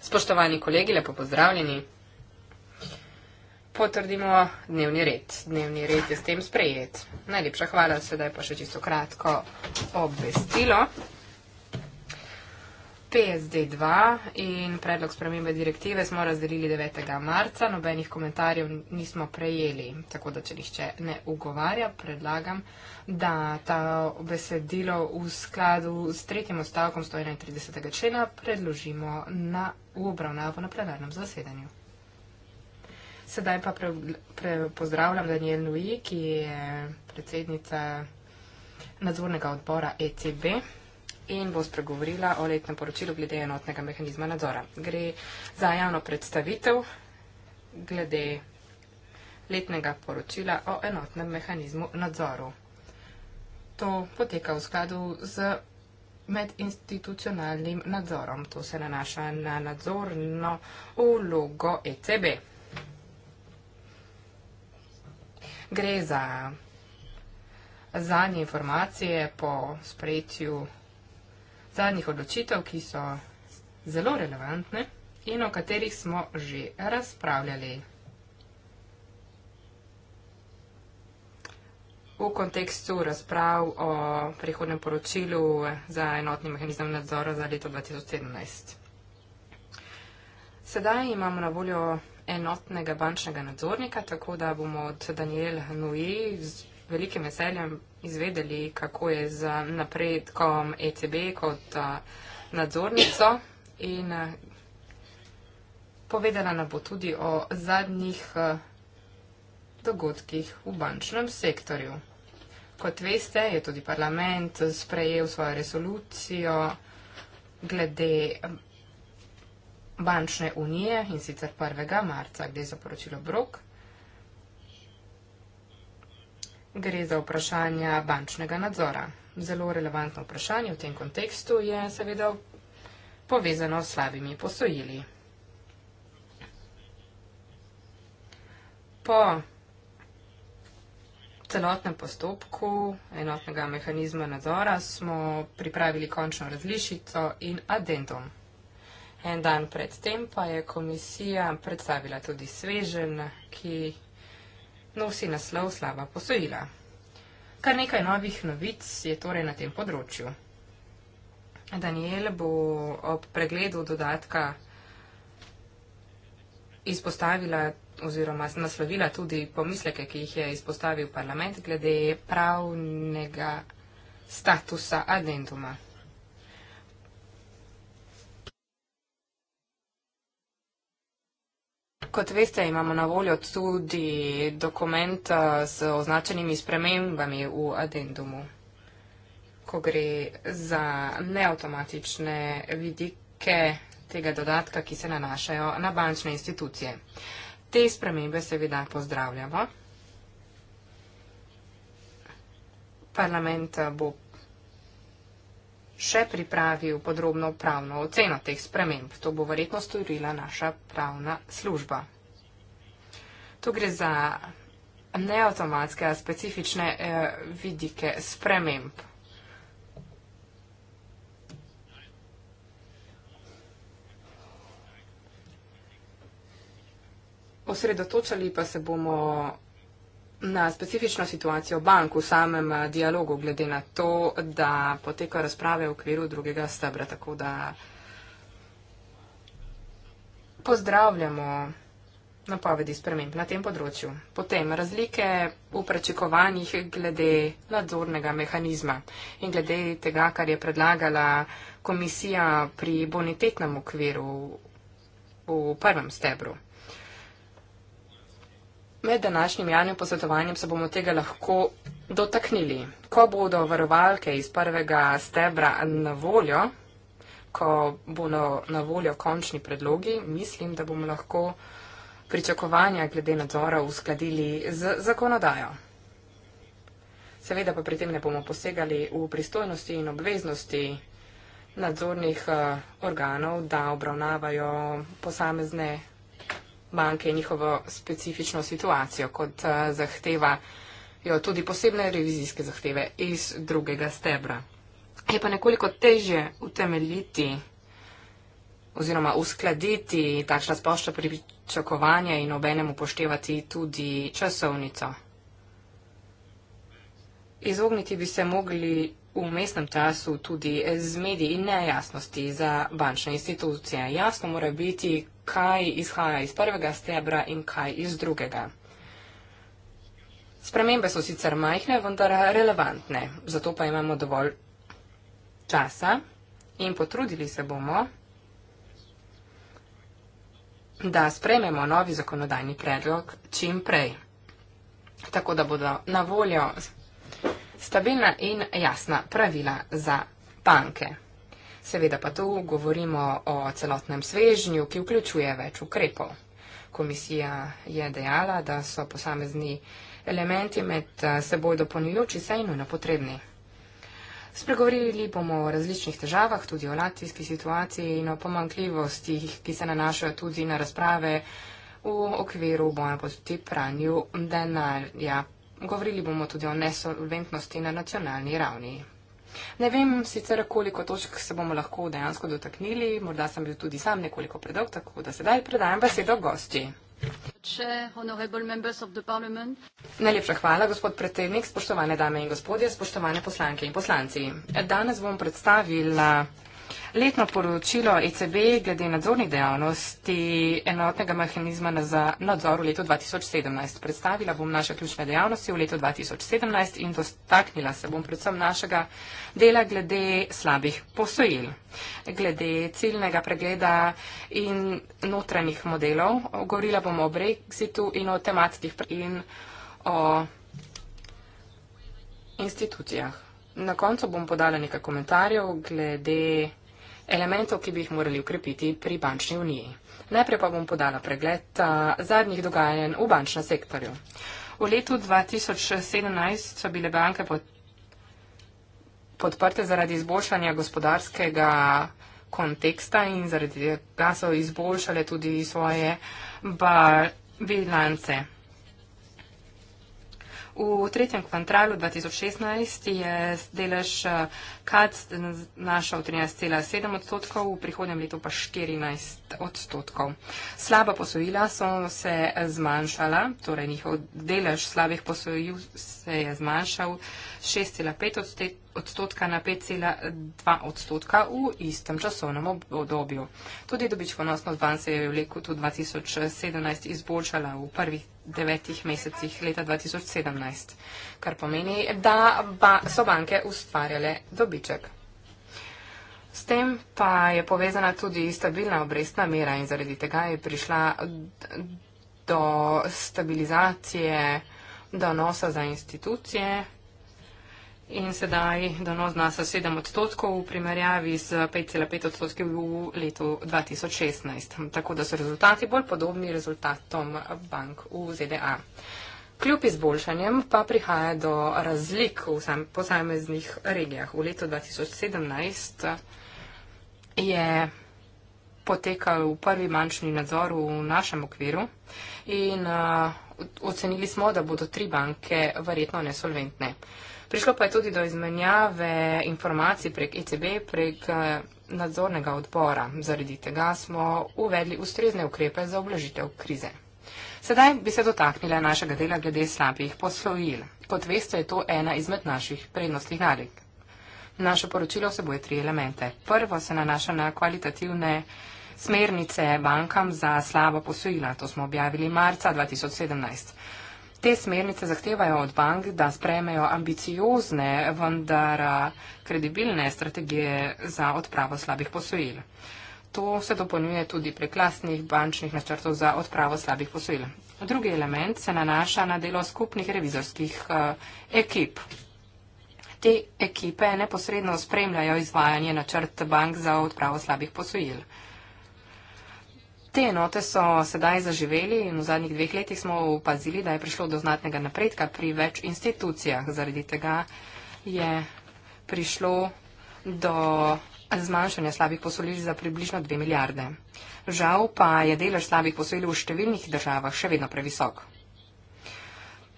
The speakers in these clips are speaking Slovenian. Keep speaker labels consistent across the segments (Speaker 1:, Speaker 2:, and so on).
Speaker 1: Spoštovani kolegi, lepo pozdravljeni. Potrdimo dnevni red. Dnevni red je s tem sprejet. Najlepša hvala, sedaj pa še čisto kratko obvestilo. PSD2 in predlog spremembe direktive smo razdelili 9. marca. Nobenih komentarjev nismo prejeli, tako da če nihče ne ugovarja, predlagam, da ta besedilo v skladu s tretjim odstavkom 131. člena predložimo na obravnavo na plenarnem zasedanju. Sedaj pa pre, pre, pozdravljam Daniel Nui, ki je predsednica nadzornega odbora ECB in bo spregovorila o letnem poročilu glede enotnega mehanizma nadzora. Gre za javno predstavitev glede letnega poročila o enotnem mehanizmu nadzoru. To poteka v skladu z medinstitucionalnim nadzorom. To se nanaša na nadzorno ulogo ECB. Gre za zadnje informacije po sprejetju zadnjih odločitev, ki so zelo relevantne in o katerih smo že razpravljali. V kontekstu razprav o prihodnem poročilu za enotni mehanizem nadzora za leto 2017. Sedaj imamo na voljo enotnega bančnega nadzornika, tako da bomo od Daniel Nui velikim veseljem izvedeli, kako je z napredkom ECB kot nadzornico in povedala nam bo tudi o zadnjih dogodkih v bančnem sektorju. Kot veste, je tudi parlament sprejel svojo resolucijo glede bančne unije in sicer 1. marca, glede za poročilo Brok. Gre za vprašanja bančnega nadzora. Zelo relevantno vprašanje v tem kontekstu je seveda povezano s slabimi posojili. Po celotnem postopku enotnega mehanizma nadzora smo pripravili končno različico in addendum. En dan pred tem pa je komisija predstavila tudi svežen, ki nosi naslov Slava posojila. Kar nekaj novih novic je torej na tem področju. Daniel bo ob pregledu dodatka izpostavila oziroma naslovila tudi pomisleke, ki jih je izpostavil parlament glede pravnega statusa adenduma. Kot veste, imamo na voljo tudi dokument eh, z označenimi spremembami v addendumu, ko gre za neautomatične vidike tega dodatka, ki se nanašajo na bančne institucije. Te spremembe seveda pozdravljamo. Parlament bo še pripravil podrobno pravno oceno teh sprememb. To bo verjetno storila naša pravna služba. Tu gre za neavtomatske, a specifične eh, vidike sprememb. Osredotočali pa se bomo na specifično situacijo bank v samem eh, dialogu, glede na to, da poteka razprave v okviru drugega stebra. Tako da pozdravljamo napovedi sprememb na tem področju. Potem razlike v prečakovanjih glede nadzornega mehanizma in glede tega, kar je predlagala komisija pri bonitetnem okviru v prvem stebru. Med današnjim javnim posvetovanjem se bomo tega lahko dotaknili. Ko bodo varovalke iz prvega stebra na voljo, ko bodo na voljo končni predlogi, mislim, da bomo lahko pričakovanja glede nadzora uskladili z zakonodajo. Seveda pa pri tem ne bomo posegali v pristojnosti in obveznosti nadzornih eh, organov, da obravnavajo posamezne banke in njihovo specifično situacijo, kot eh, zahtevajo tudi posebne revizijske zahteve iz drugega stebra. Je pa nekoliko teže utemeljiti oziroma uskladiti takšna splošna pričakovanja in obenem upoštevati tudi časovnico. Izogniti bi se mogli v mestnem času tudi z mediji in nejasnosti za bančne institucije. Jasno mora biti, kaj izhaja iz prvega stebra in kaj iz drugega. Spremembe so sicer majhne, vendar relevantne, zato pa imamo dovolj časa in potrudili se bomo, da sprememo novi zakonodajni predlog čim prej, tako da bodo na voljo stabilna in jasna pravila za banke. Seveda pa tu govorimo o celotnem svežnju, ki vključuje več ukrepov. Komisija je dejala, da so posamezni elementi med eh, seboj dopolnjujoči se in nujno potrebni. Spregovorili bomo o različnih težavah, tudi o latvijski situaciji in o pomankljivostih, ki se nanašajo tudi na razprave v okviru boja proti pranju denarja. Govorili bomo tudi o nesolventnosti na nacionalni ravni. Ne vem sicer, koliko točk se bomo lahko dejansko dotaknili, morda sem bil tudi sam nekoliko predolg, tako da sedaj predajam besedo gosti. Najlepša hvala, gospod predsednik, spoštovane dame in gospodje, spoštovane poslanke in poslanci. Danes bom predstavila Letno poročilo ECB glede nadzornih dejavnosti enotnega mehanizma za nadzor v letu 2017. Predstavila bom naše ključne dejavnosti v letu 2017 in dostaknila se bom predvsem našega dela glede slabih posojil, glede ciljnega pregleda in notranjih modelov. Govorila bom o Brexitu in o tematskih in o institucijah. Na koncu bom podala nekaj komentarjev glede elementov, ki bi jih morali ukrepiti pri bančni uniji. Najprej pa bom podala pregled zadnjih dogajanj v bančnem sektorju. V letu 2017 so bile banke podprte zaradi izboljšanja gospodarskega konteksta in zaradi tega so izboljšale tudi svoje bilance. V tretjem kvantralu 2016 je delež KAC našel 13,7 odstotkov, v prihodnem letu pa 14 odstotkov. Slaba posojila so se eh, zmanjšala, torej njihov delež slabih posojil se je zmanjšal 6,5 odstotka na 5,2 odstotka v istem časovnem obdobju. Tudi dobič ponosno zban se je v leku 2017 izboljšala v prvih devetih mesecih leta 2017, kar pomeni, da ba so banke ustvarjale dobiček. S tem pa je povezana tudi stabilna obrestna mera in zaradi tega je prišla do stabilizacije donosa za institucije, in sedaj donos znasa 7 odstotkov v primerjavi z 5,5 odstotki v letu 2016. Tako da so rezultati bolj podobni rezultatom bank v ZDA. Kljub izboljšanjem pa prihaja do razlik v posameznih regijah. V letu 2017 je potekal v prvi manjšni nadzor v našem okviru in uh, ocenili smo, da bodo tri banke verjetno nesolventne. Uh, Prišlo pa je tudi do izmenjave informacij prek ECB, prek eh, nadzornega odbora. Zaradi tega smo uvedli ustrezne ukrepe za oblažitev krize. Sedaj bi se dotaknila našega dela glede slabih poslovil. Kot veste, je to ena izmed naših prednostnih nalik. Naše poročilo vsebuje tri elemente. Prvo se nanaša na kvalitativne smernice bankam za slaba posojila. To smo objavili marca 2017. Te smernice zahtevajo od bank, da sprejmejo ambiciozne, vendar kredibilne strategije za odpravo slabih posojil. To se dopolnjuje tudi prek lastnih bančnih načrtov za odpravo slabih posojil. Drugi element se nanaša na delo skupnih revizorskih uh, ekip. Te ekipe neposredno spremljajo izvajanje načrt bank za odpravo slabih posojil. Uh, Te enote so sedaj zaživeli in v zadnjih dveh letih smo opazili, da je prišlo do znatnega napredka pri več institucijah. Zaradi tega je prišlo do zmanjšanja slabih posojil za približno 2 milijarde. Žal pa je delež slabih posojil v številnih državah še vedno previsok.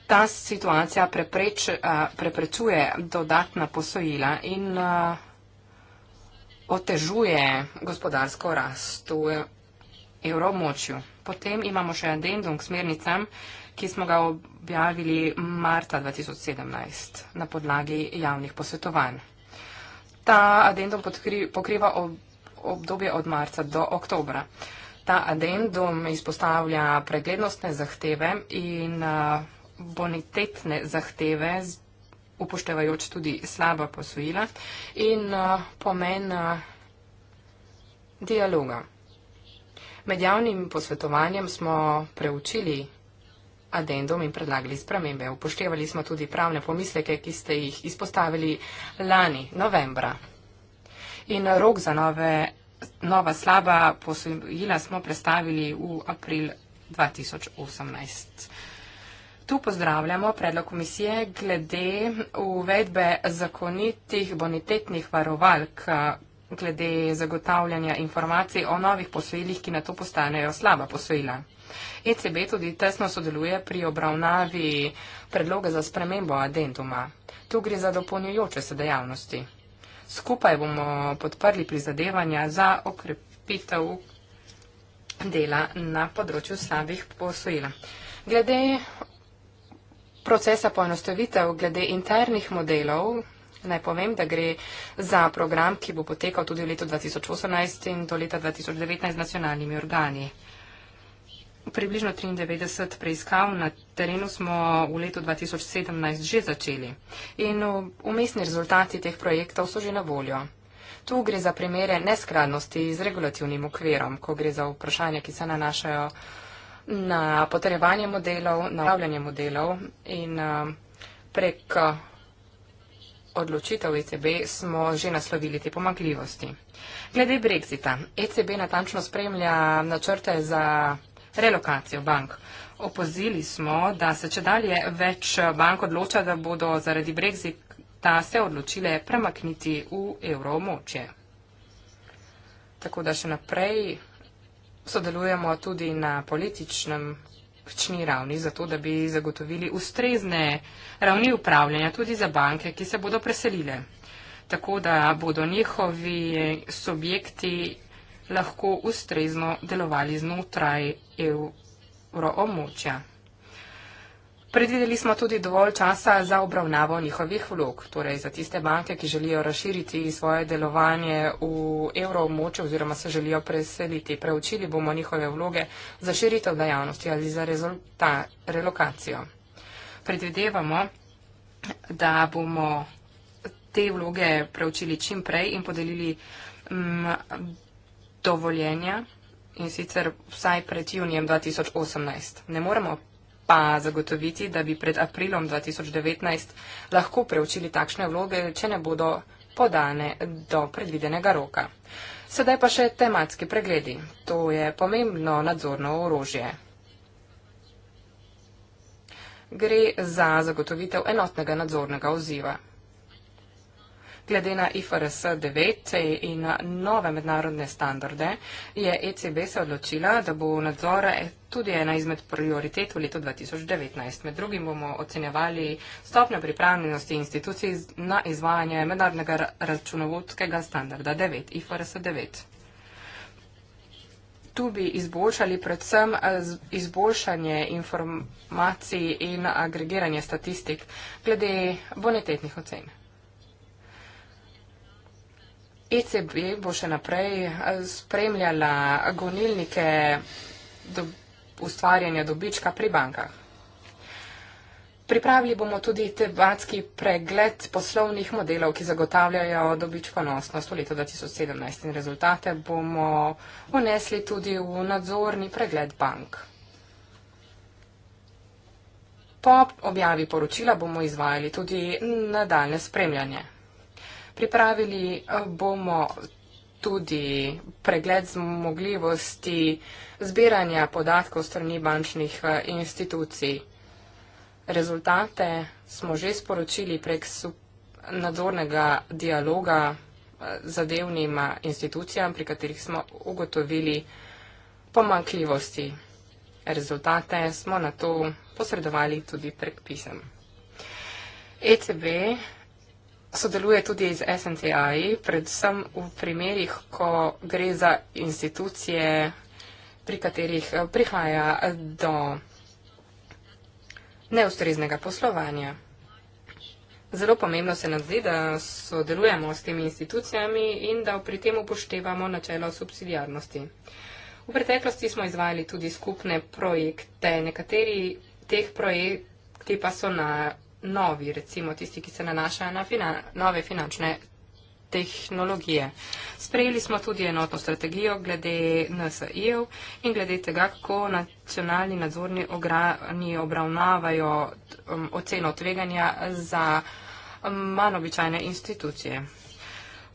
Speaker 1: Ta situacija prepreč, eh, preprečuje dodatna posojila in eh, otežuje gospodarsko rast evroobmočju. Potem imamo še addendum k smernicam, ki smo ga objavili marca 2017 na podlagi javnih posvetovanj. Ta addendum pokriva obdobje od marca do oktobra. Ta addendum izpostavlja preglednostne zahteve in bonitetne zahteve, upoštevajoč tudi slaba posojila in pomen dialoga. Med javnim posvetovanjem smo preučili adendum in predlagali spremembe. Upoštevali smo tudi pravne pomisleke, ki ste jih izpostavili lani, novembra. In rok za nove, nova slaba posojila smo predstavili v april 2018. Tu pozdravljamo predlog komisije glede uvedbe zakonitih bonitetnih varovalk glede zagotavljanja informacij o novih posojilih, ki na to postanejo slaba posojila. ECB tudi tesno sodeluje pri obravnavi predloga za spremembo adentuma. Tu gre za dopolnjujoče se dejavnosti. Skupaj bomo podprli prizadevanja za okrepitev dela na področju slabih posojila. Glede procesa poenostavitev, glede internih modelov, Naj povem, da gre za program, ki bo potekal tudi v letu 2018 in do leta 2019 z nacionalnimi organi. Približno 93 preiskav na terenu smo v letu 2017 že začeli in umestni rezultati teh projektov so že na voljo. Tu gre za primere neskladnosti z regulativnim okverom, ko gre za vprašanja, ki se nanašajo na potrebovanje modelov, na upravljanje modelov in prek odločitev ECB smo že naslovili te pomakljivosti. Glede Brexita, ECB natančno spremlja načrte za relokacijo bank. Opozili smo, da se če dalje več bank odloča, da bodo zaradi Brexita se odločile premakniti v evromočje. Tako da še naprej sodelujemo tudi na političnem etični ravni, zato da bi zagotovili ustrezne ravni upravljanja tudi za banke, ki se bodo preselile, tako da bodo njihovi subjekti lahko ustrezno delovali znotraj evroomočja. Predvideli smo tudi dovolj časa za obravnavo njihovih vlog, torej za tiste banke, ki želijo razširiti svoje delovanje v evroobmočju oziroma se želijo preseliti. Preučili bomo njihove vloge za širitev dejavnosti ali za rezulta, relokacijo. Predvidevamo, da bomo te vloge preučili čim prej in podelili m, mm, dovoljenja in sicer vsaj pred junijem 2018. Ne moremo pa zagotoviti, da bi pred aprilom 2019 lahko preučili takšne vloge, če ne bodo podane do predvidenega roka. Sedaj pa še tematski pregledi. To je pomembno nadzorno orožje. Gre za zagotovitev enotnega nadzornega oziva. Glede na IFRS 9 in nove mednarodne standarde je ECB se odločila, da bo nadzor tudi ena izmed prioritet v letu 2019. Med drugim bomo ocenjevali stopnjo pripravljenosti institucij na izvajanje mednarodnega računovodskega standarda 9, IFRS 9. Tu bi izboljšali predvsem eh, izboljšanje informacij in agregiranje statistik glede bonitetnih ocen. ECB bo še naprej eh, spremljala gonilnike do ustvarjanja dobička pri bankah. Pripravili bomo tudi tebatski pregled poslovnih modelov, ki zagotavljajo dobičkonosnost v letu 2017 in rezultate bomo unesli tudi v nadzorni pregled bank. Po objavi poročila bomo izvajali tudi nadaljne spremljanje. Pripravili eh, bomo tudi pregled zmogljivosti zbiranja podatkov strani bančnih eh, institucij. Rezultate smo že sporočili prek nadzornega dialoga eh, zadevnim institucijam, pri katerih smo ugotovili pomankljivosti. Rezultate smo na to posredovali tudi prek pisem. ECB sodeluje tudi z SNCI, predvsem v primerjih, ko gre za institucije, pri katerih eh, prihaja do neustreznega poslovanja. Zelo pomembno se nam zdi, da sodelujemo s temi institucijami in da pri tem upoštevamo načelo subsidijarnosti. V preteklosti smo izvajali tudi skupne projekte, nekateri teh projekti pa so na novi, recimo tisti, ki se nanašajo na finan nove finančne tehnologije. Sprejeli smo tudi enotno strategijo glede NSI-ev in glede tega, kako nacionalni nadzorni ograni obravnavajo um, oceno tveganja za um, manj običajne institucije.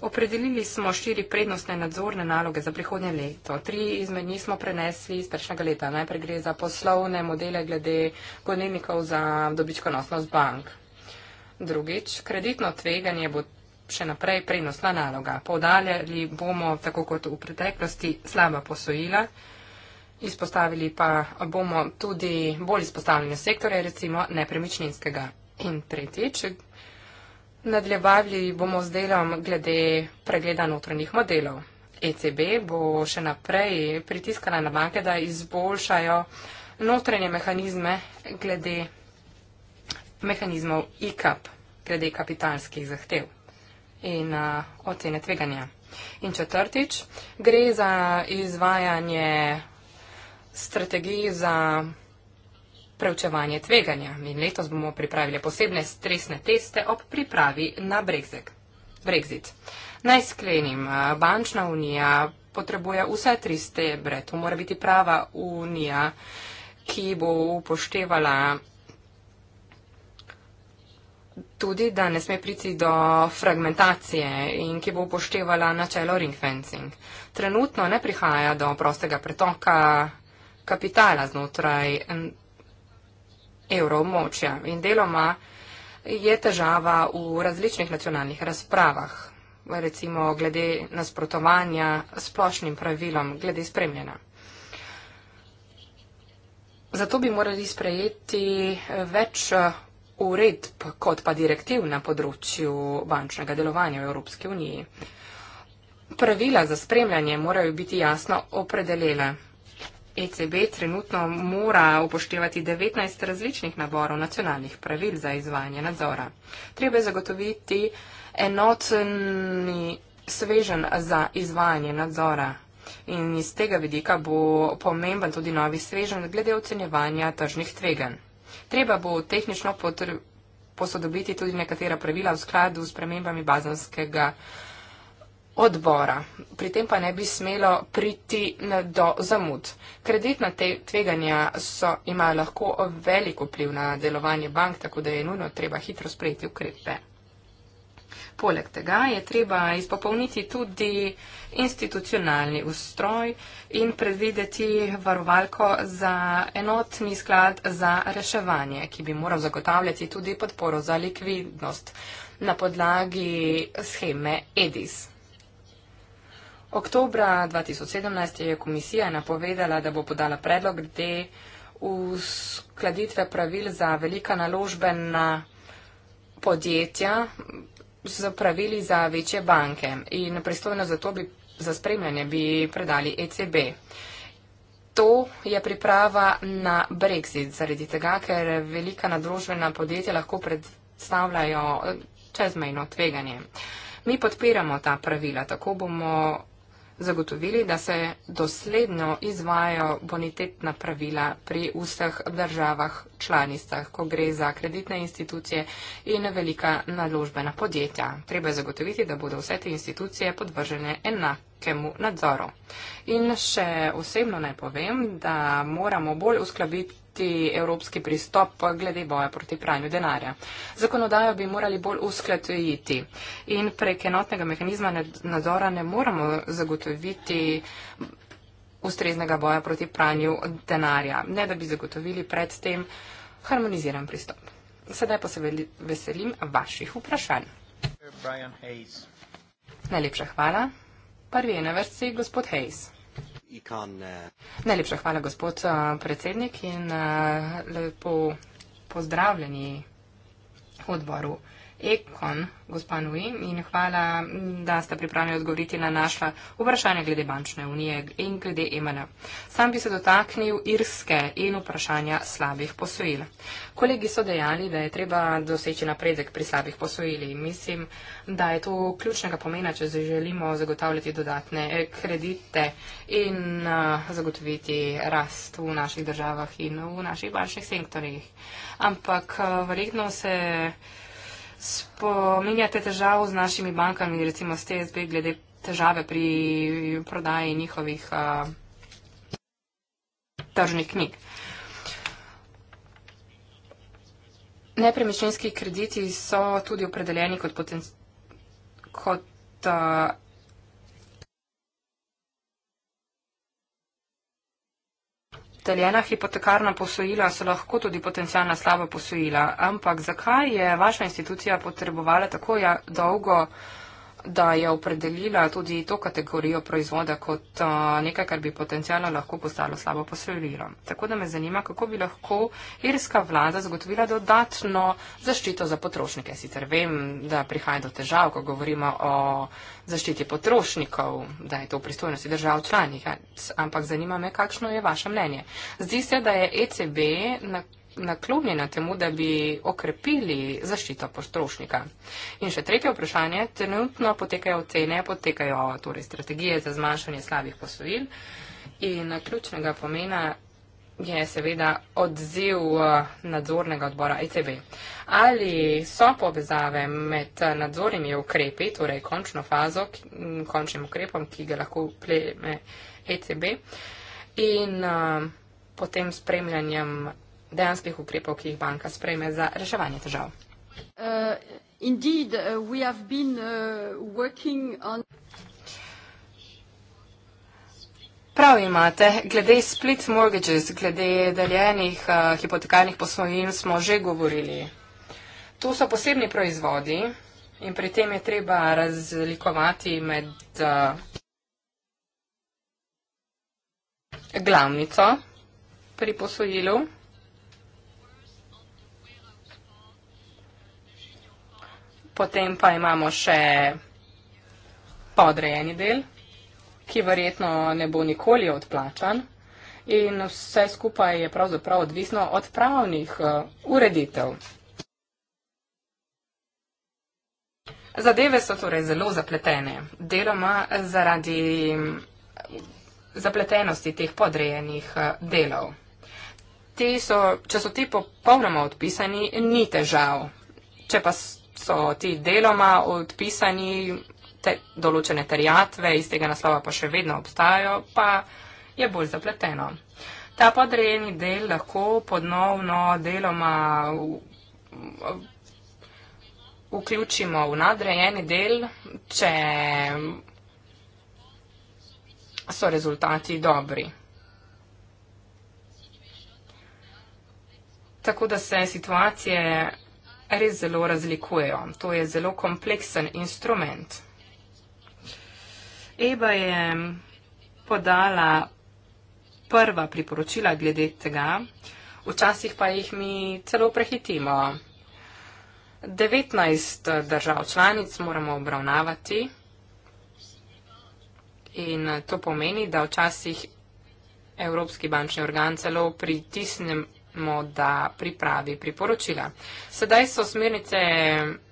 Speaker 1: Opredelili smo štiri prednostne nadzorne naloge za prihodnje leto. Tri izmed njih smo prenesli iz prejšnjega leta. Najprej gre za poslovne modele glede gonilnikov za dobičkonosnost bank. Drugič, kreditno tveganje bo še naprej prednostna naloga. Povdaljali bomo, tako kot v preteklosti, slaba posojila. Izpostavili pa bomo tudi bolj izpostavljene sektore, recimo nepremičninskega. In tretjič, Nadaljevali bomo z delom glede pregleda notranjih modelov. ECB bo še naprej pritiskala na banke, da izboljšajo notranje mehanizme glede mehanizmov ICAP, glede kapitalskih zahtev in ocene tveganja. In četrtič, gre za izvajanje strategij za preučevanje tveganja. In letos bomo pripravili posebne stresne teste ob pripravi na Brexit. Naj sklenim, bančna unija potrebuje vse tri stebre. To mora biti prava unija, ki bo upoštevala tudi, da ne sme priti do fragmentacije in ki bo upoštevala načelo ring fencing. Trenutno ne prihaja do prostega pretoka kapitala znotraj evroobmočja in deloma je težava v različnih nacionalnih razpravah, recimo glede nasprotovanja splošnim pravilom glede spremljena. Zato bi morali sprejeti več uredb kot pa direktiv na področju bančnega delovanja v Evropski uniji. Pravila za spremljanje morajo biti jasno opredelele. ECB trenutno mora upoštevati 19 različnih naborov nacionalnih pravil za izvajanje nadzora. Treba je zagotoviti enotni svežen za izvajanje nadzora. In iz tega vidika bo pomemben tudi novi svežen glede ocenjevanja tržnih tveganj. Treba bo tehnično posodobiti tudi nekatera pravila v skladu s premembami bazanskega odbora. Pri tem pa ne bi smelo priti do zamud. Kreditna tveganja so, imajo lahko veliko vpliv na delovanje bank, tako da je nujno treba hitro sprejeti ukrepe. Poleg tega je treba izpopolniti tudi institucionalni ustroj in predvideti varovalko za enotni sklad za reševanje, ki bi moral zagotavljati tudi podporo za likvidnost na podlagi scheme EDIS. Oktobra 2017 je komisija napovedala, da bo podala predlog glede uskladitve pravil za velika naložbena podjetja z pravili za večje banke in pristojno za to bi za spremljanje bi predali ECB. To je priprava na Brexit, zaradi tega, ker velika nadružbena podjetja lahko predstavljajo eh, čezmejno tveganje. Mi podpiramo ta pravila, tako bomo zagotovili, da se dosledno izvajo bonitetna pravila pri vseh državah članicah, ko gre za kreditne institucije in velika naložbena podjetja. Treba je zagotoviti, da bodo vse te institucije podvržene enako. Kemu nadzoru. In še osebno naj povem, da moramo bolj uskladiti podpreti evropski pristop glede boja proti pranju denarja. Zakonodajo bi morali bolj uskladiti in prek enotnega mehanizma nadzora ne moramo zagotoviti ustreznega boja proti pranju denarja, ne da bi zagotovili predtem harmoniziran pristop. Sedaj pa se veselim vaših vprašanj. Najlepša hvala. Prvi je na vrsti gospod Hayes.
Speaker 2: Eh,
Speaker 1: Najlepša hvala, gospod eh, predsednik, in eh, lepo pozdravljeni odboru. Ekon, gospa Nuim, in hvala, da ste pripravljeni odgovoriti na naša vprašanja glede bančne unije in glede EMN. Sam bi se dotaknil irske in vprašanja slabih posojil. Kolegi so dejali, da je treba doseči napredek pri slabih posojili. Mislim, da je to ključnega pomena, če želimo zagotavljati dodatne eh, kredite in eh, zagotoviti rast v naših državah in v naših bančnih sektorjih. Ampak eh, verjetno se spominjate težav z našimi bankami, recimo s TSB, glede težave pri prodaji njihovih uh, tržnih knjig. Nepremičninski krediti so tudi opredeljeni kot, poten, kot uh, Izdeljena hipotekarna posojila so lahko tudi potencijalna slaba posojila, ampak zakaj je vaša institucija potrebovala tako ja, dolgo? da je opredelila tudi to kategorijo proizvoda kot nekaj, kar bi potencijalno lahko postalo slabo posojilo. Tako da me zanima, kako bi lahko irska vlada zagotovila dodatno zaščito za potrošnike. Sicer vem, da prihaja do težav, ko govorimo o zaščiti potrošnikov, da je to v pristojnosti držav članih, ampak zanima me, kakšno je vaše mnenje. Zdi se, da je ECB na naklonjena temu, da bi okrepili zaščito potrošnika. In še tretje vprašanje, trenutno potekajo cene, potekajo torej, strategije za zmanjšanje slabih posojil in ključnega pomena je seveda odziv eh, nadzornega odbora ECB. Ali so povezave med eh, nadzornimi ukrepi, torej končno fazo, končnim ukrepom, ki ga lahko pleme ECB in eh, potem spremljanjem dejanskih ukrepov, ki jih banka sprejme za reševanje težav.
Speaker 3: Uh, indeed, uh, been, uh, on...
Speaker 1: Prav imate, glede split mortgages, glede deljenih uh, hipotekarnih posojil smo že govorili. To so posebni proizvodi in pri tem je treba razlikovati med uh, glavnico pri posojilu. Potem pa imamo še podrejeni del, ki verjetno ne bo nikoli odplačan. In vse skupaj je pravzaprav odvisno od pravnih eh, ureditev. Zadeve so torej zelo zapletene, deloma zaradi zapletenosti teh podrejenih eh, delov. Te so, če so ti popolnoma odpisani, ni težav. Če pa so ti deloma odpisani, te, določene terjatve iz tega naslova pa še vedno obstajajo, pa je bolj zapleteno. Ta podrejeni del lahko ponovno deloma vključimo v nadrejeni del, če so rezultati dobri. Tako da se situacije res zelo razlikujejo. To je zelo kompleksen instrument. Eba je podala prva priporočila glede tega, včasih pa jih mi celo prehitimo. 19 držav članic moramo obravnavati in to pomeni, da včasih Evropski bančni organ celo pritisne pričakujemo, da pripravi priporočila. Sedaj so smernice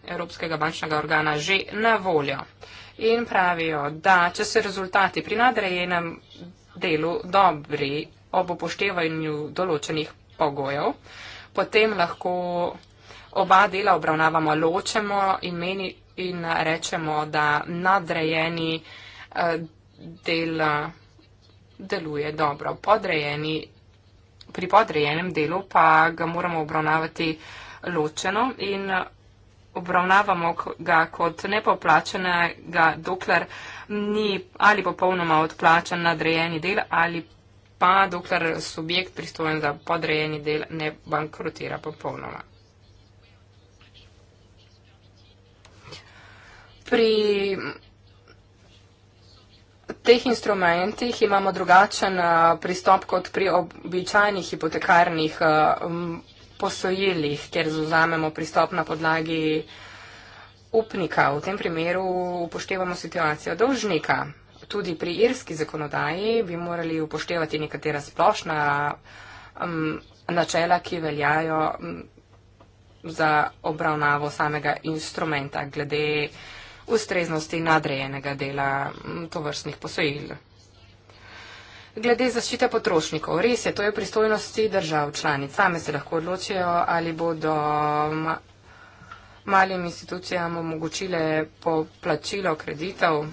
Speaker 1: Evropskega bančnega organa že na voljo in pravijo, da če so rezultati pri nadrejenem delu dobri ob upoštevanju določenih pogojev, potem lahko oba dela obravnavamo ločemo in meni in rečemo, da nadrejeni eh, del eh, deluje dobro, podrejeni pri podrejenem delu pa ga moramo obravnavati ločeno in obravnavamo ga kot nepoplačenega, dokler ni ali popolnoma odplačen nadrejeni del ali pa dokler subjekt pristojen za podrejeni del ne bankrotira popolnoma. Pri teh instrumentih imamo drugačen eh, pristop kot pri običajnih hipotekarnih eh, posojilih, kjer zauzamemo pristop na podlagi upnika. V tem primeru upoštevamo situacijo dolžnika. Tudi pri irski zakonodaji bi morali upoštevati nekatera splošna um, načela, ki veljajo um, za obravnavo samega instrumenta glede uh, ustreznosti nadrejenega dela mm, tovrstnih posojil. Glede zaščite potrošnikov, res je, to je pristojnosti držav članic. Same se lahko odločijo, ali bodo malim institucijam omogočile poplačilo kreditov.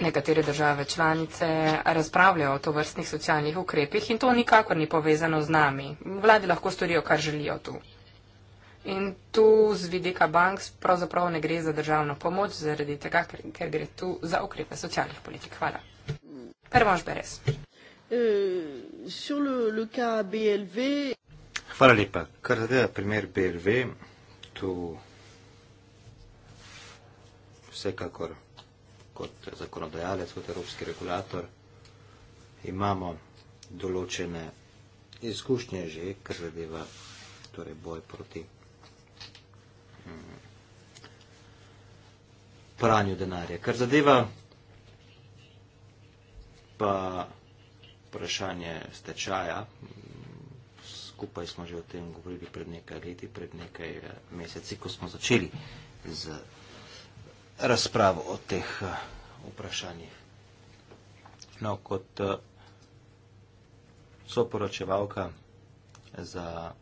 Speaker 1: Nekatere države članice razpravljajo o tovrstnih socialnih ukrepih in to nikakor ni povezano z nami. Vlade lahko storijo, kar želijo tu. In tu z vidika bank pravzaprav ne gre za državno pomoč, zaradi tega, ker, ker gre tu za ukrepe socialnih politik. Hvala. Prvoš Beres. Eh,
Speaker 2: Hvala lepa. Kar zadeva primer BLV, tu vsekakor kot zakonodajalec, kot evropski regulator imamo določene izkušnje že, kar zadeva torej boj proti pranju denarja. Kar zadeva pa vprašanje stečaja, skupaj smo že o tem govorili pred nekaj leti, pred nekaj eh, meseci, ko smo začeli z razpravo o teh eh, vprašanjih. No, kot eh, soporočevalka za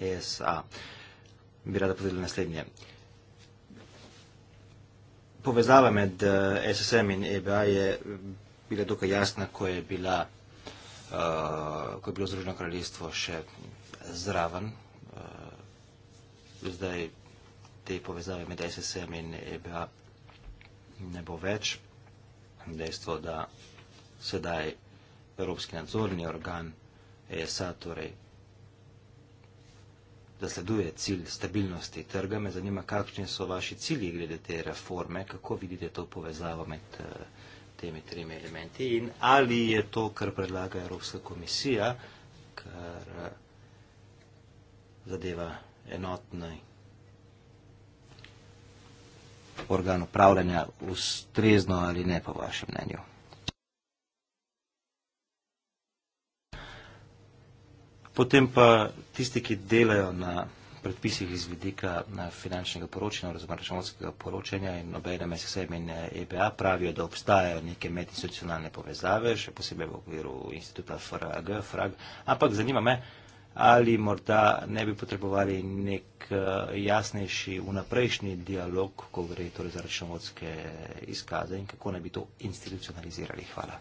Speaker 2: ESA bi rada podelila naslednje. Povezava med eh, SSM in EBA je eh, bila dokaj jasna, ko je, bila, eh, ko je bilo Združeno kraljestvo še zraven. Zdaj te povezave med SSM in EBA ne bo več. Dejstvo, da sedaj Evropski nadzorni organ ESA, torej zasleduje cilj stabilnosti trga. Me zanima, kakšni so vaši cilji glede te reforme, kako vidite to povezavo med eh, temi tremi elementi in ali je to, kar predlaga Evropska komisija, kar eh, zadeva enotni organ upravljanja ustrezno ali ne po vašem mnenju. Potem pa tisti, ki delajo na predpisih iz vidika finančnega poročanja, oziroma računovodskega poročanja in obejne MSS in EBA, eh, e pravijo, da obstajajo neke medinstitucionalne povezave, še posebej v okviru instituta FRAG, FRAG. Ampak zanima me, ali morda ne bi potrebovali nek eh, jasnejši vnaprejšnji dialog, ko gre torej za računovodske izkaze in kako naj bi to institucionalizirali. Hvala.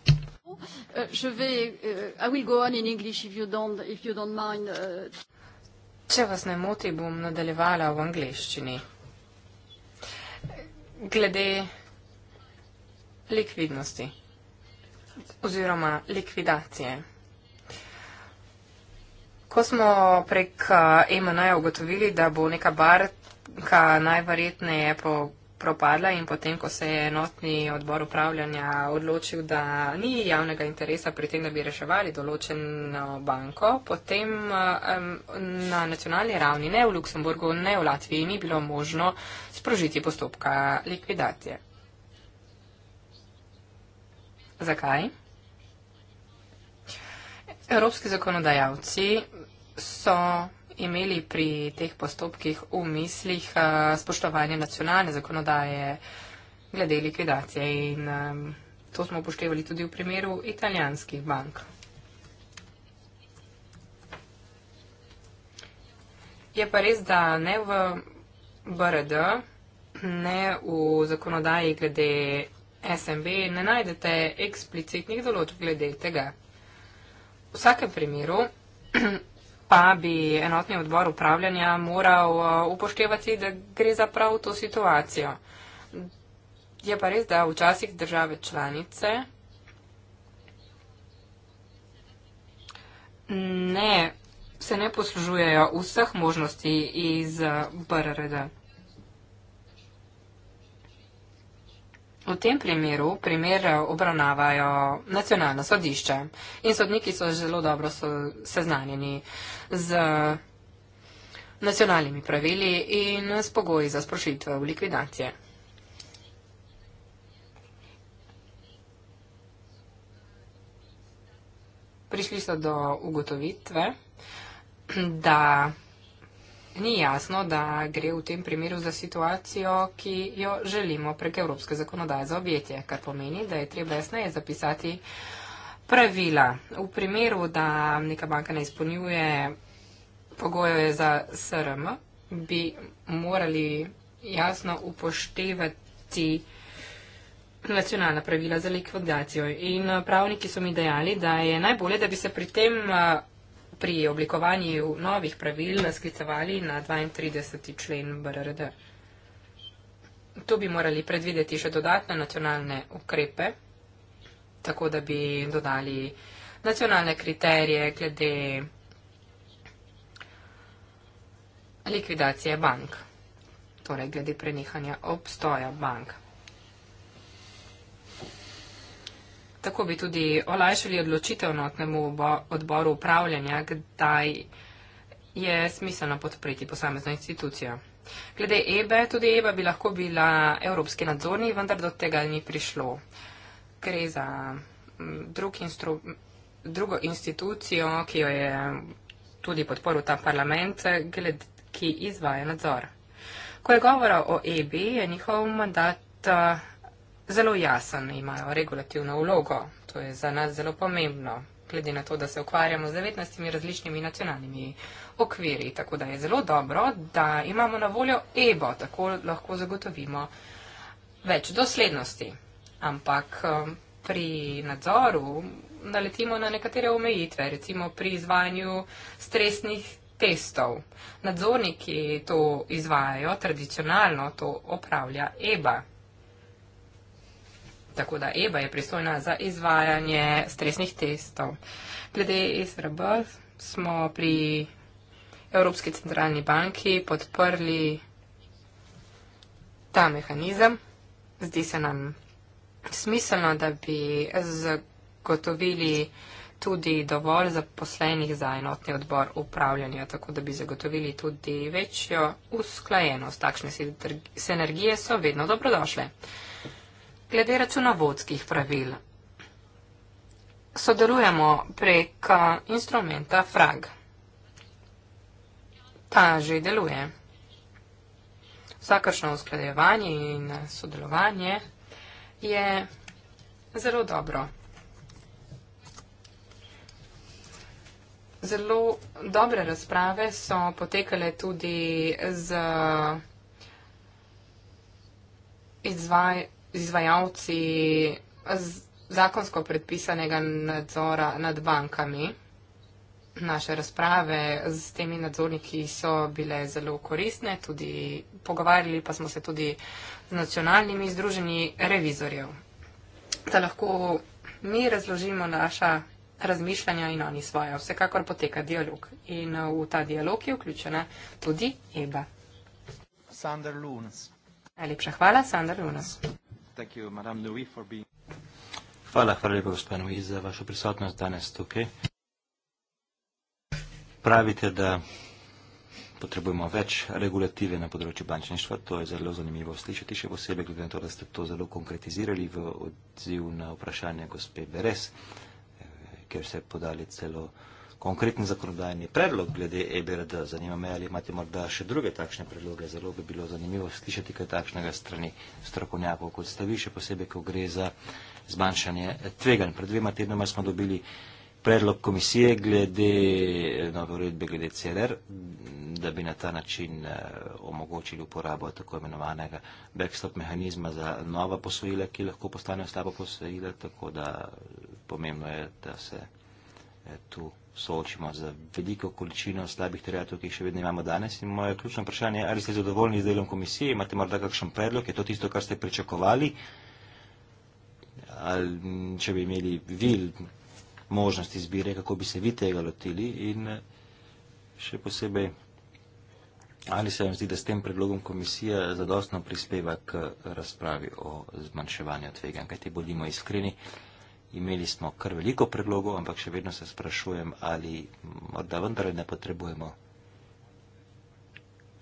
Speaker 3: Euh, je vais, uh, I will go on in English if you don't, if you don't mind. Uh...
Speaker 1: Če vas ne moti, bom nadaljevala v angliščini. Glede likvidnosti oziroma likvidacije. Ko smo prek EMN-ja uh, ugotovili, da bo neka barka najverjetneje po propadla in potem, ko se je enotni odbor upravljanja odločil, da ni javnega interesa pri tem, da bi reševali določeno banko, potem na nacionalni ravni, ne v Luksemburgu, ne v Latviji, ni bilo možno sprožiti postopka likvidacije. Zakaj? Evropski zakonodajalci so imeli pri teh postopkih v mislih eh, spoštovanje nacionalne zakonodaje glede likvidacije in to smo upoštevali tudi v primeru italijanskih bank. Je pa res, da ne v BRD, ne v zakonodaji glede SMB ne najdete eksplicitnih določb glede tega. V vsakem primeru pa bi enotni odbor upravljanja moral uh, upoštevati, da gre za prav to situacijo. Je pa res, da včasih države članice ne, se ne poslužujejo vseh možnosti iz uh, BRRD. V tem primeru primer obravnavajo nacionalna sodišča in sodniki so zelo dobro so seznanjeni z nacionalnimi pravili in s pogoji za sprošitve v likvidacije. Prišli so do ugotovitve, da Ni jasno, da gre v tem primeru za situacijo, ki jo želimo prek evropske zakonodaje za objetje, kar pomeni, da je treba jasneje zapisati pravila. V primeru, da neka banka ne izpolnjuje pogoje za SRM, bi morali jasno upoštevati nacionalna pravila za likvidacijo. In pravniki so mi dejali, da je najbolje, da bi se pri tem pri oblikovanju novih pravil sklicevali na 32. člen BRRD. Tu bi morali predvideti še dodatne nacionalne ukrepe, tako da bi dodali nacionalne kriterije glede likvidacije bank, torej glede prenehanja obstoja bank. Tako bi tudi olajšali odločitev notnemu odboru upravljanja, kdaj je smiselno podpreti posamezno institucijo. Glede EBE, tudi EBE bi lahko bila evropski nadzorni, vendar do tega ni prišlo. Gre za drug instru, drugo institucijo, ki jo je tudi podporil ta parlament, gled, ki izvaja nadzor. Ko je govora o EBE, je njihov mandat zelo jasen, imajo regulativno vlogo. To je za nas zelo pomembno, glede na to, da se ukvarjamo z 19 različnimi nacionalnimi okviri. Tako da je zelo dobro, da imamo na voljo EBO, tako lahko zagotovimo več doslednosti. Ampak um, pri nadzoru naletimo na nekatere omejitve, recimo pri izvajanju stresnih testov. Nadzorniki to izvajajo, tradicionalno to opravlja EBA tako da EBA je pristojna za izvajanje stresnih testov. Glede SRB smo pri Evropski centralni banki podprli ta mehanizem. Zdi se nam smiselno, da bi zagotovili tudi dovolj zaposlenih za enotni odbor upravljanja, tako da bi zagotovili tudi večjo usklajenost. Takšne sinergije so vedno dobrodošle glede računovodskih pravil. Sodelujemo prek eh, instrumenta FRAG. Ta že deluje. Vsakršno uskladevanje in eh, sodelovanje je zelo dobro. Zelo dobre razprave so potekale tudi z eh, izvajanjem z izvajalci zakonsko predpisanega nadzora nad bankami. Naše razprave z temi nadzorniki so bile zelo koristne, tudi pogovarjali pa smo se tudi z nacionalnimi združenji revizorjev. Da lahko mi razložimo naša razmišljanja in oni svoje. Vsekakor poteka dialog in uh, v ta dialog je vključena tudi Eba. Sander Lunas. Najlepša hvala, Sander Lunas.
Speaker 2: Hvala, hvala lepa, gospod Nui, za vašo prisotnost danes tukaj. Pravite, da potrebujemo več regulative na področju bančništva. To je zelo zanimivo slišati, še posebej glede na to, da ste to zelo konkretizirali v odziv na vprašanje gospe Beres, eh, ker se je podali celo konkreten zakonodajni predlog glede EBRD. Zanima me, ali imate morda še druge takšne predloge. Zelo bi bilo zanimivo slišati kaj takšnega strani strokovnjakov, kot ste vi, še posebej, ko gre za zmanjšanje tveganj. Pred dvema tednoma smo dobili predlog komisije glede eh, nove uredbe glede CRR, da bi na ta način eh, omogočili uporabo tako imenovanega backstop mehanizma za nova posojila, ki lahko postanejo slabo posojila, tako da pomembno je, da se eh, tu soočimo z veliko količino slabih terjatov, ki jih še vedno imamo danes. In moje ključno vprašanje je, ali ste zadovoljni z delom komisije, imate morda kakšen predlog, je to tisto, kar ste pričakovali? Ali če bi imeli vi možnost izbire, kako bi se vi tega lotili in še posebej, ali se vam zdi, da s tem predlogom komisija zadostno prispeva k razpravi o zmanjševanju tvega, kajti bodimo iskreni. Imeli smo kar veliko predlogov, ampak še vedno se sprašujem, ali morda vendarle ne potrebujemo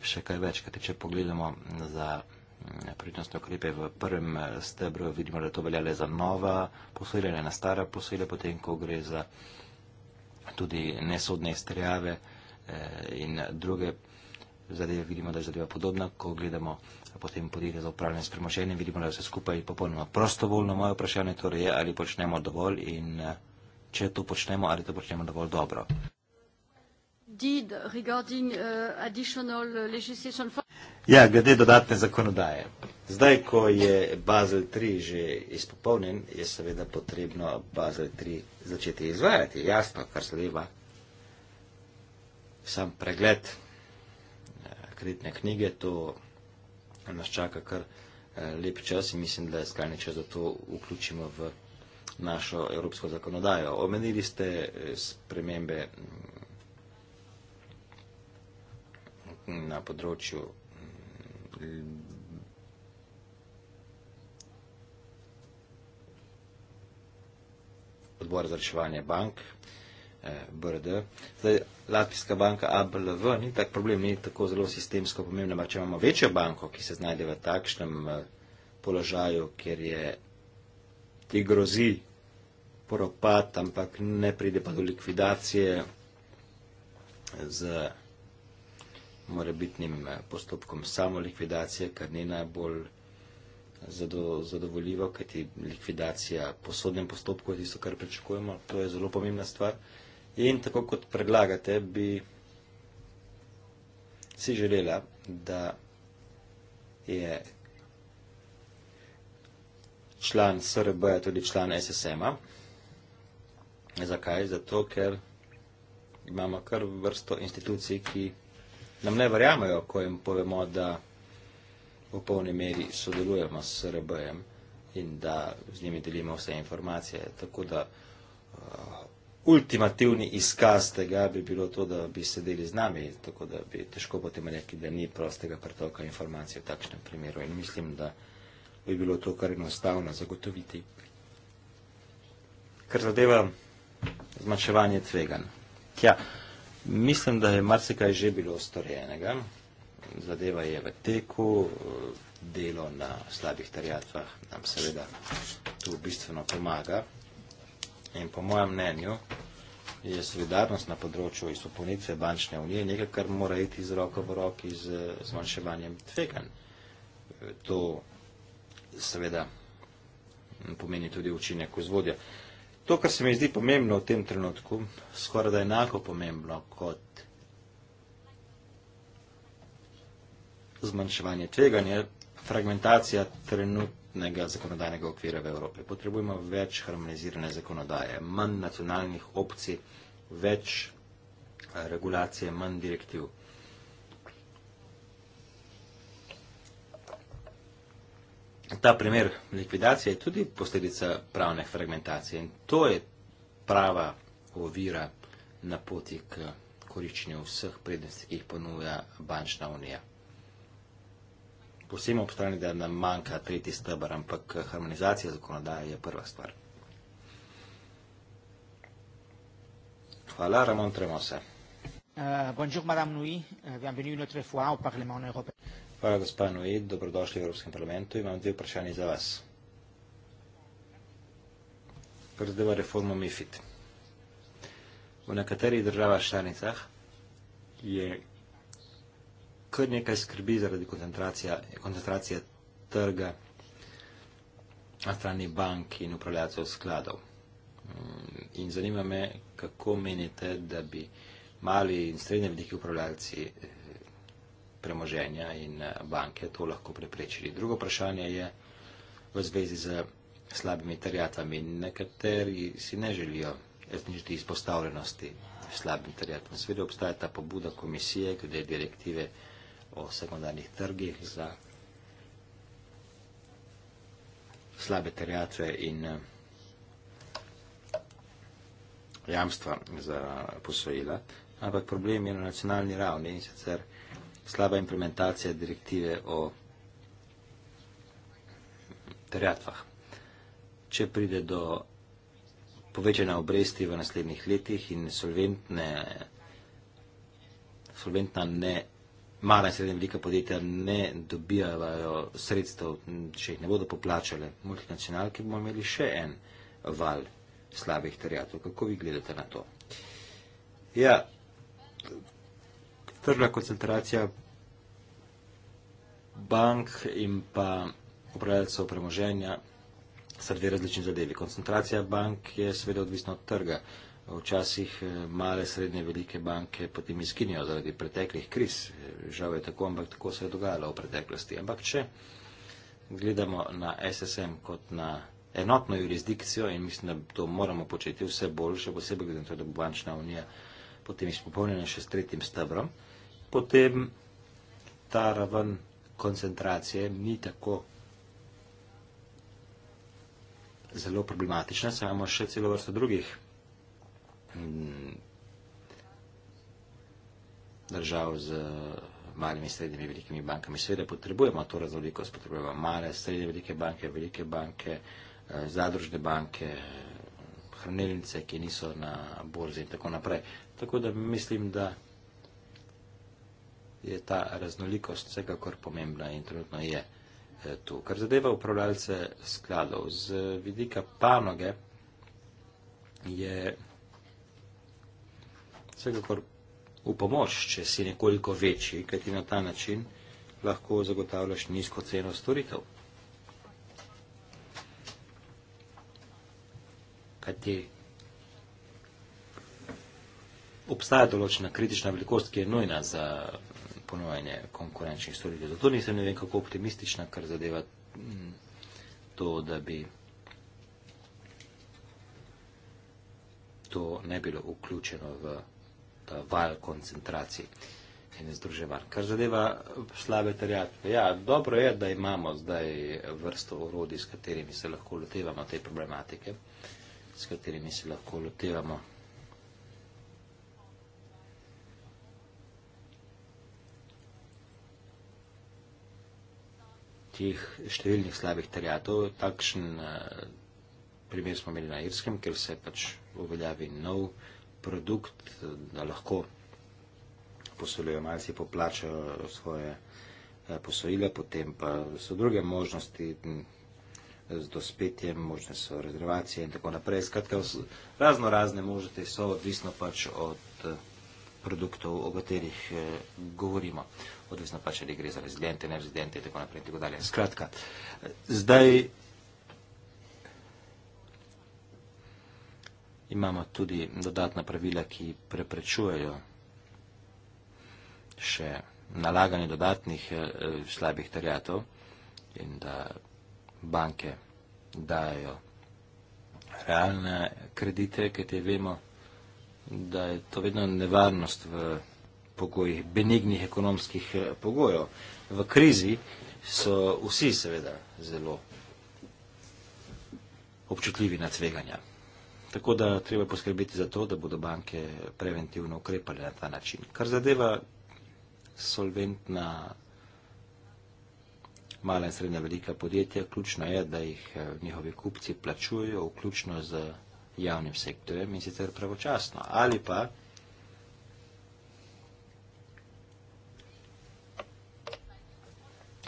Speaker 2: še kaj več. Kajte, če pogledamo za mm, prednostne ukrepe v prvem eh, stebru, vidimo, da to velja le za nova posojila, ne na stara posojila, potem, ko gre za tudi nesodne strjave eh, in druge zadeve vidimo, da je zadeva podobna, ko gledamo potem podjetje za upravljanje s premoženjem, vidimo, da je vse skupaj popolnoma prostovoljno. Moje vprašanje torej je, ali počnemo dovolj in eh, če to počnemo, ali to počnemo dovolj dobro.
Speaker 3: Did regarding, uh, additional legislation for...
Speaker 2: Ja, glede dodatne zakonodaje. Zdaj, ko je Bazel 3 že izpopolnjen, je seveda potrebno Bazel 3 začeti izvajati. Jasno, kar se leva. Sam pregled kreditne knjige, to nas čaka kar eh, lep čas in mislim, da je skrajni čas, da to vključimo v našo evropsko zakonodajo. Omenili ste eh, spremembe mm, na področju mm, odbora za reševanje bank. BRD. Zdaj, Latvijska banka ABLV ni tak problem, ni tako zelo sistemsko pomembna, ampak če imamo večjo banko, ki se znajde v takšnem eh, položaju, kjer je ti grozi poropat, ampak ne pride pa do likvidacije z morebitnim eh, postopkom samo likvidacije, kar ni najbolj zadovoljivo, kajti likvidacija po sodnem postopku je tisto, kar pričakujemo, to je zelo pomembna stvar. In tako kot predlagate, bi si želela, da je član SRB tudi član SSM-a. Zakaj? Zato, ker imamo kar vrsto institucij, ki nam ne verjamajo, ko jim povemo, da v polni meri sodelujemo s SRB-jem in da z njimi delimo vse informacije. Tako da ultimativni izkaz tega bi bilo to, da bi sedeli z nami, tako da bi težko potem rekli, da ni prostega pretoka informacije v takšnem primeru. In mislim, da bi bilo to kar enostavno zagotoviti. Kar zadeva zmačevanje tvegan. Ja, mislim, da je marsikaj že bilo storjenega. Zadeva je v teku, delo na slabih terjatvah nam seveda tu bistveno pomaga. In po mojem mnenju, je solidarnost na področju izopolnitve bančne unije nekaj, kar mora iti z roko v roki z zmanjševanjem tveganj. To seveda pomeni tudi učinek vzvodja. To, kar se mi zdi pomembno v tem trenutku, skoraj da enako pomembno kot zmanjševanje tveganja, fragmentacija trenut, enotnega zakonodajnega okvira v Evropi. Potrebujemo več harmonizirane zakonodaje, manj nacionalnih opcij, več eh, regulacije, manj direktiv. Ta primer likvidacije je tudi posledica pravne fragmentacije in to je prava ovira na poti k koriščenju vseh prednosti, ki jih ponuja bančna unija posebno ob strani, da nam manjka tretji stebr, ampak harmonizacija zakonodaje je prva stvar. Hvala, Ramon Tremose. Eh, eh, Hvala, gospa Nui, dobrodošli v Evropskem parlamentu. Imam dve vprašanje za vas. Kar zdaj reforma MIFID. V nekaterih državah članicah je kar nekaj skrbi zaradi koncentracije trga na strani bank in upravljalcev skladov. Mm, in zanima me, kako menite, da bi mali in srednje veliki upravljalci eh, premoženja in eh, banke to lahko preprečili. Drugo vprašanje je v zvezi z slabimi terjatvami. Nekateri si ne želijo znižiti izpostavljenosti slabim terjatvam. Sveda obstaja ta pobuda komisije, kde je direktive komisije, o sekundarnih trgih za slabe terjače in eh, jamstva za posojila, ampak problem je na nacionalni ravni in sicer slaba implementacija direktive o terjatvah. Če pride do povečanja obresti v naslednjih letih in solventna ne mala in srednja velika podjetja ne dobijajo sredstev, če jih ne bodo poplačale multinacionalke, bomo imeli še en val slabih terjatov. Kako vi gledate na to? Ja, trna koncentracija bank in pa upravljalcev premoženja sta dve različni zadevi. Koncentracija bank je seveda odvisna od trga včasih eh, male, srednje, velike banke potem izginjajo zaradi preteklih kriz. Eh, žal je tako, ampak tako se je dogajalo v preteklosti. Ampak če gledamo na SSM kot na enotno jurisdikcijo in mislim, da to moramo početi vse bolj, še posebej glede na to, da bo bančna unija potem izpopolnjena še s tretjim stebrom, potem ta raven koncentracije ni tako zelo problematična, saj imamo še celo vrsto drugih držav z malimi, srednjimi, velikimi bankami. Seveda potrebujemo to raznolikost, potrebujemo male, srednje, velike banke, velike banke, eh, zadružne banke, hranilnice, ki niso na borzi in tako naprej. Tako da mislim, da je ta raznolikost vsekakor pomembna in trenutno je eh, tu. Kar zadeva upravljalce skladov, z vidika panoge je vsekakor v pomoč, če si nekoliko večji, kaj ti na ta način lahko zagotavljaš nizko ceno storitev. Kaj ti obstaja določena kritična velikost, ki je nujna za ponovanje konkurenčnih storitev. Zato nisem ne vem kako optimistična, kar zadeva mm, to, da bi to ne bilo vključeno v Eh, val koncentracij in združevanj. Kar zadeva eh, slabe terjatve, ja, dobro je, da imamo zdaj eh, vrsto urodi, s katerimi se lahko lotevamo te problematike, s katerimi se lahko lotevamo tih številnih slabih terjatov. Takšen primer smo imeli na Irskem, ker se pač uveljavi nov terjatov, produkt, da lahko posolijo malce, poplačajo svoje eh, posojile, potem pa so druge možnosti z dospetjem, možne so rezervacije in tako naprej. Skratka, razno razne možnosti so odvisno pač od eh, produktov, o katerih eh, govorimo. Odvisno pač, ali gre za rezidente, nerezidente in tako naprej in tako dalje. Skratka, zdaj imamo tudi dodatna pravila, ki preprečujejo še nalaganje dodatnih eh, eh slabih terjatov in da banke dajo realne kredite, ker te vemo, da je to vedno nevarnost v pogojih, benignih ekonomskih eh, pogojev. V krizi so vsi seveda zelo občutljivi na tveganja. Tako da treba poskrbeti za to, da bodo banke preventivno ukrepali na ta način. Kar zadeva solventna mala in srednja velika podjetja, ključno je, da jih eh, njihovi kupci plačujejo, vključno z javnim sektorjem in sicer pravočasno. Ali pa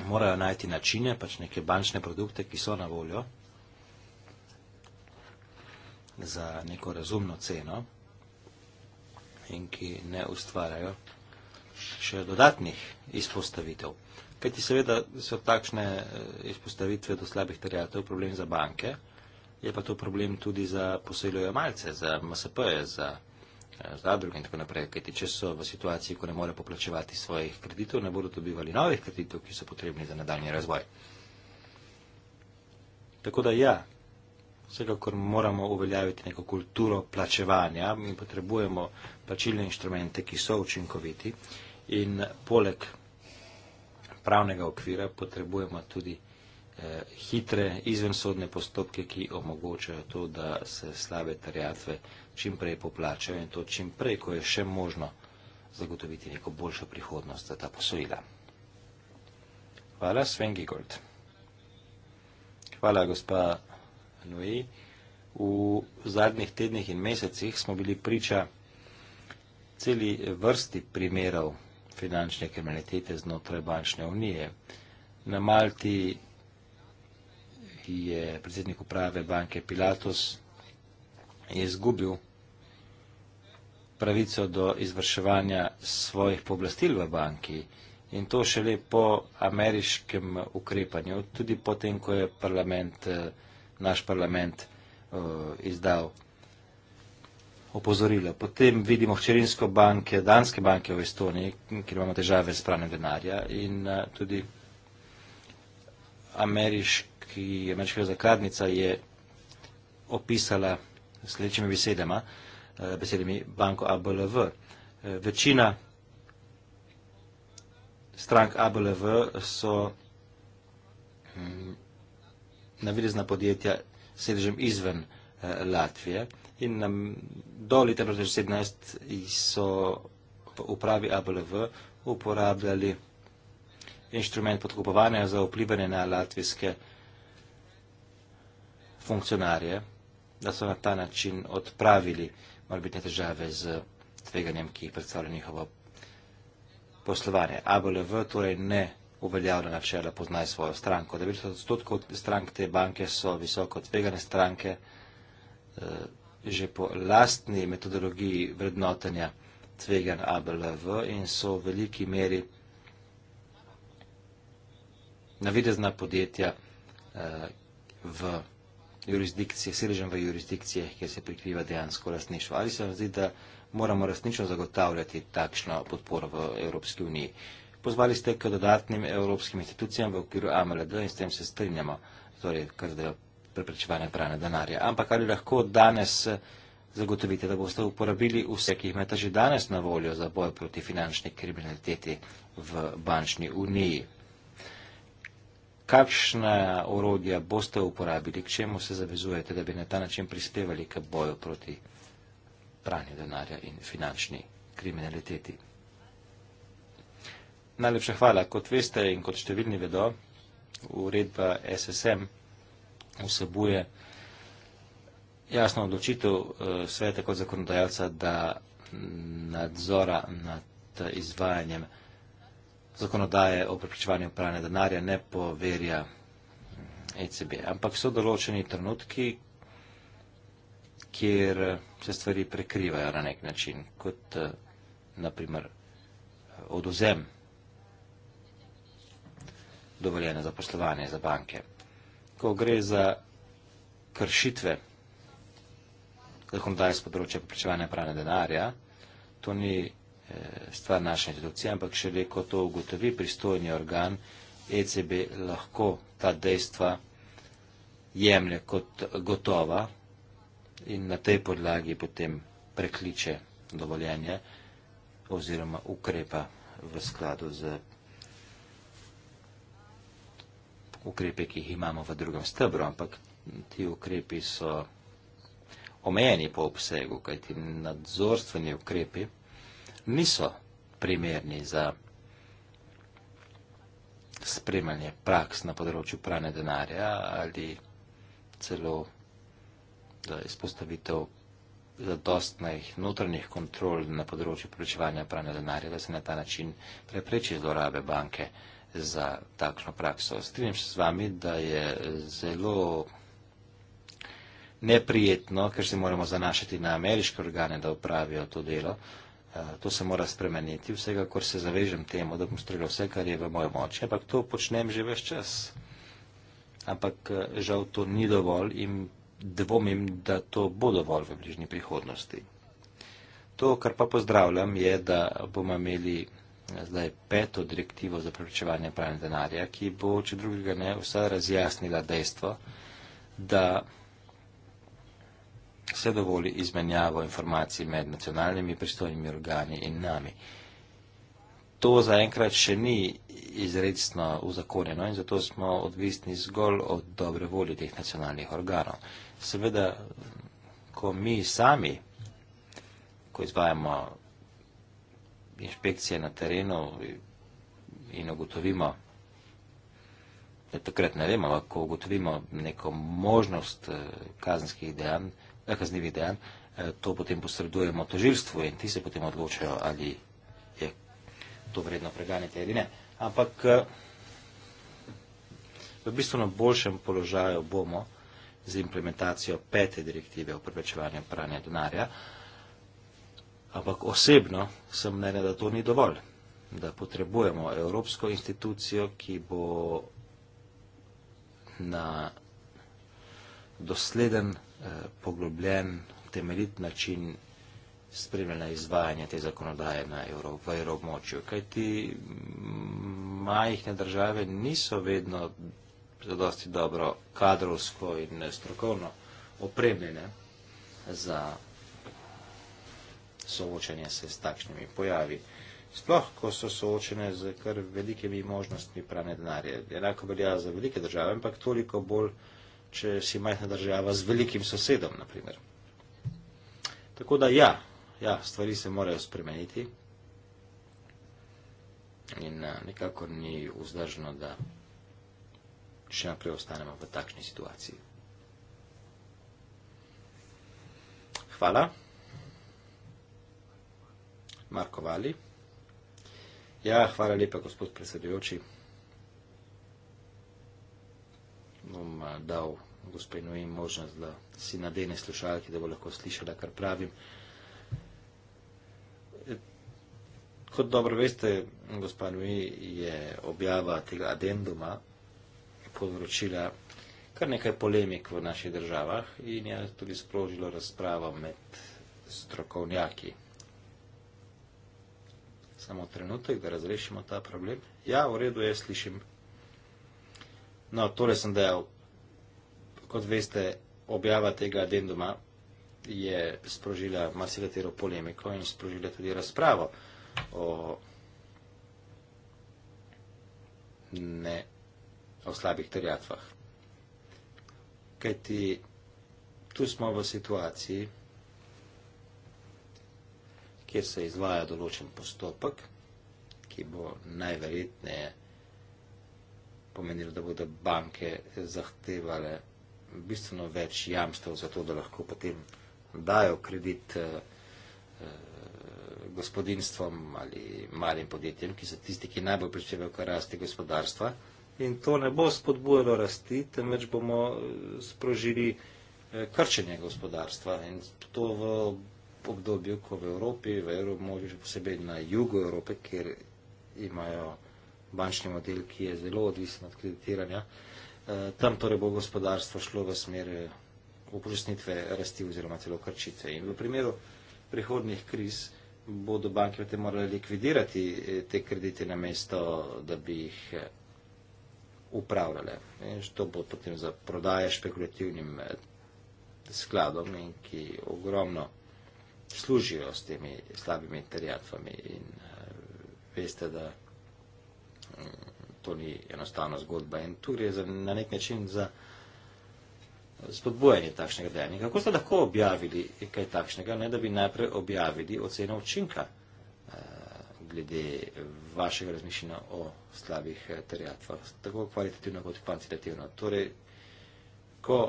Speaker 2: morajo najti načine, pač neke bančne produkte, ki so na voljo za neko razumno ceno in ki ne ustvarjajo še dodatnih izpostavitev. Kaj ti seveda so takšne eh, izpostavitve do slabih terjatev problem za banke, je pa to problem tudi za posojilojo malce, za MSP-je, eh, za zadruge in tako naprej, kajti če so v situaciji, ko ne more poplačevati svojih kreditov, ne bodo dobivali novih kreditov, ki so potrebni za nadaljni razvoj. Tako da ja, vsekakor moramo uveljaviti neko kulturo plačevanja in potrebujemo plačilne inštrumente, ki so učinkoviti in poleg pravnega okvira potrebujemo tudi eh, hitre izvensodne postopke, ki omogočajo to, da se slabe tarjatve čim prej poplačajo in to čim prej, ko je še možno zagotoviti neko boljšo prihodnost za ta posojila. Hvala, Sven Gigold. Hvala, gospa Anuji. V zadnjih tednih in mesecih smo bili priča celi vrsti primerov finančne kriminalitete znotraj bančne unije. Na Malti je predsednik uprave banke Pilatus izgubil pravico do izvrševanja svojih pooblastil v banki in to šele po ameriškem ukrepanju, tudi potem, ko je parlament eh, naš parlament uh, izdal opozorilo. Potem vidimo včerinsko banke, danske banke v Estoniji, kjer imamo težave s pranjem denarja in uh, tudi ameriški, ameriška zakladnica je opisala s sledečimi besedama, uh, besedami banko ABLV. Uh, večina strank ABLV so hm, navidezna podjetja s sedežem izven eh, Latvije in nam do leta 2017 so upravi ABLV uporabljali inštrument podkupovanja za vplivanje na latvijske funkcionarje, da so na ta način odpravili morbitne težave z tveganjem, ki predstavlja njihovo poslovanje. ABLV torej ne uveljavlja načela poznaj svojo stranko. 90 odstotkov strank te banke so visoko tvegane stranke, eh, že po lastni metodologiji vrednotenja tvegan ABLV in so v veliki meri navidezna podjetja eh, v jurisdikcije, sedežem v jurisdikcije, kjer se prikriva dejansko lastništvo. Ali se vam zdi, da moramo resnično zagotavljati takšno podporo v Evropski uniji? pozvali ste k dodatnim evropskim institucijam v okviru AMLD in s tem se strinjamo, torej kar zdaj preprečevanje prane denarja. Ampak ali lahko danes eh, zagotovite, da boste uporabili vse, ki jih imate že danes na voljo za boj proti finančni kriminaliteti v bančni uniji? Kakšna orodja boste uporabili, k čemu se zavezujete, da bi na ta način prispevali k boju proti pranju denarja in finančni kriminaliteti? Najlepša hvala. Kot veste in kot številni vedo, uredba SSM vsebuje jasno odločitev eh, sveta kot zakonodajalca, da nadzora nad izvajanjem zakonodaje o preprečevanju pranja denarja ne poverja mm, ECB. Ampak so določeni trenutki, kjer se stvari prekrivajo na nek način, kot eh, naprimer odozem dovoljene za poslovanje za banke. Ko gre za kršitve zakonodaje z področja preprečevanja pranja denarja, to ni eh, stvar naše institucije, ampak šele ko to ugotovi pristojni organ, ECB lahko ta dejstva jemlje kot gotova in na tej podlagi potem prekliče dovoljenje oziroma ukrepa v skladu z ukrepe, ki jih imamo v drugem stebru, ampak ti ukrepi so omejeni po obsegu, kajti nadzorstveni ukrepi niso primerni za spremljanje praks na področju prane denarja ali celo za izpostavitev zadostnih notranjih kontrol na področju prečevanja pranja denarja, da se na ta način prepreči zlorabe banke za takšno prakso. Strinjam se z vami, da je zelo neprijetno, ker se moramo zanašati na ameriške organe, da upravijo to delo. Eh, to se mora spremeniti, vsega, kar se zavežem temu, da bom storil vse, kar je v moji moči. Ampak to počnem že več čas. Ampak eh, žal to ni dovolj in dvomim, da to bo dovolj v bližnji prihodnosti. To, kar pa pozdravljam, je, da bomo imeli zdaj peto direktivo za preprečevanje pranja denarja, ki bo, če drugega ne, vsaj razjasnila dejstvo, da se dovoli izmenjavo informacij med nacionalnimi pristojnimi organi in nami. To zaenkrat še ni izredno uzakonjeno in zato smo odvisni zgolj od dobre volje teh nacionalnih organov. Seveda, ko mi sami, ko izvajamo inšpekcije na terenu in ogotovimo, da takrat ne vemo, ampak ko ugotovimo neko možnost eh, kaznskih dejanj, eh, kaznivih dejanj, eh, to potem posredujemo tožilstvu in ti se potem odločajo, ali je to vredno preganjati ali ne. Ampak v bistvu na boljšem položaju bomo z implementacijo pete direktive o preprečevanju pranja denarja. Uh, Ampak osebno sem mnenja, da to ni dovolj, da potrebujemo evropsko institucijo, ki bo na dosleden, eh, poglobljen, temeljit način spremljala izvajanje te zakonodaje na Evro, v evromočju. Kajti majhne države niso vedno zadosti dobro kadrovsko in strokovno opremljene za soočanje se s takšnimi pojavi. Sploh, ko so soočene z kar velikimi možnostmi pranja denarja. Enako velja za velike države, ampak toliko bolj, če si majhna država z velikim sosedom, naprimer. Tako da ja, ja stvari se morajo spremeniti in eh, nekako ni vzdržno, da še naprej ostanemo v takšni situaciji. Hvala. Marko Vali. Ja, hvala lepa, gospod predsedujoči. Bom eh, dal gospe Noji možnost, da si nadene slušalke, da bo lahko slišala, kar pravim. Eh, kot dobro veste, gospa Noji je objava tega adenduma povzročila kar nekaj polemik v naših državah in je tudi sprožilo razpravo med strokovnjaki samo trenutek, da razrešimo ta problem. Ja, v redu, jaz slišim. No, torej sem dejal, kot veste, objava tega addenduma je sprožila marsikatero polemiko in sprožila tudi razpravo o ne o slabih terjatvah. Kajti tu smo v situaciji, kjer se izvaja določen postopek, ki bo najverjetneje pomenil, da bodo banke zahtevale bistveno več jamstev za to, da lahko potem dajo kredit eh, eh, gospodinstvom ali malim podjetjem, ki so tisti, ki najbolj pričevajo kar rasti gospodarstva. In to ne bo spodbujalo rasti, temveč bomo eh, sprožili krčenje gospodarstva. In to v obdobju, ko v Evropi, v Evropi, še posebej na jugu Evrope, kjer imajo bančni model, ki je zelo odvisen od kreditiranja, eh, tam torej bo gospodarstvo šlo v smer eh, upočasnitve rasti oziroma celo krčitve. In v primeru prihodnih kriz bodo banke potem morali likvidirati eh, te kredite na mesto, da bi jih upravljale. In to bo potem za prodaje špekulativnim skladom, in ki ogromno služijo s temi slabimi terjatvami in uh, veste, da um, to ni enostavna zgodba in tu gre za, na nek način za spodbojanje takšnega dejanja. Kako ste lahko objavili kaj takšnega, ne da bi najprej objavili oceno učinka uh, glede vašega razmišljanja o slabih eh, terjatvah, tako kvalitativno kot kvantitativno. Torej, ko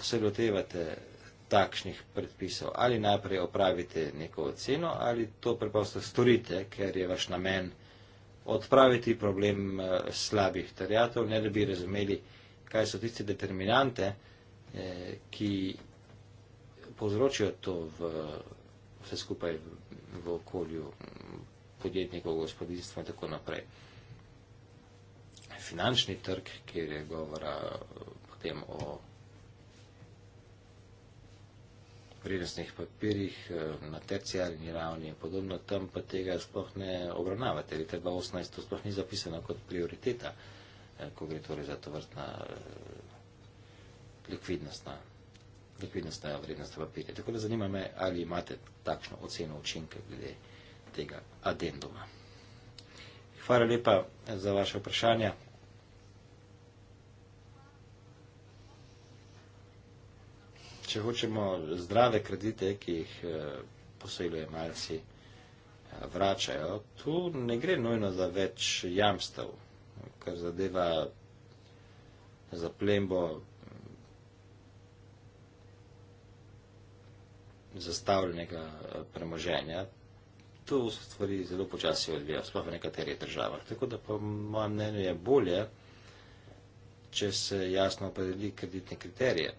Speaker 2: se lotevate takšnih predpisov. Ali najprej opravite neko oceno, ali to preprosto storite, ker je vaš namen odpraviti problem eh, slabih terjatov, ne da bi razumeli, kaj so tiste determinante, eh, ki povzročijo to v, vse skupaj v okolju podjetnikov, gospodinstva in tako naprej. Finančni trg, kjer je govora potem o vrednostnih papirjih eh, na terciarni ravni in podobno, tam pa tega sploh ne obravnavate. Leta 2018 to sploh ni zapisano kot prioriteta, eh, ko gre torej za to vrtna eh, likvidnostna, likvidnostna vrednostna papirja. Tako da zanima me, ali imate takšno oceno učinke glede tega addenduma. Hvala lepa za vaše vprašanje. če hočemo zdrave kredite, ki jih eh, posojilje malci eh, vračajo, tu ne gre nujno za več jamstev, kar zadeva za plembo zastavljenega eh, premoženja. Tu se stvari zelo počasi odvijajo, sploh v nekaterih državah. Tako da po mojem mnenju je bolje, če se jasno opredeli kreditne kriterije.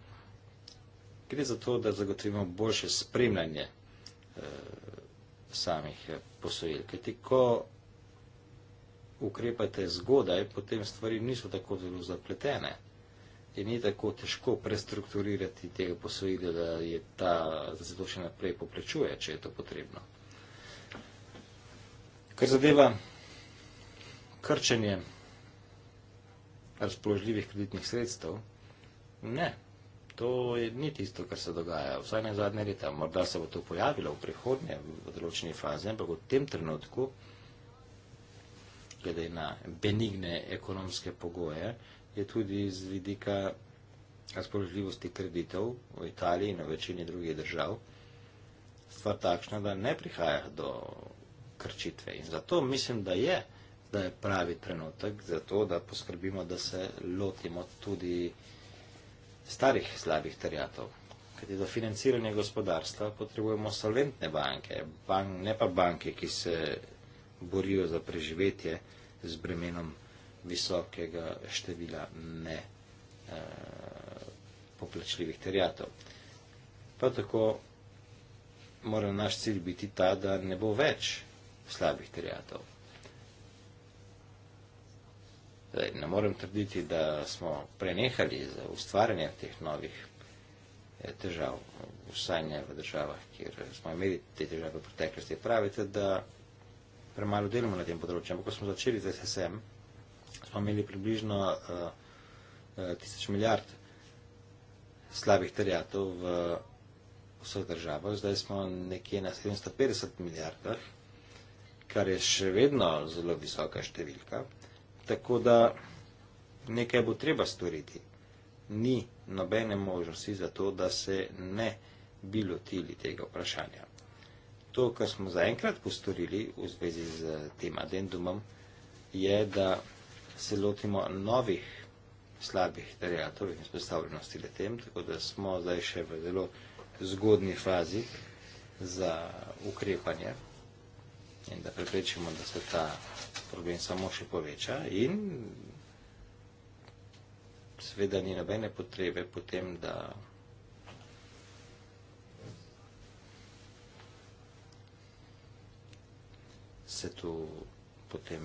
Speaker 2: Gre za to, da zagotovimo boljše spremljanje eh, samih eh, posojil. Ker ti, ko ukrepate zgodaj, potem stvari niso tako zelo zapletene in ni tako težko prestrukturirati tega posojila, da je ta zato še naprej poprečuje, če je to potrebno. Kar zadeva krčenje razpoložljivih kreditnih sredstev, ne to je, ni tisto, kar se dogaja, vsaj ne zadnje leta. Morda se bo to pojavilo v prihodnje, v določeni fazi, ampak v tem trenutku, glede na benigne ekonomske pogoje, je tudi z vidika razpoložljivosti kreditov v Italiji in v večini drugih držav stvar takšna, da ne prihaja do krčitve. In zato mislim, da je zdaj pravi trenutek za to, da poskrbimo, da se lotimo tudi starih slabih terjatov. Kajti za financiranje gospodarstva potrebujemo solventne banke, ban ne pa banke, ki se borijo za preživetje z bremenom visokega števila ne e, poplačljivih terjatov. Pa tako mora naš cilj biti ta, da ne bo več slabih terjatov. Ne morem trditi, da smo prenehali za ustvarjanje teh novih eh, težav, vsaj ne v državah, kjer smo imeli te težave v preteklosti. Pravite, da premalo delamo na tem področju, ampak ko smo začeli z SSM, smo imeli približno eh, eh, tisoč uh, uh, milijard slabih terjatov v vseh državah, zdaj smo nekje na 750 milijardah, kar je še vedno zelo visoka številka. Tako da nekaj bo treba storiti. Ni nobene možnosti za to, da se ne bi lotili tega vprašanja. To, kar smo zaenkrat postorili v zvezi z tem adendumom, je, da se lotimo novih slabih terjatov in spostavljenosti le tem, tako da smo zdaj še v zelo zgodni fazi za ukrepanje in da preprečimo, da se ta problem samo še poveča. In seveda ni nobene potrebe potem, da se tu potem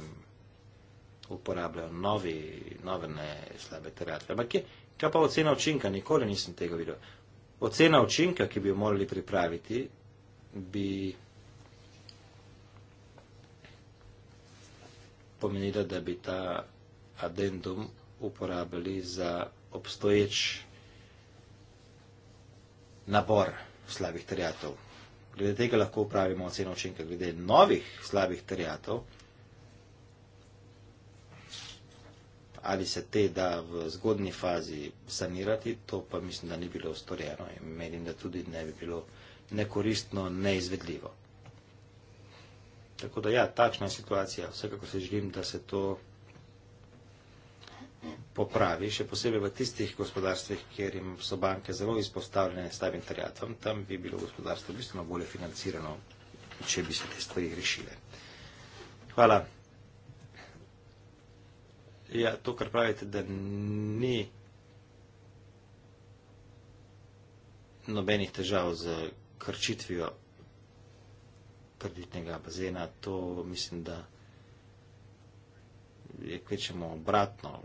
Speaker 2: uporabljajo novi, nove ne slabe terapije. Ampak je, kaj pa ocena učinka? Nikoli nisem tega videl. Ocena učinka, ki bi jo morali pripraviti, bi pomenila, da bi ta addendum uporabili za obstoječ nabor slabih terjatov. Glede tega lahko upravimo oceno učinka. Glede novih slabih terjatov, ali se te da v zgodni fazi sanirati, to pa mislim, da ni bilo storjeno in menim, da tudi ne bi bilo nekoristno, neizvedljivo. Tako da, ja, takšna je situacija. Vsekakor se želim, da se to popravi, še posebej v tistih gospodarstvih, kjer so banke zelo izpostavljene stavim terjatvam. Tam bi bilo gospodarstvo bistveno bolje financirano, če bi se te stvari rešile. Hvala. Ja, to, kar pravite, da ni nobenih težav z krčitvijo kreditnega bazena, to mislim, da je kvečemo obratno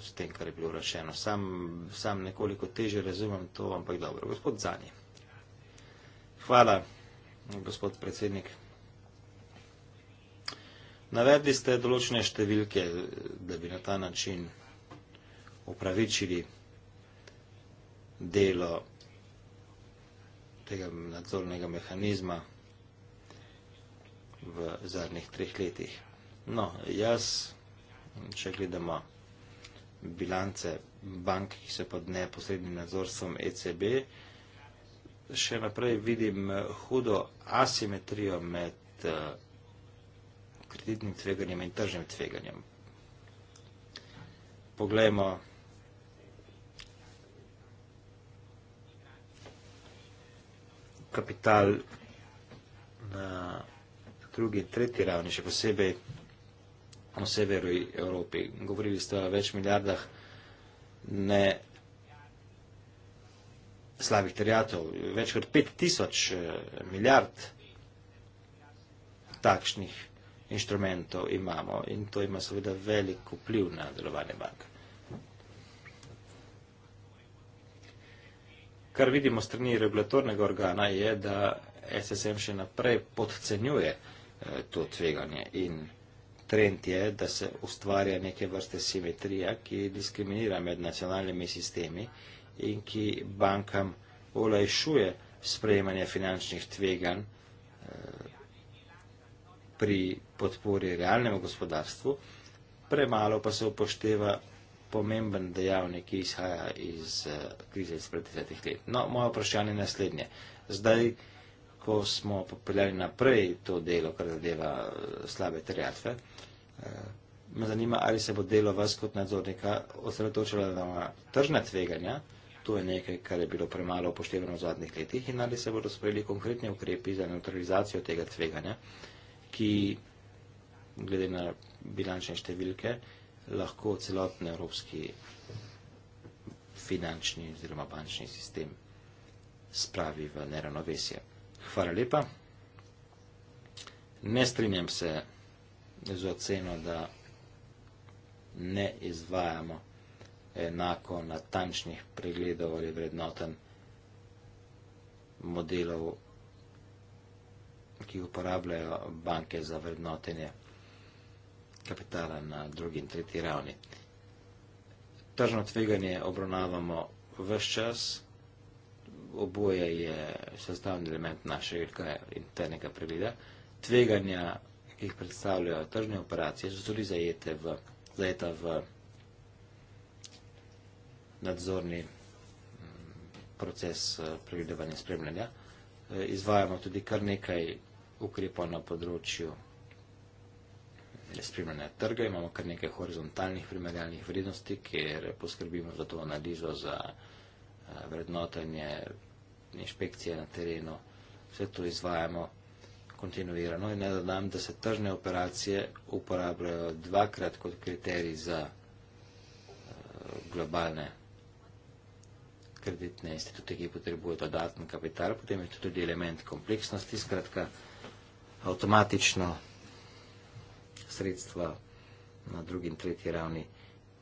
Speaker 2: s tem, kar je bilo rešeno. Sam, sam nekoliko teže razumem to, ampak dobro. Gospod Zani. Hvala, gospod predsednik. Navedli ste določene številke, da bi na ta način upravičili delo tega nadzornega mehanizma v zadnjih treh letih. No, jaz, če gledamo bilance bank, ki so pod neposrednim nadzorstvom ECB, še naprej vidim eh, hudo asimetrijo med eh, kreditnim tveganjem in tržnim tveganjem. Poglejmo. Kapital na drugi in tretji ravni, še posebej o severu e- Evropi. Govorili ste o več milijardah ne slabih terjatov, več kot pet tisoč eh, milijard takšnih inštrumentov imamo in to ima seveda velik vpliv na delovanje bank. Kar vidimo strani regulatornega organa je, da SSM še naprej podcenjuje vsega, Eh, to tveganje. In trend je, da se ustvarja neke vrste simetrija, ki diskriminira med nacionalnimi sistemi in ki bankam olajšuje sprejemanje finančnih tveganj eh, pri podpori realnemu gospodarstvu, premalo pa se upošteva pomemben dejavnik, ki izhaja iz eh, krize iz pred 30 let. No, moje vprašanje je naslednje. Zdaj, ko smo popeljali naprej to delo, kar zadeva eh, slabe terjatve, eh, me zanima, ali se bo delo vas kot nadzornika osredotočilo na tržna tveganja, to je nekaj, kar je bilo premalo upoštevano v zadnjih letih, in ali se bodo sprejeli konkretni ukrepi za neutralizacijo tega tveganja, ki glede na bilančne številke lahko celotni evropski finančni oziroma bančni sistem spravi v neravnovesje. Hvala lepa. Ne strinjam se z oceno, da ne izvajamo enako natančnih pregledov ali vrednoten modelov, ki uporabljajo banke za vrednotenje kapitala na drugi in tretji ravni. Tržno tveganje obravnavamo v vse čas oboje je sestavni element našega internega pregleda. Tveganja, ki jih predstavljajo tržne operacije, so tudi zajete v, zajeta v nadzorni mm, proces eh, pregledovanja spremljanja. Eh, izvajamo tudi kar nekaj ukrepov na področju eh, spremljanja trga, imamo kar nekaj horizontalnih primerjalnih vrednosti, kjer poskrbimo za to analizo za Eh, vrednotenje, inšpekcije na terenu, vse to izvajamo kontinuirano in ne dodam, da se tržne operacije uporabljajo dvakrat kot kriterij za eh, globalne kreditne institute, ki potrebujejo dodatni kapital, potem je to tudi element kompleksnosti, skratka avtomatično sredstva na drugi in tretji ravni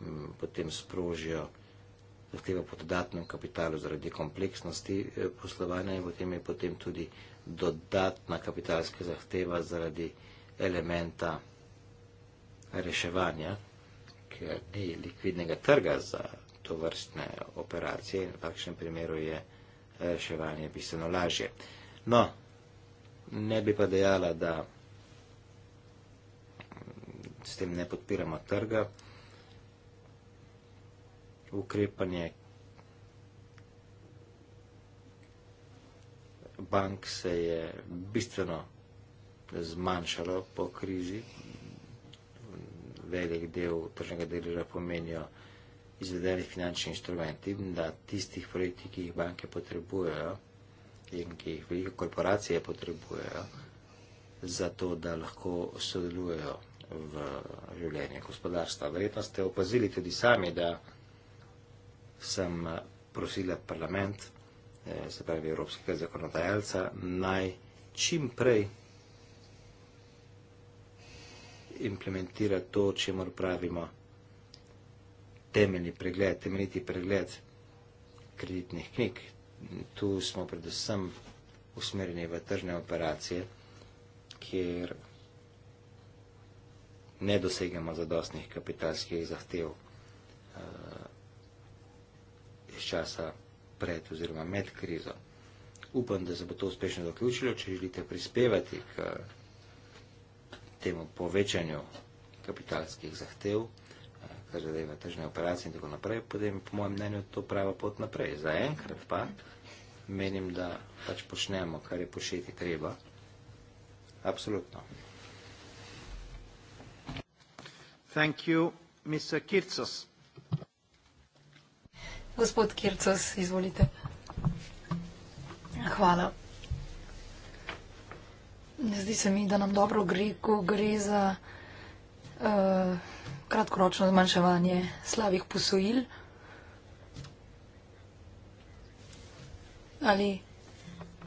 Speaker 2: mm, potem sprožijo zahteva po dodatnem kapitalu zaradi kompleksnosti eh, poslovanja in potem je potem tudi dodatna kapitalska zahteva zaradi elementa reševanja, ker ni likvidnega trga za to vrstne operacije in v takšnem primeru je eh, reševanje bistveno lažje. No, ne bi pa dejala, da mm, s tem ne podpiramo trga, ukrepanje bank se je bistveno zmanjšalo po krizi. Velik del tržnega deleža pomenijo izvedeni finančni instrumenti, da tistih projekti, ki jih banke potrebujejo in ki jih velike korporacije potrebujejo, zato da lahko sodelujejo v življenje gospodarstva. Verjetno ste opazili tudi sami, da sem eh, prosila parlament, eh, se pravi evropskega zakonodajalca, naj čim prej implementira to, če moramo pravimo temeljni pregled, temeljiti pregled kreditnih knjig. Tu smo predvsem usmerjeni v tržne operacije, kjer ne dosegamo zadostnih kapitalskih zahtev eh, iz časa pred oziroma med krizo. Upam, da se bo to uspešno zaključilo, če želite prispevati k temu povečanju kapitalskih zahtev, kar zadeva tržne operacije in tako naprej, potem po mojem mnenju to prava pot naprej. Za enkrat pa menim, da pač počnemo, kar je pošeti treba. Absolutno. Thank you, Mr. Kircos.
Speaker 4: Gospod Kircos, izvolite. Hvala. Ne zdi se mi, da nam dobro gre, ko gre za uh, kratkoročno zmanjševanje slavih posojil. Ali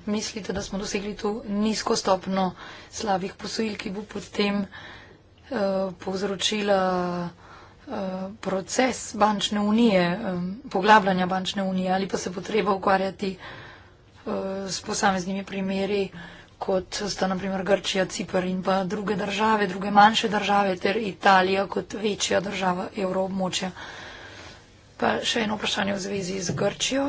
Speaker 4: mislite, da smo dosegli to nizko stopno slavih posojil, ki bo potem uh, povzročila. Eh, proces bančne unije, eh, poglabljanja bančne unije ali pa se bo treba ukvarjati eh, s posameznimi primeri, kot sta naprimer Grčija, Cipr in pa druge države, druge manjše države ter Italija kot večja država evroobmočja. Pa še eno vprašanje v zvezi z Grčijo.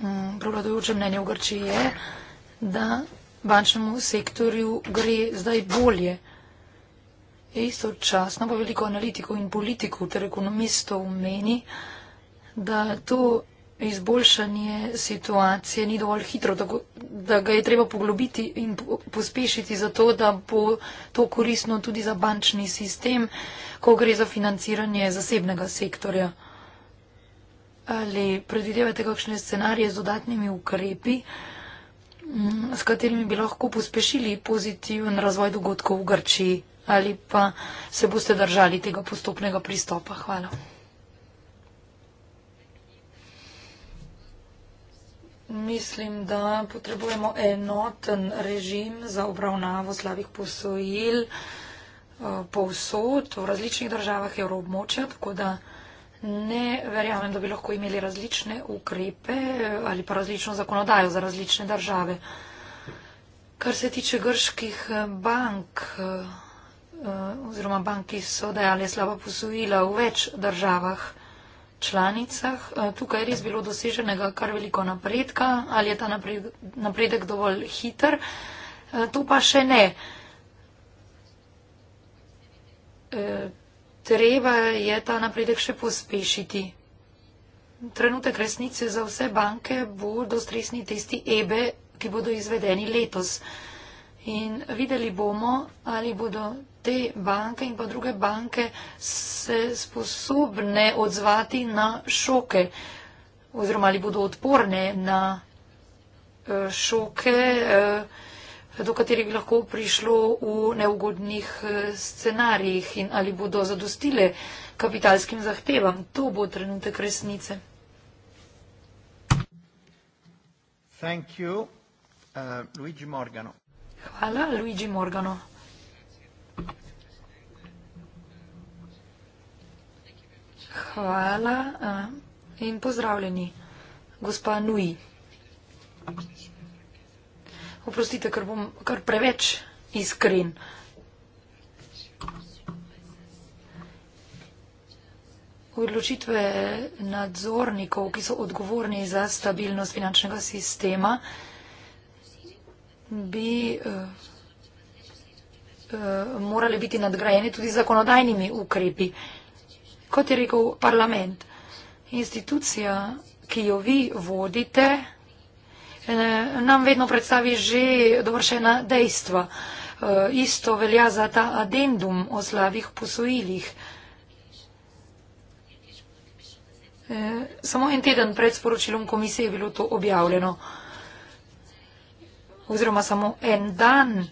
Speaker 4: Mm, prevladujoče mnenje v Grčiji je, da bančnemu sektorju gre zdaj bolje. E istočasno pa veliko analitikov in politikov ter ekonomistov meni, da to izboljšanje situacije ni dovolj hitro, da, da ga je treba poglobiti in pospešiti zato, da bo to koristno tudi za bančni sistem, ko gre za financiranje zasebnega sektorja. Ali predvidevate kakšne scenarije z dodatnimi ukrepi, s katerimi bi lahko pospešili pozitiven razvoj dogodkov v Grčiji? ali pa se boste držali tega postopnega pristopa. Hvala. Mislim, da potrebujemo enoten režim za obravnavo slabih posojil eh, povsod v različnih državah evroobmočja, tako da ne verjamem, da bi lahko imeli različne ukrepe eh, ali pa različno zakonodajo za različne države. Kar se tiče grških eh, bank, Eh, oziroma banki so dajali slaba posojila v več državah članicah. Eh, tukaj je res bilo doseženega kar veliko napredka. Ali je ta napredek dovolj hiter? Eh, to pa še ne. Treba je ta napredek še pospešiti. Trenutek resnice za vse banke bo do stresni testi EBE, ki bodo izvedeni letos. In videli bomo, ali bodo te banke in pa druge banke se sposobne odzvati na šoke oziroma ali bodo odporne na e, šoke, e, do katerih bi lahko prišlo v neugodnih e, scenarijih in ali bodo zadostile kapitalskim zahtevam. To bo trenutek resnice.
Speaker 2: Thank you. Uh, Luigi Morgano.
Speaker 4: Hvala, Luigi Morgano. Hvala eh, in pozdravljeni, gospa Nui. Oprostite, ker bom kar preveč iskren. Odločitve nadzornikov, ki so odgovorni za stabilnost finančnega sistema, bi uh, uh, morali biti nadgrajeni tudi zakonodajnimi ukrepi. Kot je rekel parlament, institucija, ki jo vi vodite, eh, nam vedno predstavi že dovršena dejstva. Uh, isto velja za ta addendum o slavih posojilih. Samo en teden pred sporočilom komisije je bilo to objavljeno. Uh, oziroma samo en dan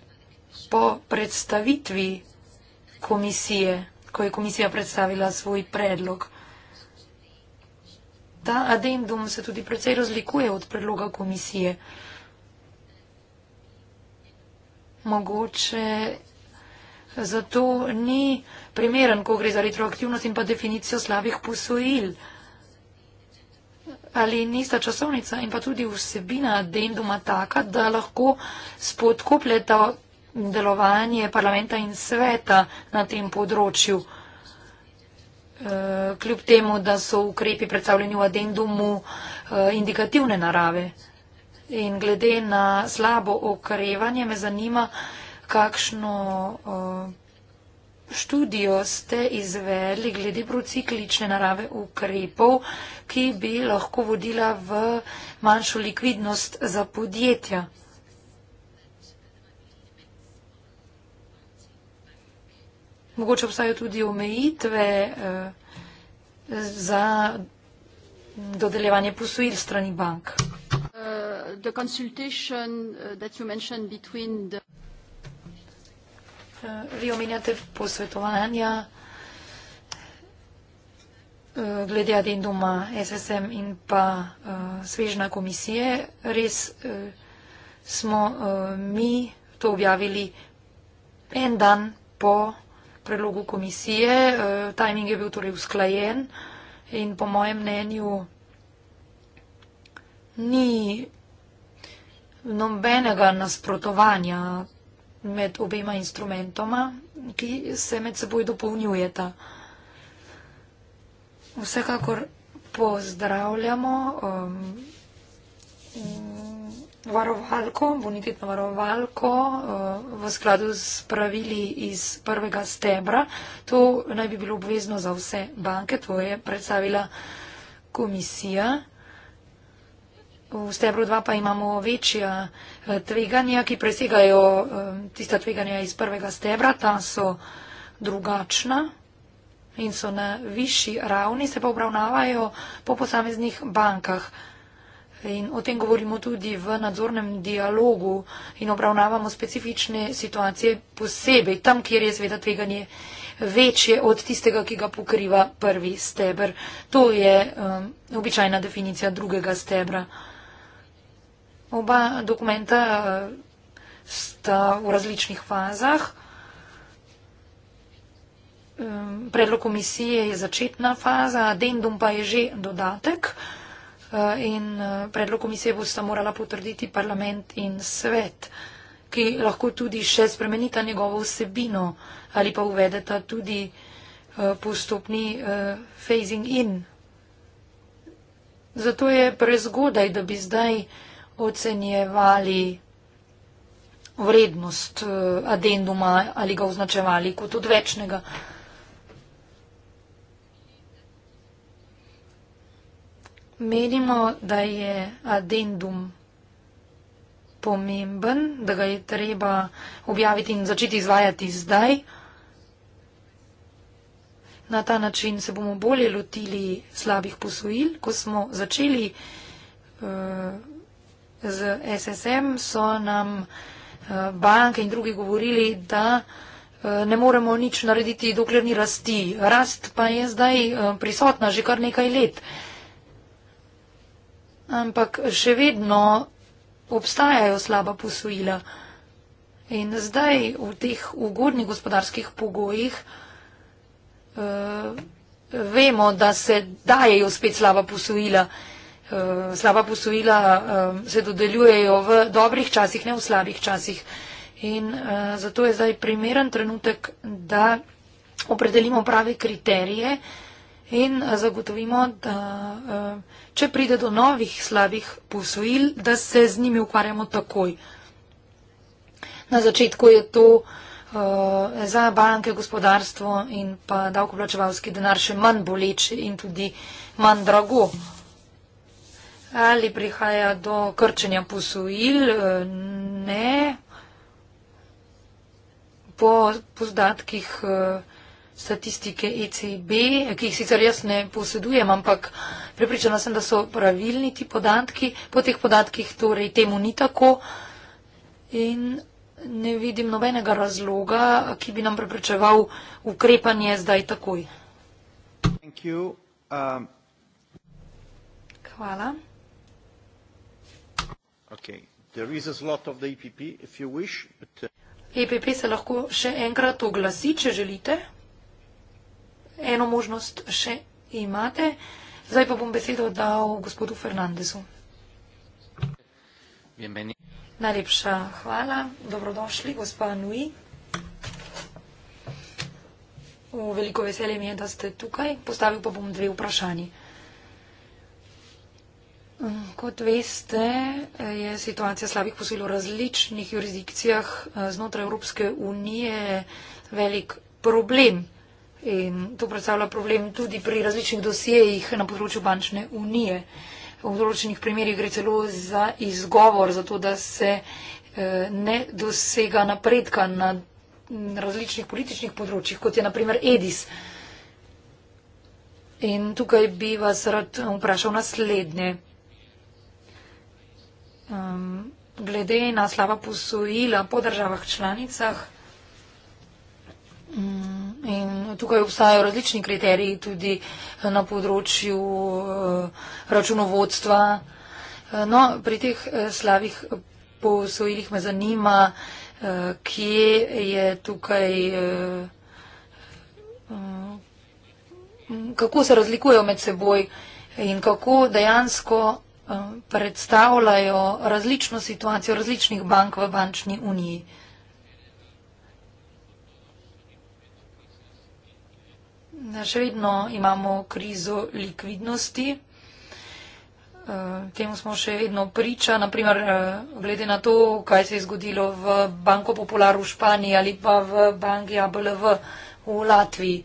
Speaker 4: po predstavitvi komisije, ko je komisija predstavila svoj predlog. Ta addendum se tudi precej razlikuje od predloga komisije. Mogoče zato ni primeren, ko gre za retroaktivnost in pa definicijo slabih posojil ali nista časovnica in pa tudi vsebina denduma taka, da lahko spodkopljeta delovanje parlamenta in sveta na tem področju. E, kljub temu, da so ukrepi predstavljeni v adendumu e, indikativne narave. In glede na slabo okrevanje, me zanima, kakšno e, študijo ste izvedli glede prociklične narave ukrepov, ki bi lahko vodila v manjšo likvidnost za podjetja. Mogoče obstajajo tudi omejitve eh, za dodeljevanje posojil strani bank.
Speaker 3: Uh, the consultation uh, that you mentioned between the Vi eh, omenjate
Speaker 4: posvetovanja eh, glede adenduma SSM in pa eh, svežna komisije. Res smo mi to objavili en dan po predlogu komisije. Tajming je bil torej usklajen in po mojem mnenju ni nobenega nasprotovanja med obema instrumentoma, ki se med seboj dopolnjujeta. Vsekakor pozdravljamo um, varovalko, bonitetno varovalko uh, v skladu s pravili iz prvega stebra. To naj bi bilo obvezno za vse banke, to je predstavila komisija. V stebru 2 pa imamo večja eh, tveganja, ki presegajo eh, tista tveganja iz prvega stebra, ta so drugačna in so na višji ravni, se pa obravnavajo po posameznih bankah. In o tem govorimo tudi v nadzornem dialogu in obravnavamo specifične situacije posebej, tam, kjer je seveda tveganje večje od tistega, ki ga pokriva prvi stebr. To je um, običajna definicija drugega stebra. Oba dokumenta eh, sta v različnih fazah. Predlog komisije je začetna faza, adendum pa je že dodatek eh, in eh, predlog komisije bosta morala potrditi parlament in svet, ki lahko tudi še spremenita njegovo vsebino ali pa uvedeta tudi postopni phasing in. Zato je prezgodaj, da bi zdaj ocenjevali vrednost eh, addenduma ali ga označevali kot odvečnega. Menimo, da je addendum pomemben, da ga je treba objaviti in začeti izvajati zdaj. Na ta način se bomo bolje lotili slabih posojil, ko smo začeli uh, z SSM, so nam eh, banke in drugi govorili, da eh, ne moremo nič narediti, dokler ni rasti. Rast pa je zdaj eh, prisotna že kar nekaj let. Ampak še vedno obstajajo slaba posojila. In zdaj v teh ugodnih gospodarskih pogojih vemo, da se dajejo spet slaba posojila. Eh, slaba posojila eh, se dodeljujejo v dobrih časih, ne v slabih časih. In eh, zato je zdaj primeren trenutek, da opredelimo prave kriterije in zagotovimo, da če pride do novih slabih posojil, da se z njimi ukvarjamo takoj. Na začetku je to za banke, gospodarstvo in pa davkoplačevalski denar še manj boleče in tudi manj drago. Ali prihaja do krčenja posojil? Eh, ne. Po podatkih eh, statistike ECB, ki jih sicer jaz ne posedujem, ampak prepričana sem, da so pravilni ti podatki. Po teh podatkih torej temu ni tako. In ne vidim nobenega razloga, ki bi nam preprečeval ukrepanje zdaj takoj.
Speaker 3: Um,
Speaker 4: Hvala.
Speaker 2: Okay. There is a slot of the EPP, if you wish. But, uh...
Speaker 4: EPP se lahko še enkrat oglasi, če želite. Eno možnost še imate. Zdaj pa bom besedo dal gospodu Fernandezu. Bienveni. Najlepša hvala. Dobrodošli, gospa Nui. Veliko veselje mi je, da ste tukaj. Postavil pa bom dve vprašanje. Kot veste, je situacija slabih posojil v različnih jurisdikcijah eh, znotraj Evropske unije velik problem. In to predstavlja problem tudi pri različnih dosijejih na področju bančne unije. V določenih primerjih gre celo za izgovor, zato da se eh, ne dosega napredka na različnih političnih področjih, kot je naprimer EDIS. In tukaj bi vas rad vprašal naslednje um, glede na slaba posojila po državah članicah. Um, in tukaj obstajajo različni kriteriji tudi eh, na področju uh, računovodstva. Eh, no, pri teh slavih posojilih me zanima, kje je tukaj, mm, kako se razlikujejo med seboj in kako dejansko Eh, predstavljajo različno situacijo različnih bank v bančni uniji. Še vedno imamo krizo likvidnosti. Eh, temu smo še vedno priča, naprimer, eh, glede na to, kaj se je zgodilo v Banko Popular v Španiji ali pa v Banki ABLV v Latviji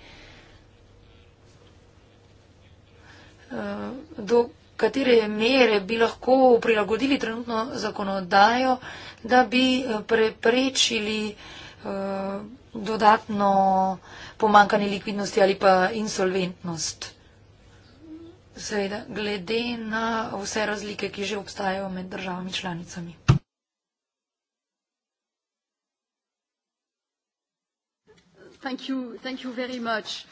Speaker 4: katere mere bi lahko prilagodili trenutno zakonodajo, da bi eh, preprečili eh, dodatno pomankanje likvidnosti ali pa insolventnost. Seveda, glede na vse razlike, ki že obstajajo med državami članicami. Thank
Speaker 3: you, thank you very much.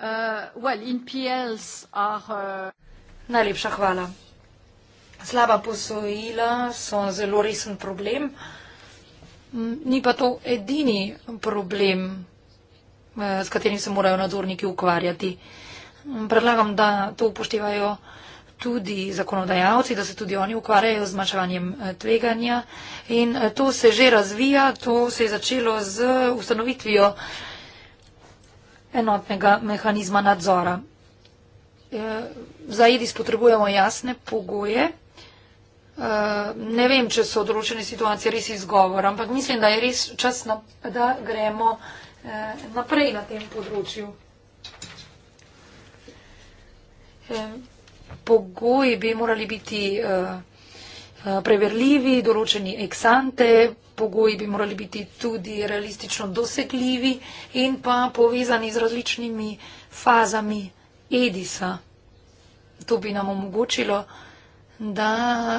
Speaker 3: Uh, well, NPLs are... Uh...
Speaker 4: Najlepša hvala. Slaba posojila so zelo resen problem. Ni pa to edini problem, eh, s katerim se morajo nadzorniki ukvarjati. Predlagam, da to upoštevajo tudi zakonodajalci, da se tudi oni ukvarjajo z zmanjševanjem eh, tveganja. In eh, to se že razvija, to se je začelo z ustanovitvijo enotnega mehanizma nadzora za IDIS potrebujemo jasne pogoje. Eh, ne vem, če so določene situacije res izgovor, ampak mislim, da je res čas, da gremo eh, naprej na tem področju. Eh, pogoji bi morali biti preverljivi, določeni eksante, pogoji bi morali biti tudi realistično dosegljivi in pa povezani z različnimi fazami. Edisa to bi nam omogočilo, da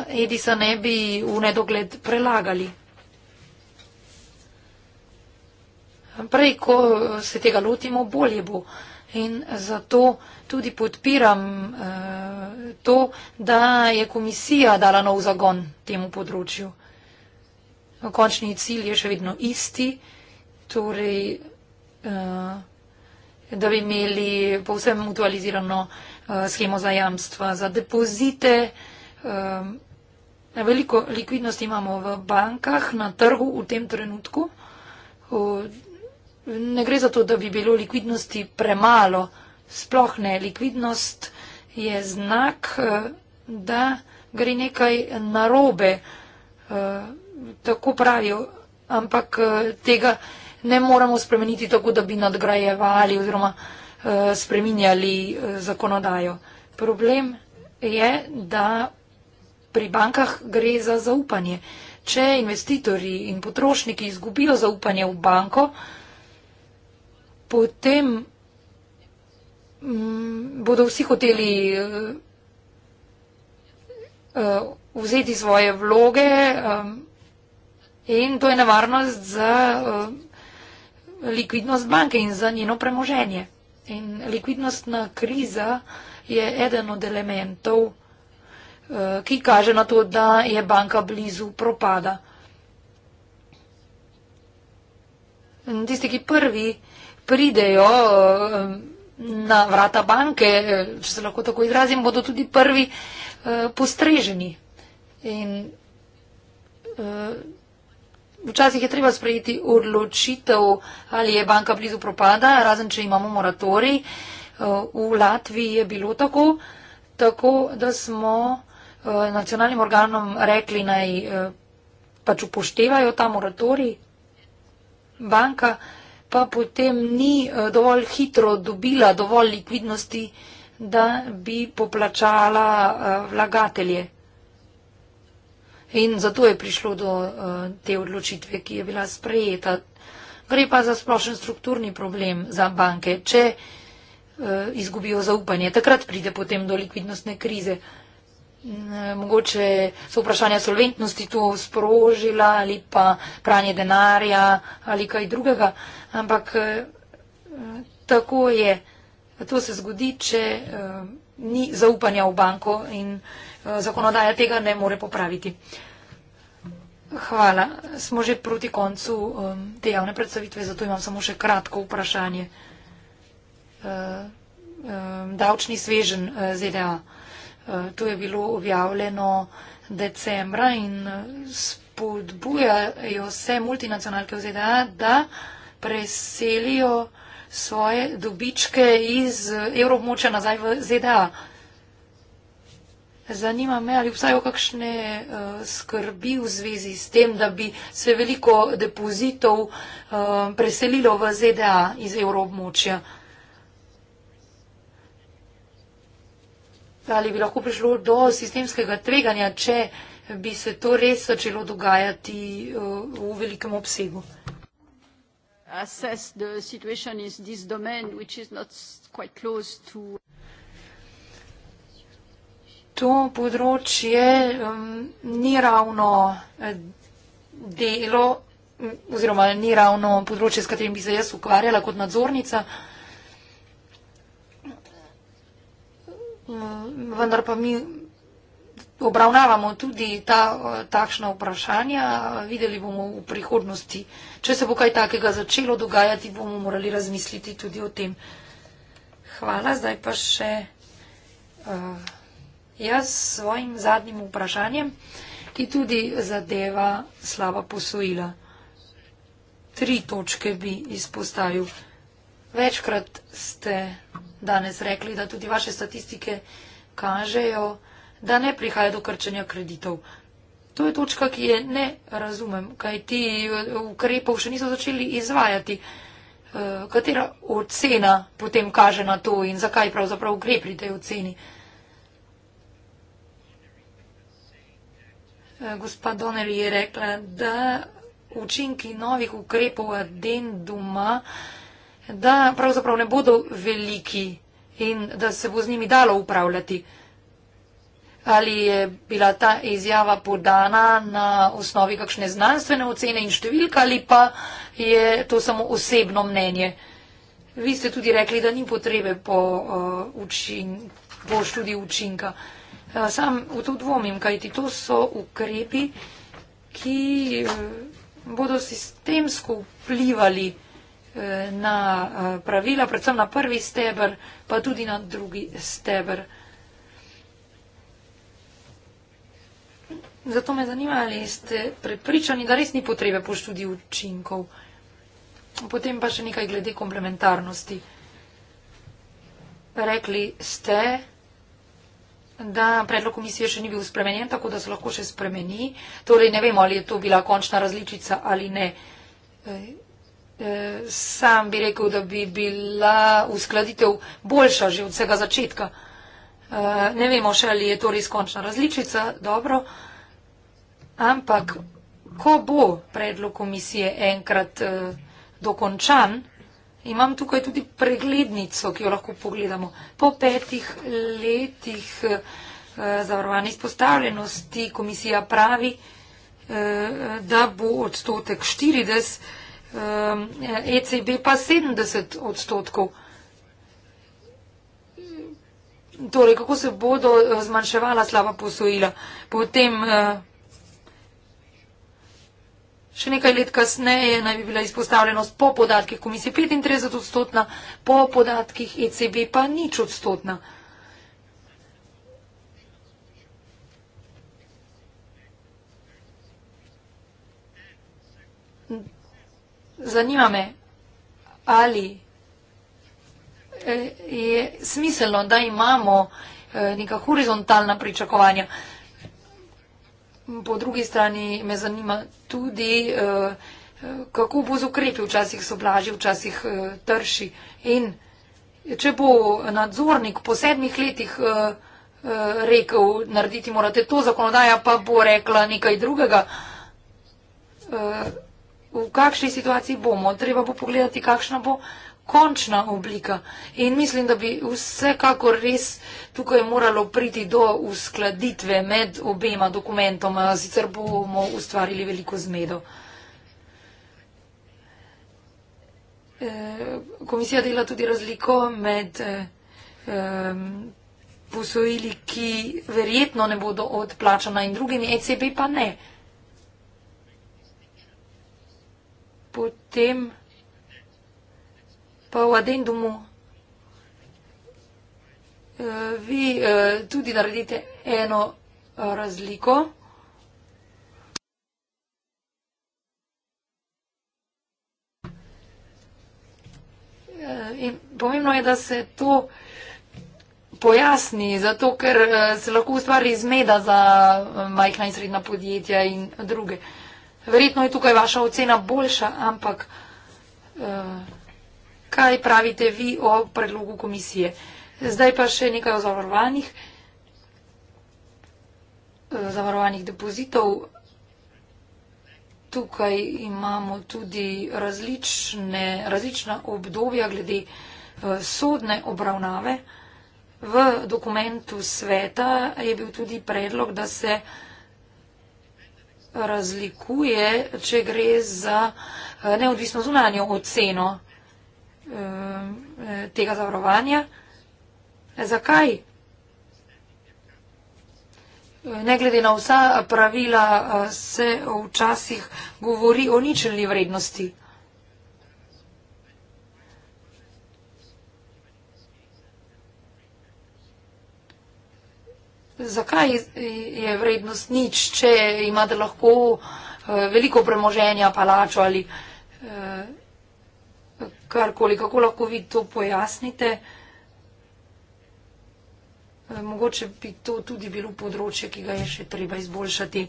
Speaker 4: Edisa ne bi v nedogled prelagali. Prej, ko se tega lotimo, bolje bo. In zato tudi podpiram eh, to, da je komisija dala nov zagon temu področju. Končni cilj je še vedno isti, torej, eh, da bi imeli povsem mutualizirano eh, Eh, shemo za jamstva, za depozite. Eh, veliko likvidnosti imamo v bankah, na trgu v tem trenutku. Eh, ne gre za to, da bi bilo likvidnosti premalo, sploh ne. Likvidnost je znak, da gre nekaj narobe, tako pravijo, ampak tega ne moramo spremeniti tako, da bi nadgrajevali oziroma Eh, spreminjali eh, zakonodajo. Problem je, da pri bankah gre za zaupanje. Če investitorji in potrošniki izgubijo zaupanje v banko, potem mm, bodo vsi hoteli eh, vzeti svoje vloge in to je nevarnost za likvidnost banke in za njeno premoženje. In likvidnostna kriza je eden od elementov, eh, ki kaže na to, da je banka blizu propada. Tisti, ki prvi pridejo eh, na vrata banke, eh, če se lahko tako izrazim, bodo tudi prvi postreženi. In Včasih je treba sprejeti odločitev, ali je banka blizu propada, razen če imamo moratorij. Eh, v Latviji je bilo tako, tako da smo eh, nacionalnim organom rekli, naj eh, pač upoštevajo ta moratorij. Banka pa potem ni dovolj hitro dobila dovolj likvidnosti, da bi poplačala vlagatelje. In zato je prišlo do uh, te odločitve, ki je bila sprejeta. Gre pa za splošen strukturni problem za banke, če uh, izgubijo zaupanje. Takrat pride potem do likvidnostne krize. Eh, mogoče so vprašanja solventnosti to sprožila ali pa pranje denarja ali kaj drugega, ampak tako je. To se zgodi, če ni zaupanja v banko in Eh, zakonodaja tega ne more popraviti. Hvala. Smo že proti koncu um, te javne predstavitve, zato imam samo še kratko vprašanje. Uh, um, davčni svežen uh, eh, ZDA. Uh, to je bilo objavljeno decembra in spodbujajo vse multinacionalke v ZDA, da preselijo svoje dobičke iz evrovmoča nazaj v ZDA. Zanima me, ali vsaj o kakšne uh, skrbi v zvezi s tem, da bi se veliko depozitov uh, preselilo v ZDA iz evroobmočja. Ali bi lahko prišlo do sistemskega tveganja, če bi se to res začelo dogajati uh, v velikem obsegu.
Speaker 3: Assess the situation in this domain, which is not quite close to
Speaker 4: to področje um, ni ravno eh, delo oziroma ni ravno področje, s katerim bi se jaz ukvarjala kot nadzornica. Mm, vendar pa mi obravnavamo tudi ta, eh, takšna vprašanja. Videli bomo v prihodnosti, če se bo kaj takega začelo dogajati, bomo morali razmisliti tudi o tem. Hvala, zdaj pa še. Uh, Jaz s svojim zadnjim vprašanjem, ki tudi zadeva slaba posojila, tri točke bi izpostavil. Večkrat ste danes rekli, da tudi vaše statistike kažejo, da ne prihaja do krčenja kreditov. To je točka, ki je ne razumem, kaj ti ukrepov še niso začeli izvajati. Eh, katera ocena potem kaže na to in zakaj pravzaprav ukrepite v ceni? gospa Donnelly je rekla, da učinki novih ukrepov addenduma, da pravzaprav ne bodo veliki in da se bo z njimi dalo upravljati. Ali je bila ta izjava podana na osnovi kakšne znanstvene ocene in številka ali pa je to samo osebno mnenje? Vi ste tudi rekli, da ni potrebe po, uh, učin, po študiju učinka. Uh, Eh, sam v to dvomim, kaj ti to so ukrepi, ki eh, bodo sistemsko vplivali eh, na pravila, predvsem na prvi stebr, pa tudi na drugi stebr. Zato me zanima, ali ste prepričani, da res ni potrebe po študiju učinkov. Potem pa še nekaj glede komplementarnosti. Rekli ste, da predlog komisije še ni bil spremenjen, tako da se lahko še spremeni. Torej ne vemo, ali je to bila končna različica ali ne. Eh, eh, sam bi rekel, da bi bila uskladitev boljša že od vsega začetka. Eh, ne vemo še, ali je to res končna različica, dobro, ampak ko bo predlog komisije enkrat dokončan, Imam tukaj tudi preglednico, ki jo lahko pogledamo. Po petih letih eh, zavarovane izpostavljenosti komisija pravi, eh, da bo odstotek 40, ECB eh, e pa 70 odstotkov. Torej, kako se bodo zmanjševala slaba posojila? Potem Še nekaj let kasneje naj bi bila izpostavljenost po podatkih komisije 35 odstotna, po podatkih ECB pa nič odstotna. Zanima me, ali eh, je smiselno, da imamo eh, neka horizontalna pričakovanja. Po drugi strani me zanima tudi, eh, kako bo z ukrepi, včasih so blažji, včasih eh, trši. In če bo nadzornik po sedmih letih eh, rekel, narediti morate to, zakonodaja pa bo rekla nekaj drugega, v kakšni situaciji bomo? Treba bo pogledati, kakšna bo končna oblika. In mislim, da bi vsekakor res tukaj moralo priti do uskladitve med obema dokumentoma, sicer bomo ustvarili veliko zmedo. E, komisija dela tudi razliko med e, posojili, ki verjetno ne bodo odplačana in drugimi, ECB pa ne. Potem. Pa v adendumu eh, vi eh, tudi naredite eno eh, razliko. In pomembno je, da se to pojasni, zato ker se lahko ustvari zmeda za majhna in srednja podjetja in druge. Verjetno je tukaj vaša ocena boljša, ampak. Uh, kaj pravite vi o predlogu komisije. Zdaj pa še nekaj o zavarovanih, eh, zavarovanih depozitov. Tukaj imamo tudi različne, različna obdobja glede eh, sodne obravnave. V dokumentu sveta je bil tudi predlog, da se razlikuje, če gre za eh, neodvisno zunanjo oceno Eh, tega zavarovanja. Zakaj? Eh, ne glede na vsa pravila eh, se včasih govori o ničelni vrednosti. Zakaj je vrednost nič, če imate lahko veliko premoženja, palačo ali karkoli, kako lahko vi to pojasnite. Eh, mogoče bi to tudi bilo področje, ki ga je še treba izboljšati.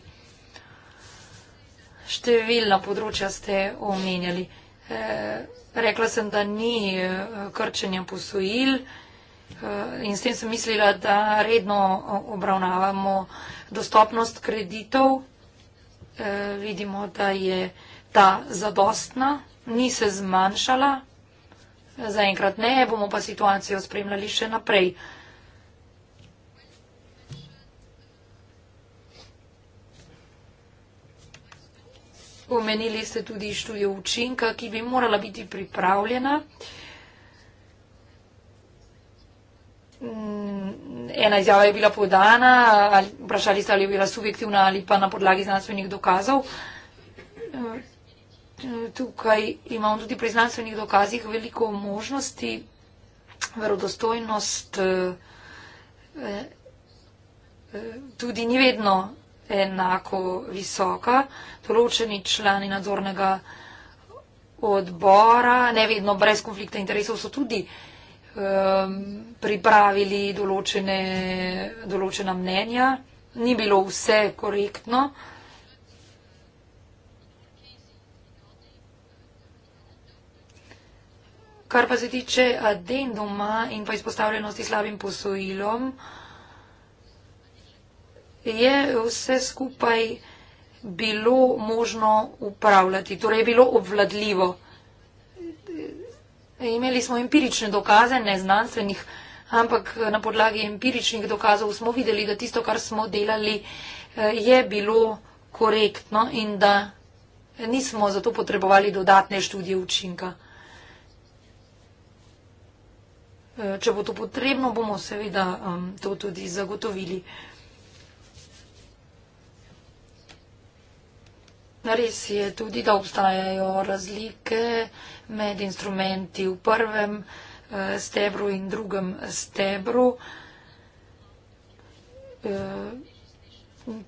Speaker 4: Številna področja ste omenjali. Eh, rekla sem, da ni eh, krčenja posojil in s tem sem mislila, da redno obravnavamo dostopnost kreditov. Vidimo, da je ta zadostna, ni se zmanjšala, Zaenkrat ne, bomo pa situacijo spremljali še naprej. Omenili ste tudi študijo učinka, ki bi morala biti pripravljena. Mm, ena izjava je bila podana, vprašali ste, ali je bila subjektivna ali pa na podlagi znanstvenih dokazov tukaj imamo tudi pri znanstvenih dokazih veliko možnosti, verodostojnost eh, eh, tudi ni vedno enako visoka. Določeni člani nadzornega odbora, ne vedno brez konflikta interesov, so tudi um, pripravili določene, določena mnenja. Ni bilo vse korektno. Uh, Kar pa se tiče addenduma in pa izpostavljenosti slabim posojilom, je vse skupaj bilo možno upravljati, torej je bilo obvladljivo. Imeli smo empirične dokaze, ne znanstvenih, ampak na podlagi empiričnih dokazov smo videli, da tisto, kar smo delali, je bilo korektno in da nismo zato potrebovali dodatne študije učinka. Eh, če bo to potrebno, bomo seveda to tudi zagotovili. Res je tudi, da obstajajo razlike med instrumenti v prvem eh, stebru in drugem stebru. Eh,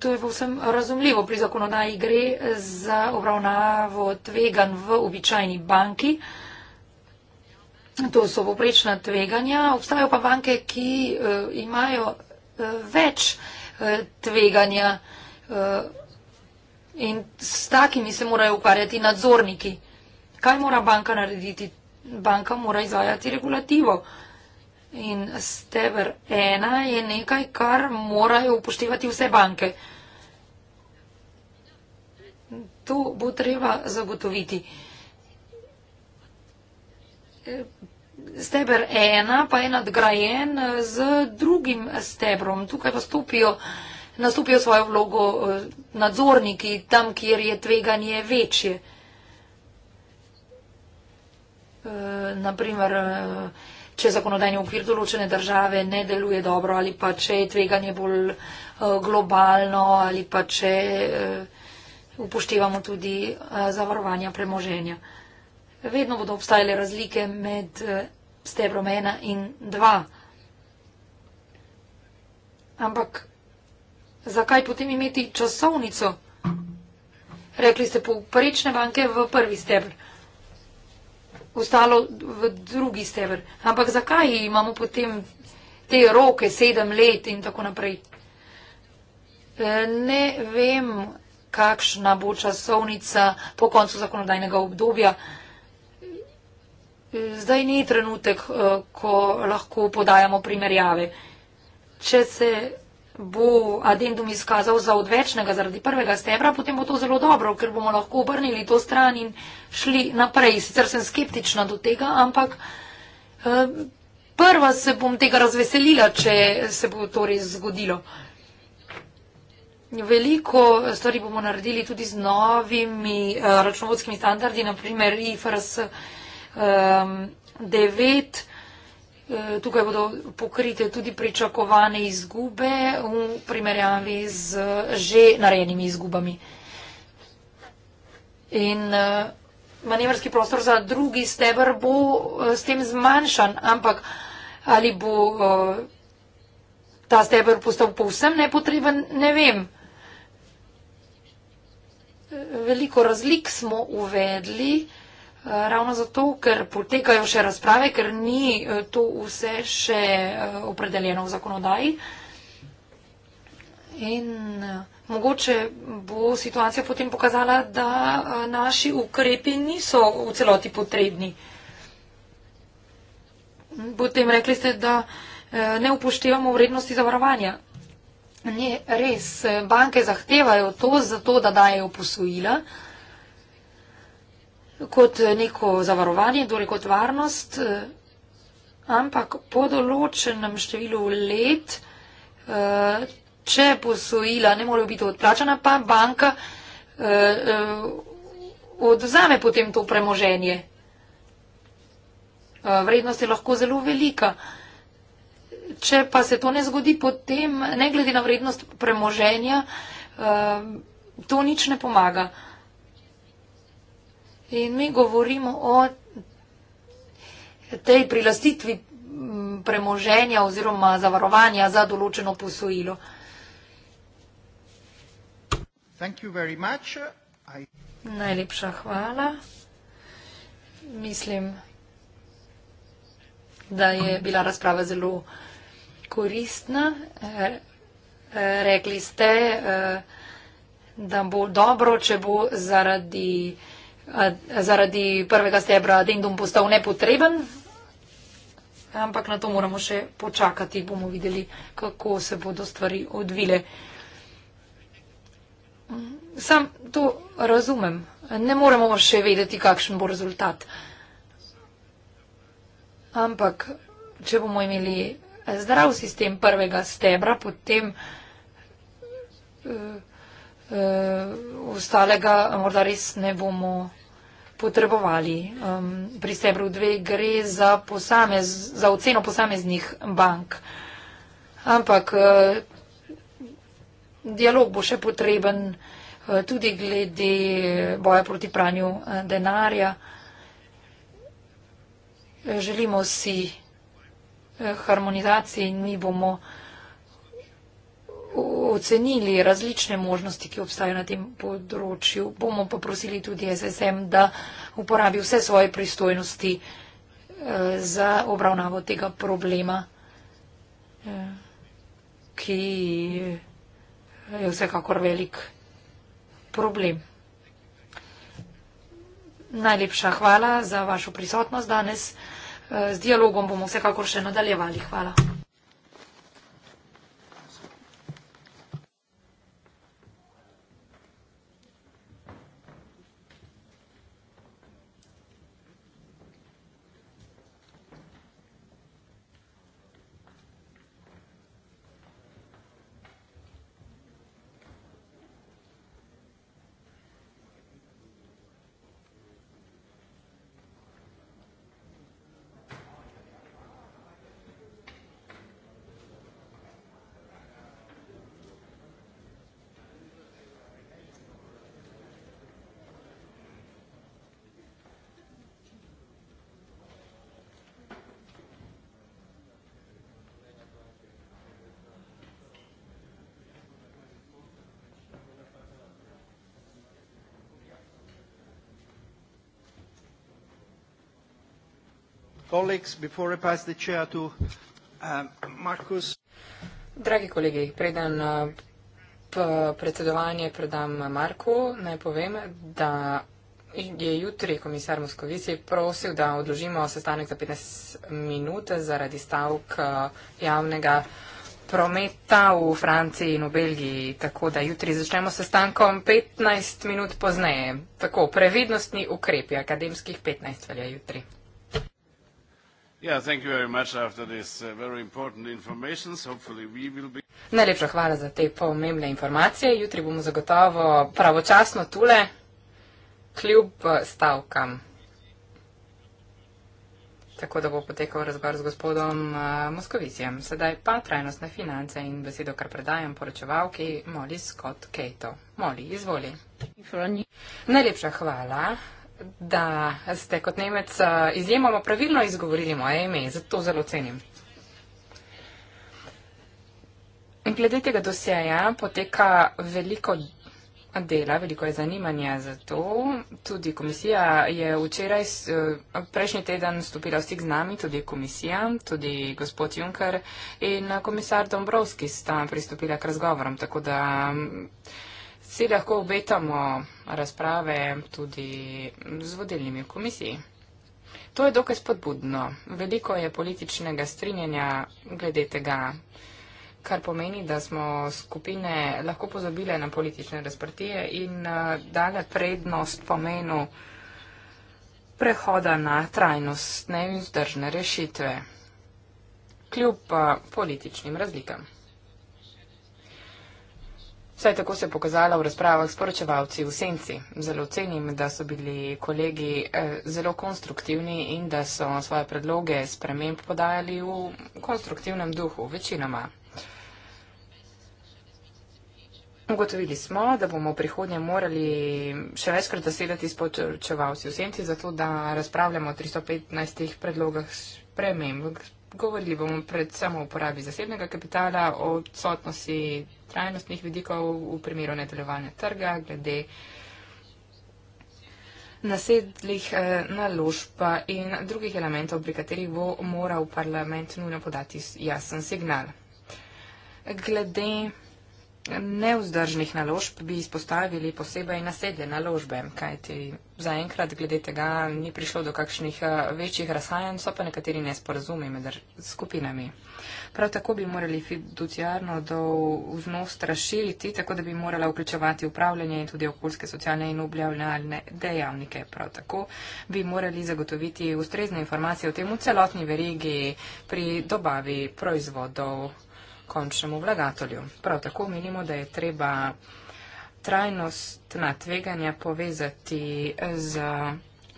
Speaker 4: to je povsem razumljivo. Pri zakonodaji gre za obravnavo tvegan v običajni banki. To so poprečna tveganja. Obstajajo pa banke, ki uh, imajo uh, več uh, tveganja uh, in s takimi se morajo ukvarjati nadzorniki. Kaj mora banka narediti? Banka mora izvajati regulativo. In stebr ena je nekaj, kar morajo upoštevati vse banke. To bo treba zagotoviti. Uh, steber ena pa je nadgrajen eh, z drugim stebrom. Tukaj pa stopijo, nastopijo svojo vlogo eh, nadzorniki tam, kjer je tveganje večje. Eh, Naprimer, če zakonodajni okvir določene države ne deluje dobro ali pa če je tveganje bolj globalno ali pa če upoštevamo tudi zavarovanja premoženja vedno bodo obstajale razlike med eh, stebrom ena in dva. Ampak zakaj potem imeti časovnico? Rekli ste povprečne banke v prvi stebr, ostalo v drugi stebr. Ampak zakaj imamo potem te roke sedem let in tako naprej? Eh, ne vem, kakšna bo časovnica po koncu zakonodajnega obdobja. Zdaj ni trenutek, eh, ko lahko podajamo primerjave. Če se bo adendum izkazal za odvečnega zaradi prvega stebra, potem bo to zelo dobro, ker bomo lahko obrnili to stran in šli naprej. Sicer sem skeptična do tega, ampak eh, prva se bom tega razveselila, če se bo to res zgodilo. Veliko stvari bomo naredili tudi z novimi eh, računovodskimi standardi, naprimer IFRS um, devet. Eh, tukaj bodo pokrite tudi pričakovane izgube v primerjavi z že narejenimi izgubami. In eh, manevrski prostor za drugi stebr bo eh, s tem zmanjšan, ampak ali bo ta stebr postal povsem nepotreben, ne vem. Veliko razlik smo uvedli. Ravno zato, ker potekajo še razprave, ker ni eh, to vse še eh, opredeljeno v zakonodaji. In eh, mogoče bo situacija potem pokazala, da naši ukrepi niso v celoti potrebni. Potem rekli ste, da ne upoštevamo vrednosti zavarovanja. Ne, res, banke zahtevajo to, zato da dajo posojila kot eh, neko zavarovanje, torej kot varnost, eh, ampak po določenem številu let, eh, če posojila ne morejo biti odplačana, pa banka odzame potem to premoženje. Vrednost je lahko zelo velika. Če pa se to ne zgodi, potem ne glede na vrednost premoženja, to nič ne pomaga. In mi govorimo o tej prilastitvi mm, premoženja oziroma zavarovanja za določeno posojilo. Najlepša hvala. Mislim, da je bila razprava zelo koristna. Eh, eh, rekli ste, eh, da bo dobro, če bo zaradi vsega, zaradi prvega stebra dendum postal nepotreben. Ampak na to moramo še počakati, bomo videli, kako se bodo stvari odvile. Sam to razumem. Ne moremo še vedeti, kakšen bo rezultat. Ampak, če bomo imeli zdrav sistem prvega stebra, potem uh, uh, ostalega morda res ne bomo potrebovali. Um, pri stebru 2 gre za, posamez, za oceno posameznih bank. Ampak uh, dialog bo še potreben uh, tudi glede boja proti pranju uh, denarja. Želimo si uh, harmonizacije in mi bomo uh, ocenili različne možnosti, ki obstajajo na tem področju, bomo pa prosili tudi SSM, da uporabi vse svoje pristojnosti eh, za obravnavo tega problema, eh, ki je vsekakor velik problem. Najlepša hvala za vašo prisotnost danes. Eh, z dialogom bomo vsekakor še nadaljevali. Hvala.
Speaker 1: colleagues, before I pass the chair to um, Markus. Dragi kolegi, preden uh, predsedovanje predam Marku, naj povem, da je jutri komisar Moskovici prosil, da odložimo sestanek za 15 minut zaradi stavk uh, javnega prometa v Franciji in v Belgiji, tako da jutri začnemo s sestankom 15 minut pozneje. Tako, previdnostni ukrepi akademskih 15 velja jutri.
Speaker 4: Thank
Speaker 3: you very much after this uh, very important informations. Hopefully we will be.
Speaker 1: Najlepša hvala za te pomembne informacije. Jutri bomo zagotovo pravočasno tule, kljub uh, stavkam. Tako da bo potekal razgovor z gospodom uh, Moskovicijem. Sedaj pa trajnostne finance in besedo, kar predajam poročevalki Molly Scott Kato. Molly, izvoli. Najlepša hvala da ste kot Nemec eh, izjemoma pravilno izgovorili moje ime, zato zelo cenim. In glede tega dosjeja poteka veliko dela, veliko je zanimanja za to. Tudi komisija je včeraj, eh, prejšnji teden, stopila v stik z nami, tudi komisija, tudi gospod Juncker in eh, komisar Dombrovski sta pristopila k razgovorom. Tako da mm, si lahko obetamo razprave tudi z vodilnimi v komisiji. To je dokaj spodbudno. Veliko je političnega strinjanja glede tega, kar pomeni, da smo skupine lahko pozabile na politične razprtije in eh, dale prednost pomenu prehoda na trajnostne in vzdržne rešitve, kljub eh, političnim razlikam. Saj tako se je pokazalo v razpravah s poročevalci v Senci. Zelo cenim, da so bili kolegi eh, zelo konstruktivni in da so svoje predloge sprememb podajali v konstruktivnem duhu, večinoma. Ugotovili smo, da bomo v prihodnje morali še večkrat zasedati s poročevalci v Senci, zato da razpravljamo o 315 predlogah sprememb. Govorili bomo predvsem o uporabi zasebnega kapitala, o odsotnosti trajnostnih vidikov v primeru nedelovanja trga, glede nasedlih eh, naložb in drugih elementov, pri katerih bo moral parlament nujno podati jasen signal. Glede Neuzdržnih naložb bi izpostavili posebej nasedje naložbe, kajti zaenkrat glede tega ni prišlo do kakšnih eh, večjih razhajanj, so pa nekateri nesporazumi med skupinami. Prav tako bi morali fiduciarno do vznos raširiti, tako da bi morala vključevati upravljanje in tudi okoljske, socialne in objavljalne dejavnike. Prav tako bi morali zagotoviti ustrezne informacije o tem v celotni verigi pri dobavi proizvodov končnemu vlagatelju. Prav tako menimo, da je treba trajnostna tveganja povezati z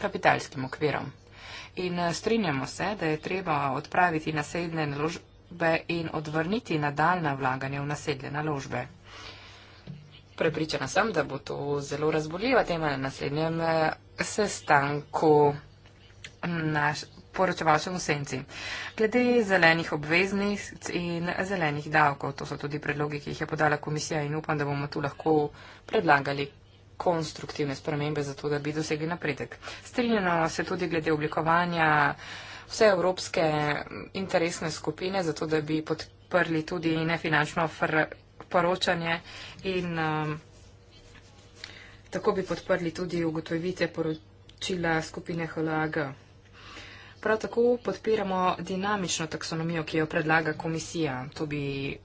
Speaker 1: kapitalskim okvirom. In eh, strinjamo se, da je treba odpraviti nasedne naložbe in odvrniti nadaljna vlaganja v nasedne naložbe. Prepričana sem, da bo to zelo razboljiva tema na naslednjem eh, sestanku naš, poročevalcem v senci. Glede zelenih obveznic in zelenih davkov, to so tudi predlogi, ki jih je podala komisija in upam, da bomo tu lahko predlagali konstruktivne spremembe za to, da bi dosegli napredek. Strinjeno se tudi glede oblikovanja vse evropske interesne skupine, zato da bi podprli tudi nefinančno poročanje in um, tako bi podprli tudi ugotovitve poročila skupine HLAG. Prav tako podpiramo dinamično taksonomijo, ki jo predlaga komisija. To bi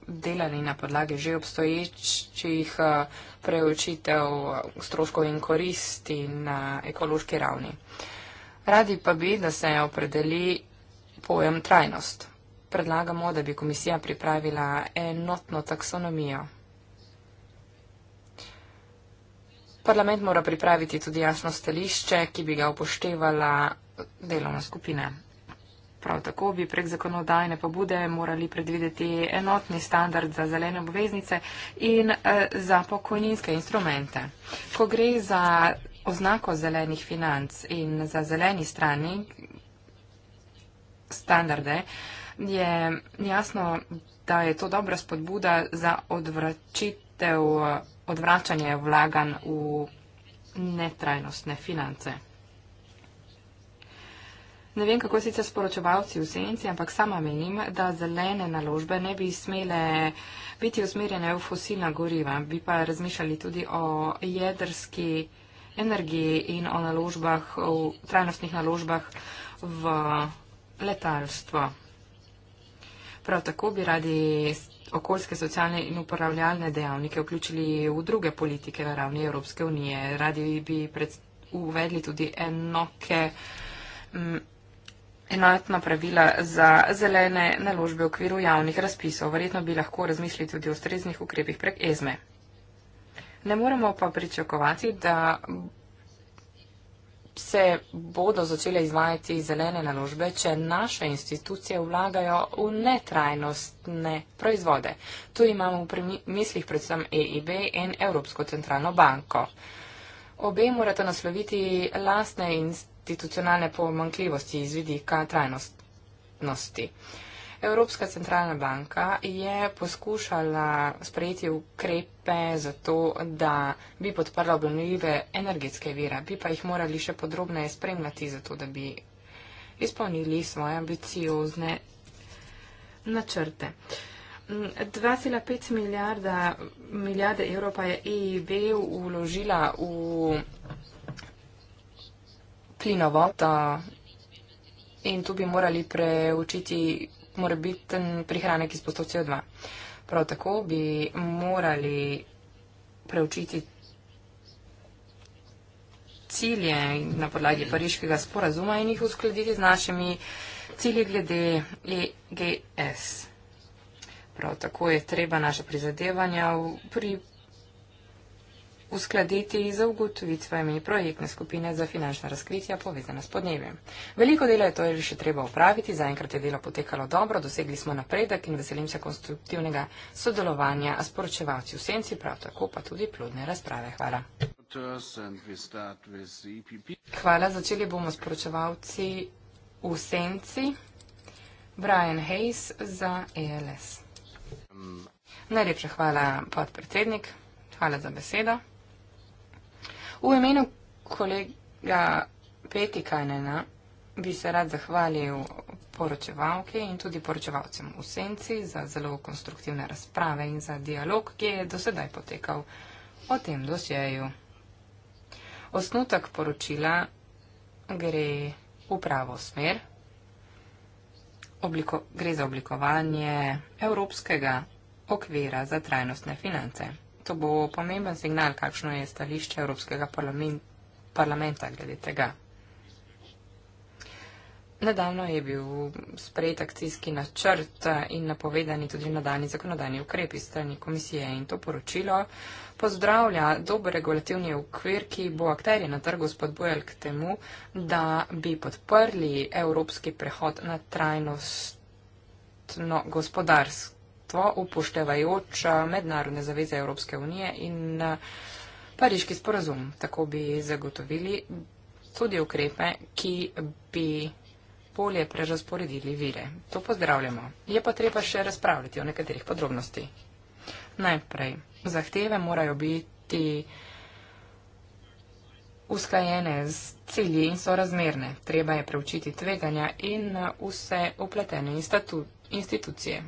Speaker 1: delali na podlage že obstoječih eh, preučitev eh, stroškov in koristi na ekološki ravni. Radi pa bi, da se opredeli pojem trajnost. Predlagamo, da bi komisija pripravila enotno taksonomijo. Parlament mora pripraviti tudi jasno stališče, ki bi ga upoštevala delovne skupine. Prav tako bi prek zakonodajne pobude morali predvideti enotni standard za zelene obveznice in eh, za pokojninske instrumente. Ko gre za oznako zelenih financ in za zeleni strani standarde, je jasno, da je to dobra spodbuda za odvračitev, odvračanje vlagan v netrajnostne finance. Ne vem, kako sicer sporočevalci v senci, ampak sama menim, da zelene naložbe ne bi smele biti usmerjene v fosilna goriva, bi pa razmišljali tudi o jedrski energiji in o naložbah, o trajnostnih naložbah v letalstvo. Prav tako bi radi okoljske, socialne in uporabljalne dejavnike vključili v druge politike na ravni Evropske unije. Radi bi pred, uvedli tudi enoke. Mm, enotna pravila za zelene naložbe v okviru javnih razpisov. Verjetno bi lahko razmislili tudi o ustreznih ukrepih prek ESME. E. Ne moremo pa pričakovati, da se bodo začele izvajati zelene naložbe, če naše institucije vlagajo v netrajnostne proizvode. Tu imamo v mislih predvsem EIB in Evropsko centralno banko. Obe morata nasloviti lastne institucije institucionalne pomankljivosti iz vidika trajnostnosti. Evropska centralna banka je poskušala sprejeti ukrepe za to, da bi podprla obnovljive energetske vire, bi pa jih morali še podrobneje spremljati, zato da bi izpolnili svoje ambiciozne načrte. 2,5 milijarde evrov pa je EIB vložila v plina vata in tu bi morali preučiti morebiten prihranek izpustov CO2. Prav tako bi morali preučiti cilje na podlagi pariškega sporazuma in jih uskladiti z našimi cilji glede EGS. Prav tako je treba naše prizadevanja pri uskladiti z ugotovitvami projektne skupine za finančna razkritja povezana s podnebjem. Veliko dela je to je še treba upraviti, zaenkrat je delo potekalo dobro, dosegli smo napredek in veselim se konstruktivnega sodelovanja s poročevalci v senci, prav tako pa tudi plodne razprave. Hvala. Hvala, začeli bomo s poročevalci v senci. Brian Hayes za ALS. E Najlepša hvala, podpredsednik. Hvala za besedo. V imenu kolega Petikajnena bi se rad zahvalil poročevalke in tudi poročevalcem v senci za zelo konstruktivne razprave in za dialog, ki je dosedaj potekal o tem dosjeju. Osnutek poročila gre v pravo smer. Obliko, gre za oblikovanje evropskega okvira za trajnostne finance. To bo pomemben signal, kakšno je stališče Evropskega parlamenta glede tega. Nedavno je bil sprejet akcijski načrt in napovedani tudi nadaljni zakonodajni ukrepi strani komisije in to poročilo pozdravlja dober regulativni ukvir, ki bo akterje na trgu spodbujal k temu, da bi podprli evropski prehod na trajnostno gospodarsko članstvo, upoštevajoč mednarodne zaveze Evropske unije in eh, pariški sporazum. Tako bi zagotovili tudi ukrepe, ki bi bolje prerasporedili vire. To pozdravljamo. Je pa treba še razpravljati o nekaterih podrobnosti. Najprej, zahteve morajo biti usklajene z cilji in so razmerne. Treba je preučiti tveganja in eh, vse upletene institucije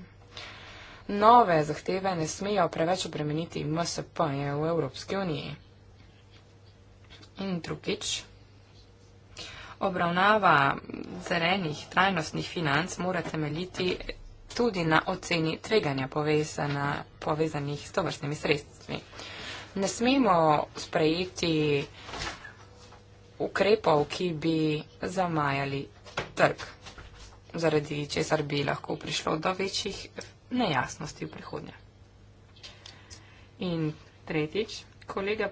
Speaker 1: nove zahteve ne smejo preveč obremeniti MSP-je v Evropski uniji. In drugič, obravnava zelenih trajnostnih financ mora temeljiti tudi na oceni tveganja povezana, povezanih s tovrstnimi sredstvi. Ne smemo sprejeti ukrepov, ki bi zamajali trg, zaradi česar bi lahko prišlo do večjih nejasnosti v prihodnje. In tretjič, kolega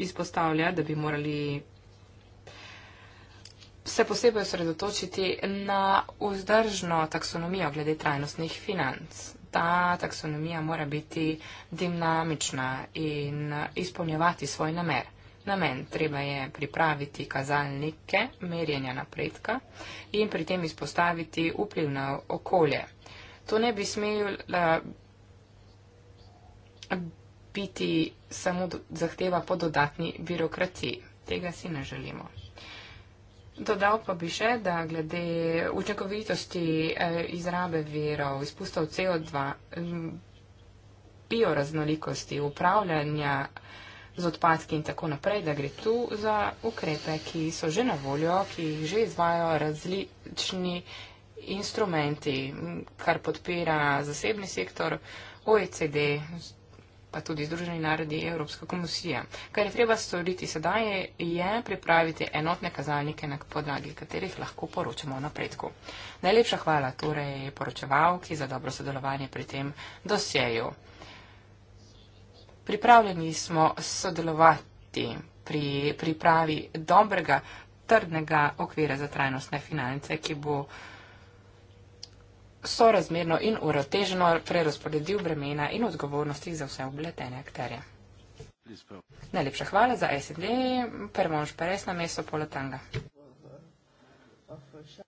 Speaker 1: izpostavlja, da bi morali se posebej osredotočiti na vzdržno taksonomijo glede trajnostnih financ. Ta taksonomija mora biti dinamična in izpolnjevati svoj namer. Namen treba je pripraviti kazalnike merjenja napredka in pri tem izpostaviti vpliv na okolje, to ne bi smela eh, biti samo zahteva po dodatni birokraciji. Tega si ne želimo. Dodal pa bi še, da glede učinkovitosti eh, izrabe verov, izpustov CO2, mm, bioraznolikosti, upravljanja z odpadki in tako naprej, da gre tu za ukrepe, ki so že na voljo, ki jih že izvajo različni instrumenti, kar podpira zasebni sektor, OECD, pa tudi Združeni narodi, Evropska komisija. Kar je treba storiti sedaj, je pripraviti enotne kazalnike, na podlagi katerih lahko poročamo o napredku. Najlepša hvala torej poročevalki za dobro sodelovanje pri tem dosjeju. Pripravljeni smo sodelovati pri pripravi dobrega, trdnega okvira za trajnostne finance, ki bo sorazmerno in urateženo prerasporedil bremena in odgovornosti za vse obletene akterje. Najlepša hvala za SND, Permonš Peres na mesto Polatanga.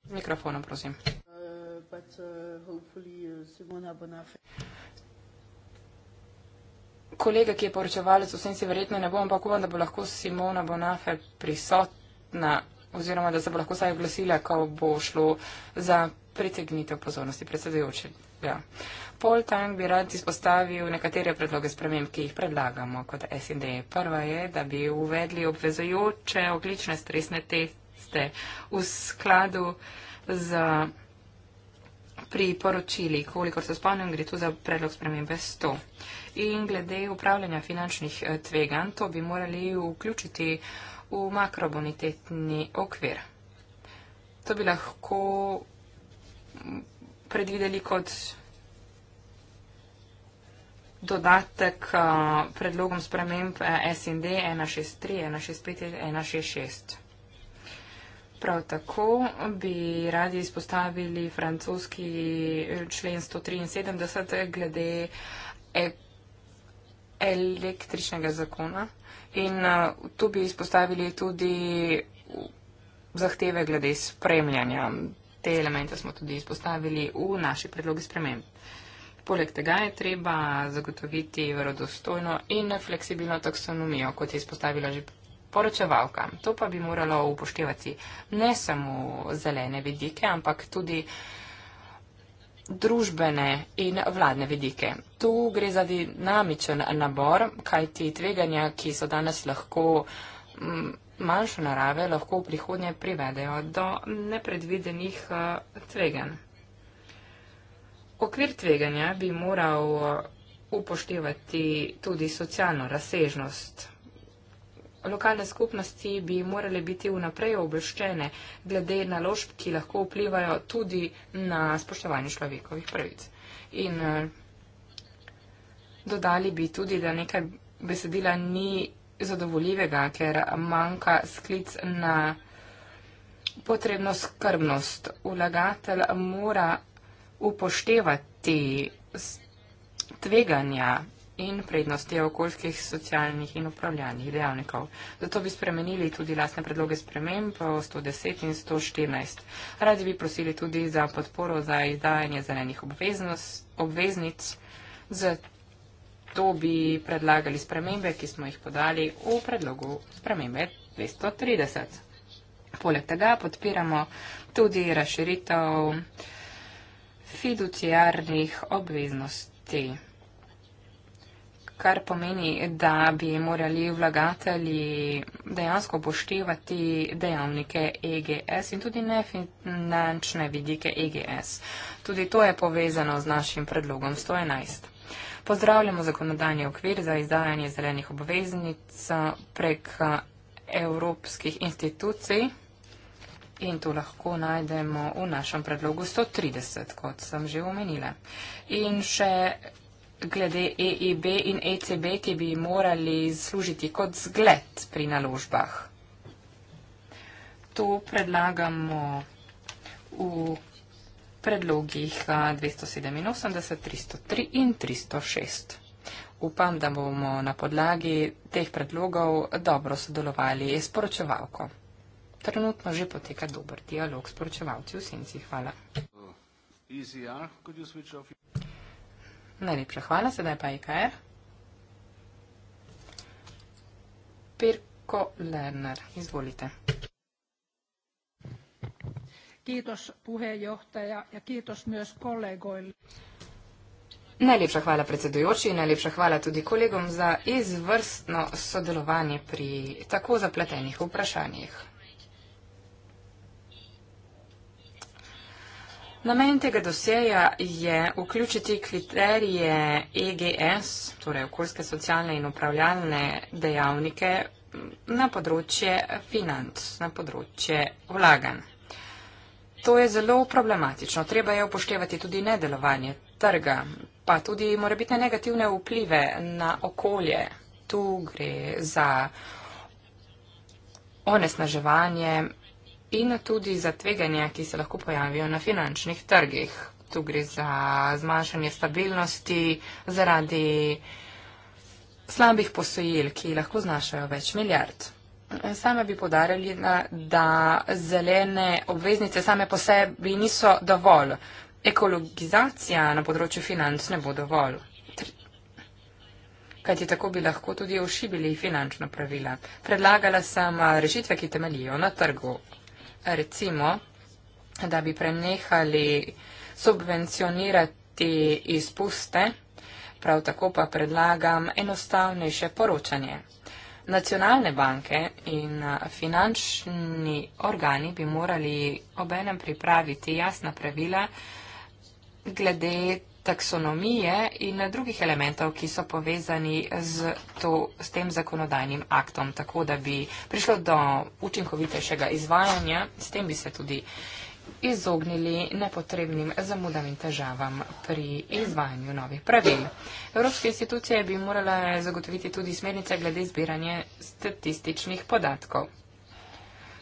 Speaker 1: Z mikrofonom, prosim. Kolega, ki je poročevalec, vsem si verjetno ne bom, ampak upam, da bo lahko Simona Bonafe prisotna oziroma da se bo lahko saj oglasila, ko bo šlo za pritegnitev pozornosti predsedujoče. Ja. Pol tang bi rad izpostavil nekatere predloge sprememb, ki jih predlagamo kot SND. Prva je, da bi uvedli obvezujoče oglične stresne teste v skladu z priporočili, koliko se spomnim, gre tu za predlog spremembe 100. In glede upravljanja finančnih eh, tvegan, to bi morali vključiti v makrobonitetni okvir. To bi lahko predvideli kot dodatek uh, predlogom sprememb SND 163, 165 in 166. Prav tako bi radi izpostavili francoski eh, člen 173 glede e električnega zakona in uh, tu bi izpostavili tudi zahteve glede spremljanja. Te elemente smo tudi izpostavili v naši predlogi sprememb. Poleg tega je treba zagotoviti verodostojno in fleksibilno taksonomijo, kot je izpostavila že poročevalka. To pa bi moralo upoštevati ne samo zelene vidike, ampak tudi družbene in vladne vidike. Tu gre za dinamičen nabor, kajti tveganja, ki so danes lahko. Mm, manjše narave lahko v prihodnje privedejo do nepredvidenih eh, tveganj. Okvir tveganja bi moral eh, upoštevati tudi socialno razsežnost. Lokalne skupnosti bi morali biti vnaprej obveščene glede naložb, ki lahko vplivajo tudi na spoštovanje človekovih pravic. In eh, dodali bi tudi, da nekaj besedila ni zadovoljivega, ker manjka sklic na potrebno skrbnost. Ulagatelj mora upoštevati tveganja in prednosti okoljskih, socialnih in upravljanih dejavnikov. Zato bi spremenili tudi lastne predloge sprememb 110 in 114. Radi bi prosili tudi za podporo za izdajanje zelenih obveznic. Z to bi predlagali spremembe, ki smo jih podali v predlogu spremembe 230. Poleg tega podpiramo tudi razširitev fiduciarnih obveznosti, kar pomeni, da bi morali vlagatelji dejansko poštevati dejavnike EGS in tudi nefinančne vidike EGS. Tudi to je povezano z našim predlogom 111 pozdravljamo zakonodajni okvir za izdajanje zelenih obveznic prek evropskih institucij in to lahko najdemo v našem predlogu 130, kot sem že omenila. In še glede EIB in ECB, ki bi morali služiti kot zgled pri naložbah. To predlagamo v predlogih 287, 303 in 306. Upam, da bomo na podlagi teh predlogov dobro sodelovali s poročevalko. Trenutno že poteka dober dialog s poročevalci v Senci. Hvala. Najlepša hvala, sedaj pa IKR. E Pirko Lerner, izvolite. Ja najlepša hvala predsedujoči in najlepša hvala tudi kolegom za izvrstno sodelovanje pri tako zapletenih vprašanjih. Namen tega doseja je vključiti kriterije EGS, torej okoljske, socialne in upravljalne dejavnike, na področje financ, na področje vlaganj. To je zelo problematično. Treba je upoštevati tudi nedelovanje trga, pa tudi morebitne negativne vplive na okolje. Tu gre za
Speaker 2: onesnaževanje
Speaker 1: in tudi za tveganja, ki se lahko pojavijo na finančnih trgih. Tu gre za zmanjšanje stabilnosti zaradi slabih posojil, ki lahko znašajo več milijard. Same bi podarili, da zelene obveznice same po sebi niso dovolj. Ekologizacija na področju financ ne bo dovolj. Kajti tako bi lahko tudi ošibili finančna pravila. Predlagala sem rešitve, ki temelijo na trgu. Recimo, da bi prenehali subvencionirati izpuste, prav tako pa predlagam enostavnejše poročanje. Nacionalne banke in finančni organi bi morali obenem pripraviti jasna pravila glede taksonomije in drugih elementov, ki so povezani z, to, z tem zakonodajnim aktom, tako da bi prišlo do učinkovitejšega izvajanja, s tem bi se tudi izognili nepotrebnim zamudam in težavam pri izvajanju novih pravil. Evropske institucije bi morale zagotoviti tudi smernice glede zbiranja statističnih podatkov.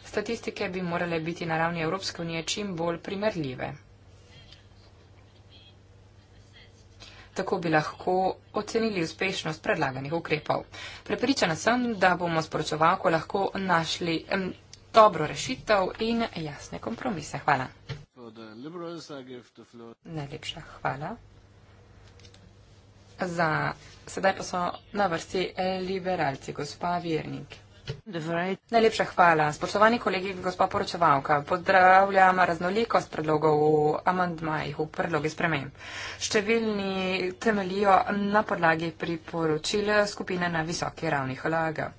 Speaker 1: Statistike bi morale biti na ravni Evropske unije čim bolj primerljive. Tako bi lahko ocenili uspešnost predlaganih ukrepov. Prepričana sem, da bomo sporočevalko lahko našli dobro rešitev in jasne kompromise. Hvala. Najlepša hvala. Za sedaj pa so na vrsti eh, liberalci, gospa Virnik. Najlepša hvala. Spoštovani kolegi, gospa poročevalka, pozdravljam raznolikost predlogov v amandmajih, v predloge sprememb. Številni temelijo na podlagi priporočil skupine na visoki ravni halaga.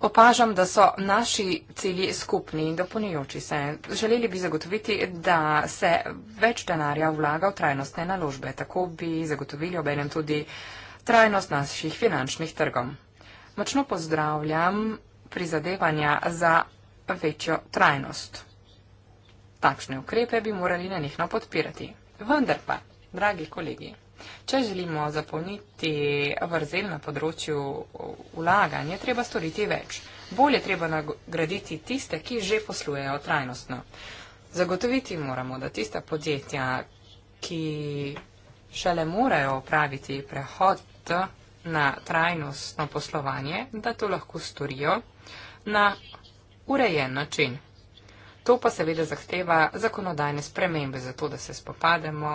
Speaker 1: Opažam, da so naši cilji skupni in dopolnjujoči se. Želeli bi zagotoviti, da se več denarja vlaga v trajnostne naložbe. Tako bi zagotovili obenem tudi trajnost naših finančnih trgov. Močno pozdravljam prizadevanja za večjo trajnost. Takšne ukrepe bi morali na njih podpirati. Vendar pa, dragi kolegi. Če želimo zapolniti vrzel na področju ulaganja, treba storiti več. Bolje treba nagraditi tiste, ki že poslujejo trajnostno. Zagotoviti moramo, da tista podjetja, ki šele morajo opraviti prehod na trajnostno poslovanje, da to lahko storijo na urejen način. To pa seveda zahteva zakonodajne spremembe, zato da se spopademo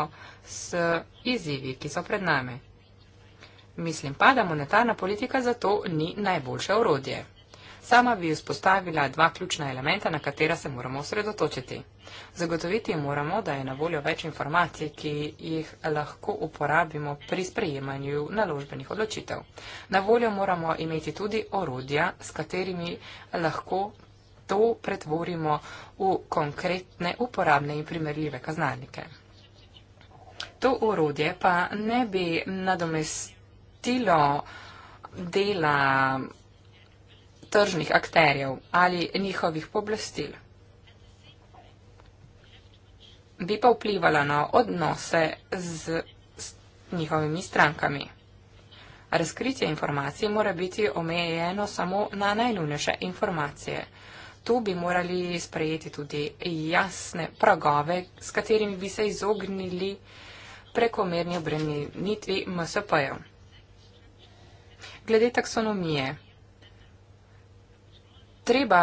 Speaker 1: s izzivi, ki so pred nami. Mislim pa, da monetarna politika zato ni najboljše orodje. Sama bi vzpostavila dva ključna elementa, na katera se moramo osredotočiti. Zagotoviti moramo, da je na voljo več informacij, ki jih lahko uporabimo pri sprejemanju naložbenih odločitev. Na voljo moramo imeti tudi orodja, s katerimi lahko to pretvorimo v konkretne, uporabne in primerljive kaznalnike. To urodje pa ne bi nadomestilo dela tržnih akterjev ali njihovih poblastil. Bi pa vplivala na odnose z, z njihovimi strankami. Razkritje informacij mora biti omejeno samo na najnujnejše informacije tu bi morali sprejeti tudi jasne pragove, s katerimi bi se izognili prekomerni obremenitvi MSP-jev. Glede taksonomije. Treba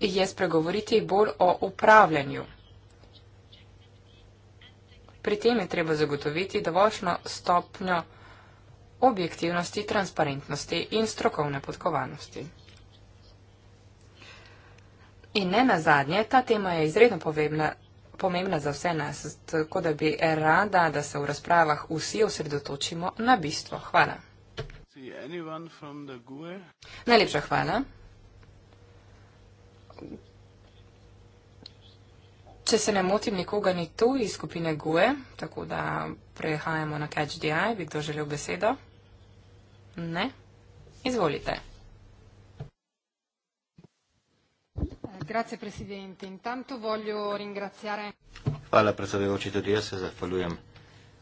Speaker 1: je spregovoriti bolj o upravljanju. Pri tem je treba zagotoviti dovoljšno stopnjo objektivnosti, transparentnosti in strokovne podkovanosti. In ne na zadnje, ta tema je izredno pomembna, pomembna za vse nas, tako da bi rada, da se v razpravah vsi osredotočimo na bistvo. Hvala. E? Najlepša hvala. Če se ne motim, nikoga ni tu iz skupine GUE, tako da prehajamo na Catch the Eye. Bi kdo želel besedo? Ne? Izvolite. Grazie Presidente. Intanto voglio ringraziare...
Speaker 2: Hvala predsedujočito tudi jaz se zahvaljujem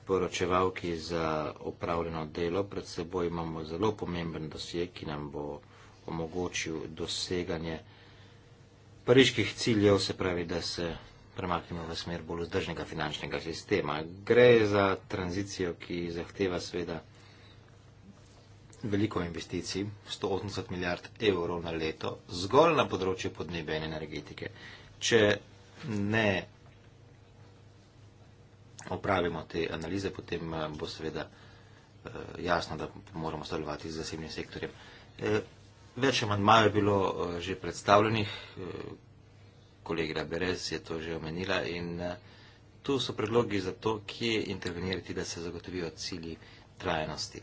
Speaker 2: poročevalki za opravljeno delo. Pred seboj imamo zelo pomemben dosje, ki nam bo omogočil doseganje pariških ciljev, se pravi, da se premaknemo v smer bolj vzdržnega finančnega sistema. Gre za tranzicijo, ki zahteva seveda veliko investicij, 180 milijard evrov na leto, zgolj na področju podnebja in energetike. Če ne opravimo te analize, potem eh, bo seveda eh, jasno, da moramo sodelovati z zasebnim sektorjem. Eh, več amandmajev je bilo že predstavljenih, kolegra Berez je to že omenila in tu so predlogi za to, kje intervenirati, da se zagotovijo cilji trajnosti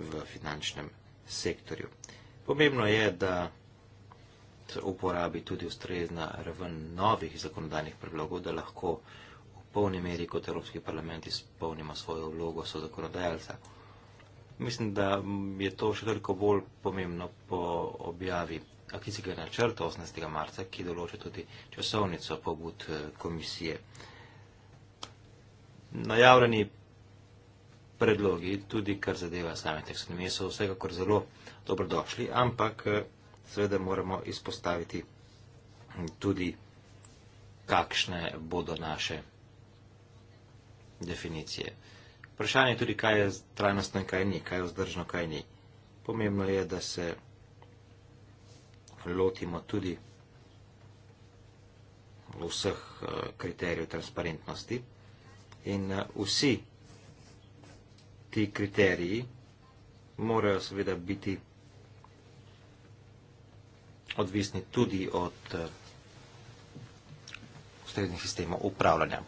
Speaker 2: v finančnem sektorju. Pomembno je, da se uporabi tudi ustrezna raven novih zakonodajnih predlogov, da lahko v polni meri kot Evropski parlament izpolnimo svojo vlogo so zakonodajalca. Mislim, da je to še toliko bolj pomembno po objavi akcijskega načrta 18. marca, ki določa tudi časovnico pobud eh, komisije. Najavljeni predlogi, tudi kar zadeva same taksonomije, so vsekakor zelo dobrodošli, ampak eh, seveda moramo izpostaviti tudi, kakšne bodo naše definicije. Vprašanje je tudi, kaj je trajnostno in kaj ni, kaj je vzdržno, kaj ni. Pomembno je, da se lotimo tudi vseh eh, kriterijev transparentnosti in eh, vsi ti kriteriji morajo seveda biti odvisni tudi od eh, ustreznih sistemov upravljanja.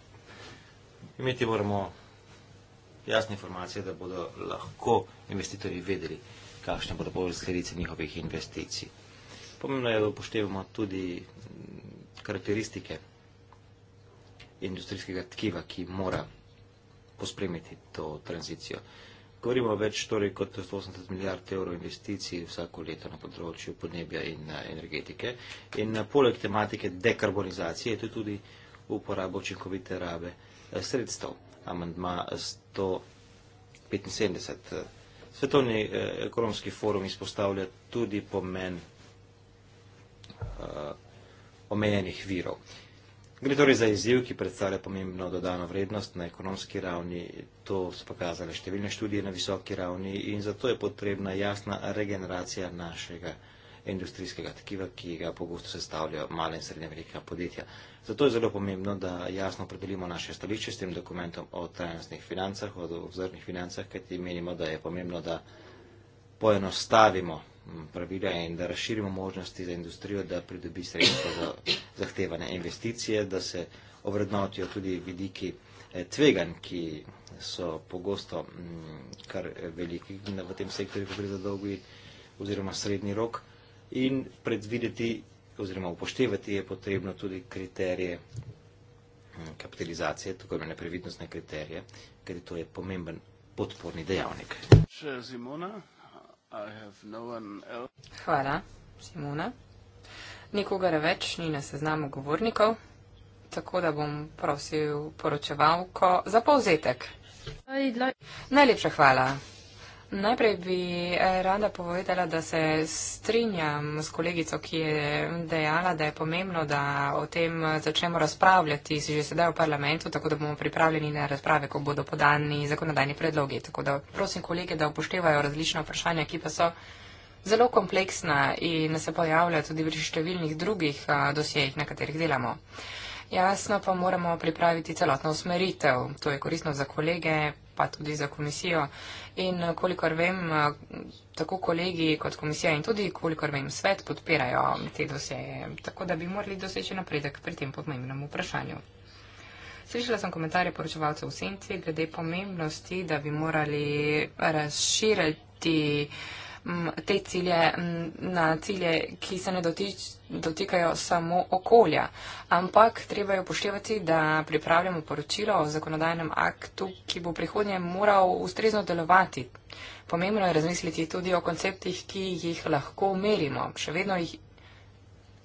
Speaker 2: Imeti moramo jasne informacije, da bodo lahko investitorji vedeli, kakšne bodo posledice njihovih investicij. Pomembno je, da upoštevamo tudi mm, karakteristike industrijskega tkiva, ki mora pospremiti to tranzicijo. Govorimo več torej kot 180 milijard evrov investicij vsako leto na področju podnebja in eh, energetike. In eh, poleg tematike dekarbonizacije je to tudi uporabo učinkovite rabe eh, sredstev. Amandma 175. Svetovni ekonomski forum izpostavlja tudi pomen uh, omejenih virov. Gre torej za izziv, ki predstavlja pomembno dodano vrednost na ekonomski ravni. To so pokazale številne študije na visoki ravni in zato je potrebna jasna regeneracija našega industrijskega tkiva, ki ga pogosto sestavljajo male in srednje velika podjetja. Zato je zelo pomembno, da jasno predelimo naše stališče s tem dokumentom o trajnostnih financah, o vzornih financah, kajti menimo, da je pomembno, da poenostavimo pravila in da razširimo možnosti za industrijo, da pridobi sredstva za zahtevane investicije, da se ovrednotijo tudi vidiki eh, tvegan, ki so pogosto mm, kar veliki v tem sektorju, ko gre za dolgi oziroma srednji rok in predvideti oziroma upoštevati je potrebno tudi kriterije mm, kapitalizacije, tako imene previdnostne kriterije, ker to je pomemben podporni dejavnik.
Speaker 1: Še Zimona. No hvala, Simona. Nikogar več ni na seznamu govornikov, tako da bom prosil poročevalko za povzetek. Najlepša hvala. Najprej bi eh, rada povedala, da se strinjam s kolegico, ki je dejala, da je pomembno, da o tem eh, začnemo razpravljati že sedaj v parlamentu, tako da bomo pripravljeni na razprave, ko bodo podani zakonodajni predlogi. Tako da prosim kolege, da upoštevajo različna vprašanja, ki pa so zelo kompleksna in se pojavljajo tudi pri številnih drugih eh, dosjejih, na katerih delamo. Jasno pa moramo pripraviti celotno usmeritev. To je koristno za kolege, pa tudi za komisijo. In eh, kolikor vem, eh, tako kolegi kot komisija in tudi kolikor vem svet podpirajo te doseje, tako da bi morali doseči napredek pri tem pomembnem vprašanju. Slišala sem komentarje poročevalcev v senci glede pomembnosti, da bi morali razširiti te cilje na cilje, ki se ne dotič, dotikajo samo okolja. Ampak treba je upoštevati, da pripravljamo poročilo o zakonodajnem aktu, ki bo prihodnje moral ustrezno delovati. Pomembno je razmisliti tudi o konceptih, ki jih lahko merimo. Še vedno jih,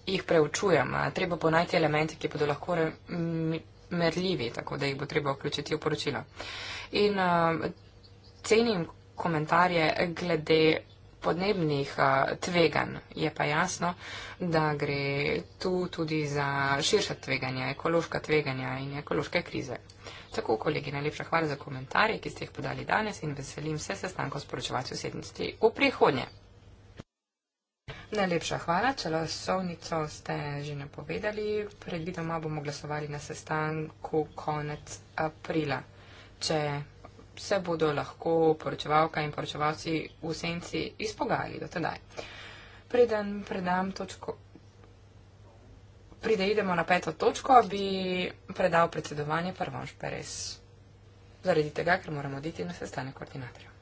Speaker 1: jih preučujem. Treba ponajti elemente, ki bodo lahko re, m, merljivi, tako da jih bo treba vključiti v poročilo. In uh, cenim komentarje glede podnebnih tveganj. Je pa jasno, da gre tu tudi za širša tveganja, ekološka tveganja in ekološke krize. Tako, kolegi, najlepša hvala za komentarje, ki ste jih podali danes in veselim se sestankov s poročevalci v sedmosti v prihodnje. Najlepša hvala, časovnico ste že napovedali. Predvidoma bomo glasovali na sestanku konec aprila. Če se bodo lahko poročevalka in poročevalci v senci izpogajali do tedaj. Preden predam točko, pride idemo na peto točko, bi predal predsedovanje prvom šperes. Zaradi tega, ker moramo oditi na sestanek koordinatorjev.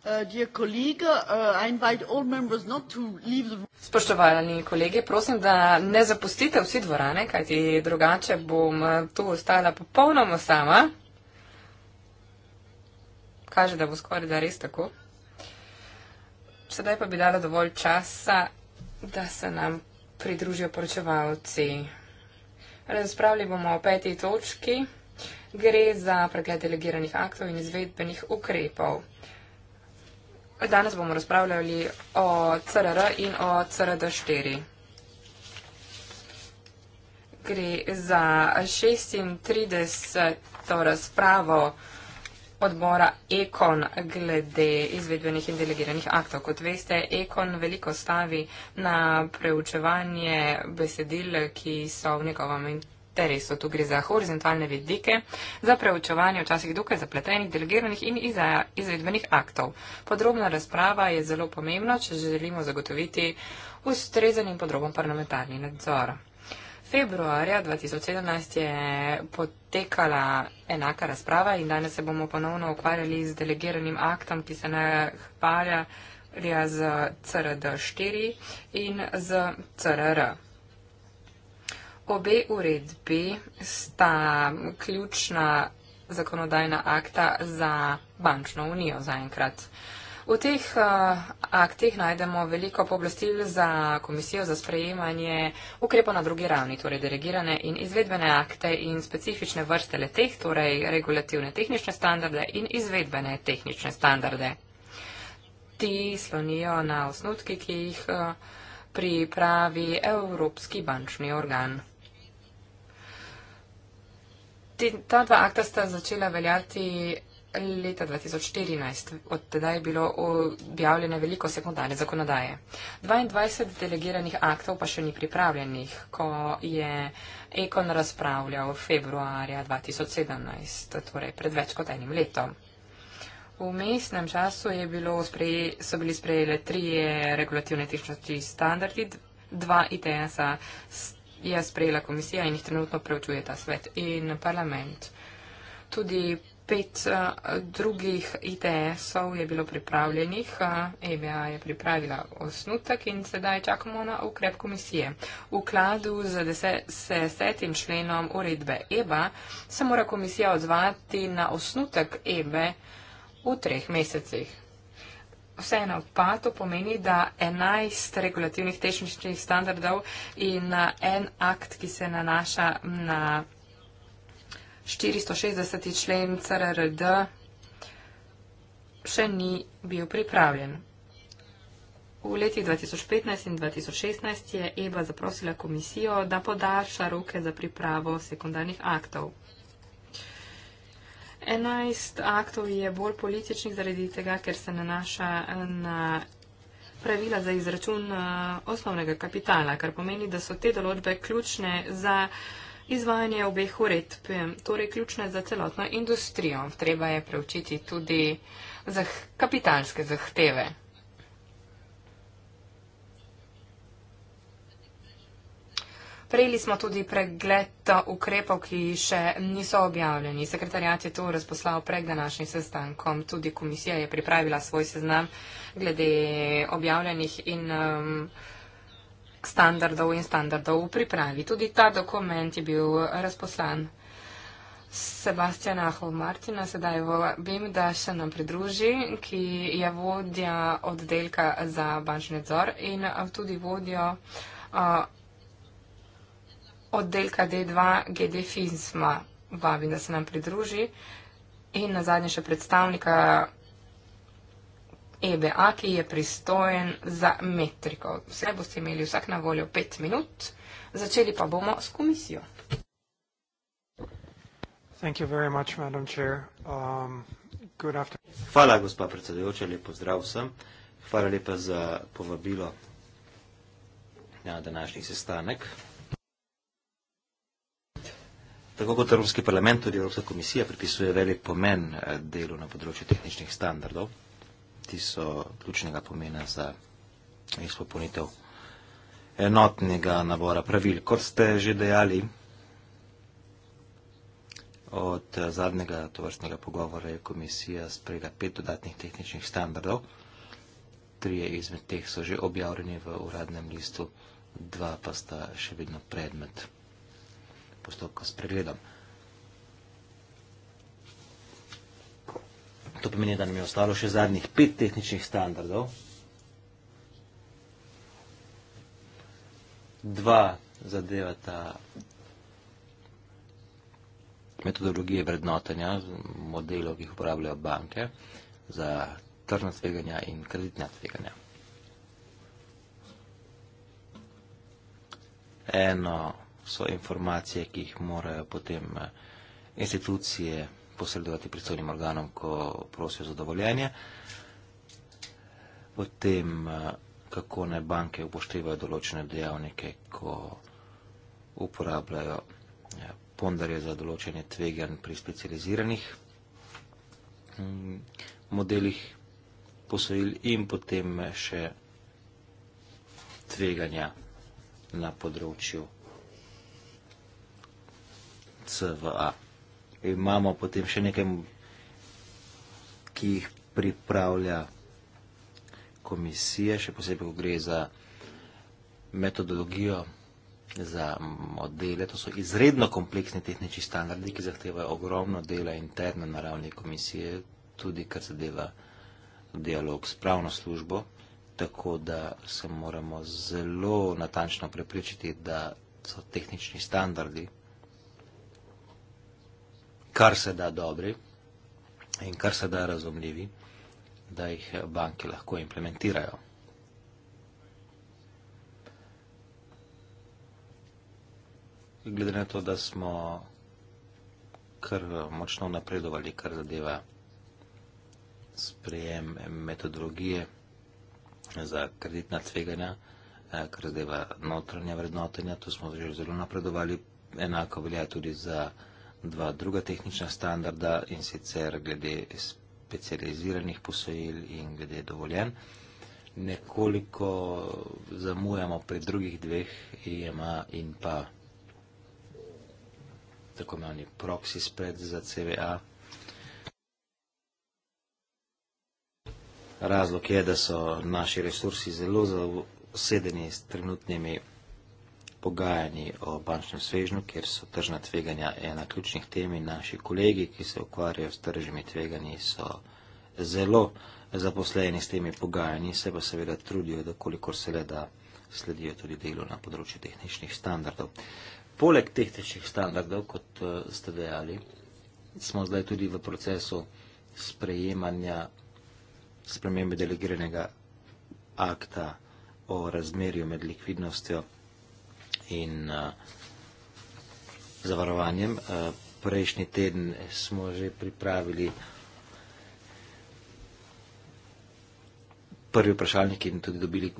Speaker 1: Uh,
Speaker 3: uh,
Speaker 1: Spoštovani kolegi, prosim, da ne zapustite vsi dvorane, kajti drugače bom uh, tu ostala popolnoma sama. Kaže, da bo skoraj da res tako. Sedaj pa bi dala dovolj časa, da se nam pridružijo poročevalci. Razpravljali bomo o peti točki. Gre za pregled delegiranih aktov in izvedbenih ukrepov. Danes bomo razpravljali o CRR in o CRD4. Gre za 36. razpravo odbora EKON glede izvedbenih in delegiranih aktov. Kot veste, EKON veliko stavi na preučevanje besedil, ki so v njegovem interesu Res so tu gre za horizontalne vidike, za preučevanje včasih dokaj zapletenih, delegiranih in izvedbenih aktov. Podrobna razprava je zelo pomembna, če želimo zagotoviti ustrezen in podroben parlamentarni nadzor. Februarja 2017 je potekala enaka razprava in danes se bomo ponovno ukvarjali z delegiranim aktom, ki se nahvalja z CRD4 in z CRR. Obe uredbi sta ključna zakonodajna akta za bančno unijo zaenkrat. V teh uh, aktih najdemo veliko pooblastil za komisijo za sprejemanje ukrepov na drugi ravni, torej delegirane in izvedbene akte in specifične vrste leteh, torej regulativne tehnične standarde in izvedbene tehnične standarde. Ti slonijo na osnutki, ki jih uh, pripravi Evropski bančni organ te, ta dva akta sta začela veljati leta 2014. Od tedaj je bilo objavljene veliko sekundarne zakonodaje. 22 delegiranih aktov pa še ni pripravljenih, ko je Ekon razpravljal februarja 2017, torej pred več kot enim letom. V mestnem času bilo spreje, so bili sprejeli trije regulativne tehnološki standardi, dva ITS-a. St je sprejela komisija in jih trenutno preučuje ta svet in parlament. Tudi pet eh, drugih ITS-ov je bilo pripravljenih, EBA eh, e je pripravila osnutek in sedaj čakamo na ukrep komisije. V kladu z desetim členom uredbe EBA se mora komisija odzvati na osnutek EBE v treh mesecih vseeno pa to pomeni, da 11 regulativnih tehničnih standardov in eh, en akt, ki se nanaša na 460. člen CRRD, še ni bil pripravljen. V letih 2015 in 2016 je EBA zaprosila komisijo, da podaljša roke za pripravo sekundarnih aktov. 11 aktov je bolj političnih zaradi tega, ker se nanaša eh, na pravila za izračun eh, osnovnega kapitala, kar pomeni, da so te določbe ključne za izvajanje obeh uredb, eh, torej ključne za celotno industrijo. Treba je preučiti tudi zah kapitalske zahteve. Prejeli smo tudi pregled ukrepov, ki še niso objavljeni. Sekretarjat je to razposlal pred današnjim sestankom. Tudi komisija je pripravila svoj seznam glede objavljenih in um, standardov in standardov v pripravi. Tudi ta dokument je bil razposlan. Sebastiana Hovmartina sedaj vabim, da še nam pridruži, ki je vodja oddelka za bančni nadzor in uh, tudi vodjo uh, oddelka D2 GD Fizma vabi, da se nam pridruži. In na zadnje še predstavnika EBA, ki je pristojen za metriko. Vse boste imeli vsak na voljo pet minut, začeli pa bomo s komisijo.
Speaker 4: Um,
Speaker 2: Hvala, gospa predsedujoča, lep pozdrav vsem. Hvala lepa za povabilo na današnji sestanek. Tako kot Evropski parlament, tudi Evropska komisija pripisuje velik pomen eh, delu na področju tehničnih standardov. Ti so ključnega pomena za izpopolnitev enotnega nabora pravil. Kot ste že dejali, od eh, zadnjega tovrstnega pogovora je komisija sprejela pet dodatnih tehničnih standardov. Trije izmed teh so že objavljeni v uradnem listu, dva pa sta še vedno predmet pravil postopka s pregledom. To pomeni, da nam je ostalo še zadnjih pet tehničnih standardov. Dva zadevata metodologije vrednotenja modelov, ki jih uporabljajo banke za trna tveganja in kreditna tveganja. Eno so informacije, ki jih morajo potem eh, institucije posredovati predstavnim organom, ko prosijo za dovoljenje. Potem, eh, kako naj banke upoštevajo določene dejavnike, ko uporabljajo eh, pondarje za določene tvegan pri specializiranih mm, modelih posojil in potem še tveganja na področju CVA. Imamo potem še nekaj, ki jih pripravlja komisija, še posebej, ko gre za metodologijo, za modele. To so izredno kompleksni tehnični standardi, ki zahtevajo ogromno dela interno na ravni komisije, tudi kar zadeva dialog s pravno službo, tako da se moramo zelo natančno prepričati, da so tehnični standardi kar se da dobri in kar se da razumljivi, da jih banke lahko implementirajo. Glede na to, da smo kar močno napredovali, kar zadeva sprejem metodologije za kreditna tveganja, eh, kar zadeva notranje vrednotenja, tu smo že zelo napredovali, enako velja tudi za dva druga tehnična standarda in sicer glede specializiranih posojil in glede dovoljen. Nekoliko zamujamo pri drugih dveh IMA e in pa tako imenovani proxy spread za CVA. Razlog je, da so naši resursi zelo zasedeni s trenutnimi pogajanji o bančnem svežnju, kjer so tržna tveganja ena ključnih temi. Naši kolegi, ki se ukvarjajo s tržnimi tveganji, so zelo zaposleni s temi pogajanji, se pa seveda trudijo, da kolikor se le da sledijo tudi delu na področju tehničnih standardov. Poleg tehničnih standardov, kot eh, ste dejali, smo zdaj tudi v procesu sprejemanja spremembe delegiranega akta o razmerju med likvidnostjo in uh, zavarovanjem. Uh, prejšnji teden smo že pripravili prvi vprašalnik in tudi dobili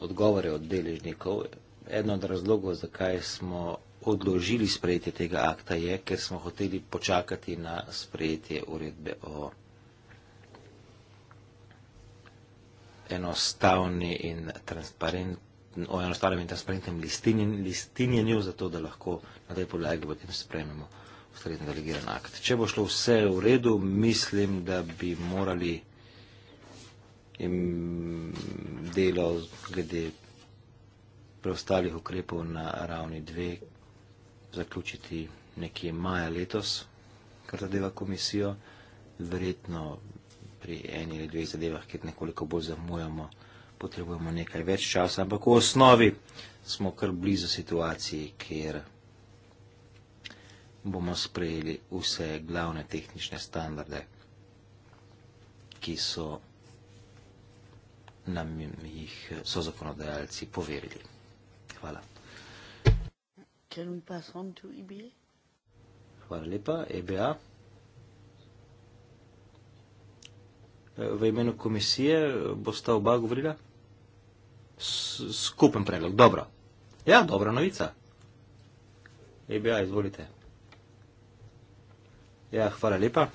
Speaker 2: odgovore od deležnikov. Eden od razlogov, zakaj smo odložili sprejetje tega akta, je, ker smo hoteli počakati na sprejetje uredbe o enostavni in transparentni in ostalim transparentnim listinjenju, zato da lahko na tej podlagi potem sprememo ustrezni delegiran akt. Če bo šlo vse v redu, mislim, da bi morali delo glede preostalih ukrepov na ravni 2 zaključiti nekje maja letos, kar zadeva komisijo. Verjetno pri eni ali dveh zadevah, kjer nekoliko bolj zamujamo, potrebujemo nekaj več časa, ampak v osnovi smo kar blizu situaciji, kjer bomo sprejeli vse glavne tehnične standarde, ki so nam jih so zakonodajalci poverili. Hvala. E Hvala lepa, EBA. V imenu komisije bosta oba govorila skupen predlog. Dobro. Ja, dobra novica. EBA, izvolite. Ja, hvala lepa.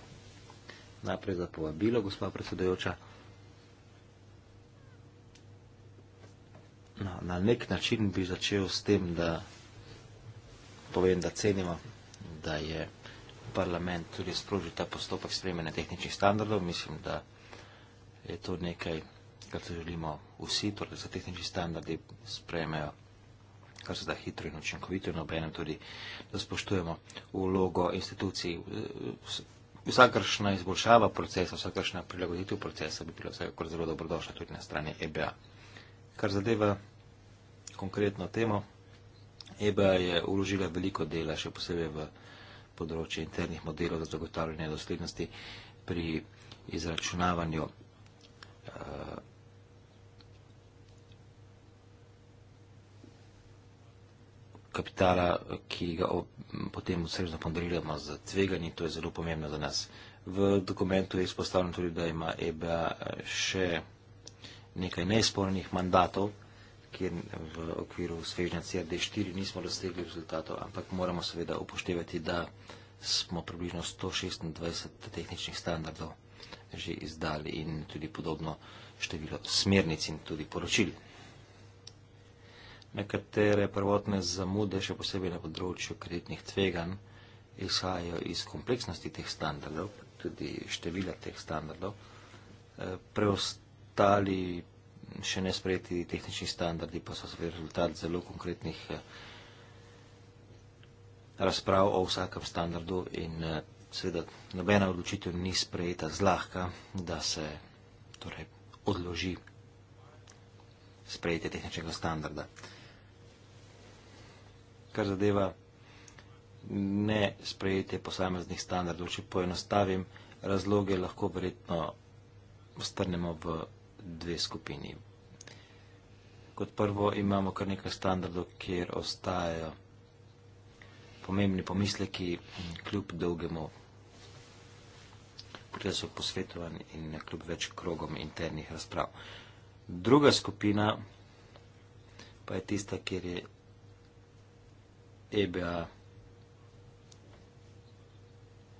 Speaker 2: Najprej za povabilo, gospa predsedojoča. No, na nek način bi začel s tem, da povem, da cenimo, da je parlament tudi sprožil ta postopek spremene tehničnih standardov. Mislim, da je to nekaj kar se želimo vsi, torej da se tehnični standardi sprejmejo kar se da hitro in učinkovito in obenem tudi, da spoštujemo vlogo institucij. Vsakršna izboljšava procesa, vsakršna prilagoditev procesa bi bila vsekakor zelo dobrodošla tudi na strani EBA. Kar zadeva konkretno temo, EBA je uložila veliko dela, še posebej v področje internih modelov za zagotavljanje doslednosti pri izračunavanju uh, kapitala, ki ga potem ustrezno ponderiramo z tveganji, to je zelo pomembno za nas. V dokumentu je izpostavljeno tudi, da ima EBA eh, še nekaj neizpolnjenih mandatov, kjer v okviru svežnja CRD4 nismo dosegli rezultatov, ampak moramo seveda upoštevati, da smo približno 126 tehničnih standardov že izdali in tudi podobno število smernic in tudi poročili. Nekatere prvotne zamude, še posebej na področju kreditnih tveganj, izhajajo iz kompleksnosti teh standardov, tudi števila teh standardov. E, preostali še nesprejeti tehnični standardi pa so seveda rezultat zelo konkretnih e, razprav o vsakem standardu in e, seveda nobena odločitev ni sprejeta zlahka, da se torej, odloži sprejetje tehničnega standarda kar zadeva ne sprejetje posameznih standardov. Če poenostavim, razloge lahko verjetno strnemo v dve skupini. Kot prvo imamo kar nekaj standardov, kjer ostajajo pomembni pomisleki kljub dolgemu procesu posvetovanj in kljub več krogom internih razprav. Druga skupina pa je tista, kjer je EBA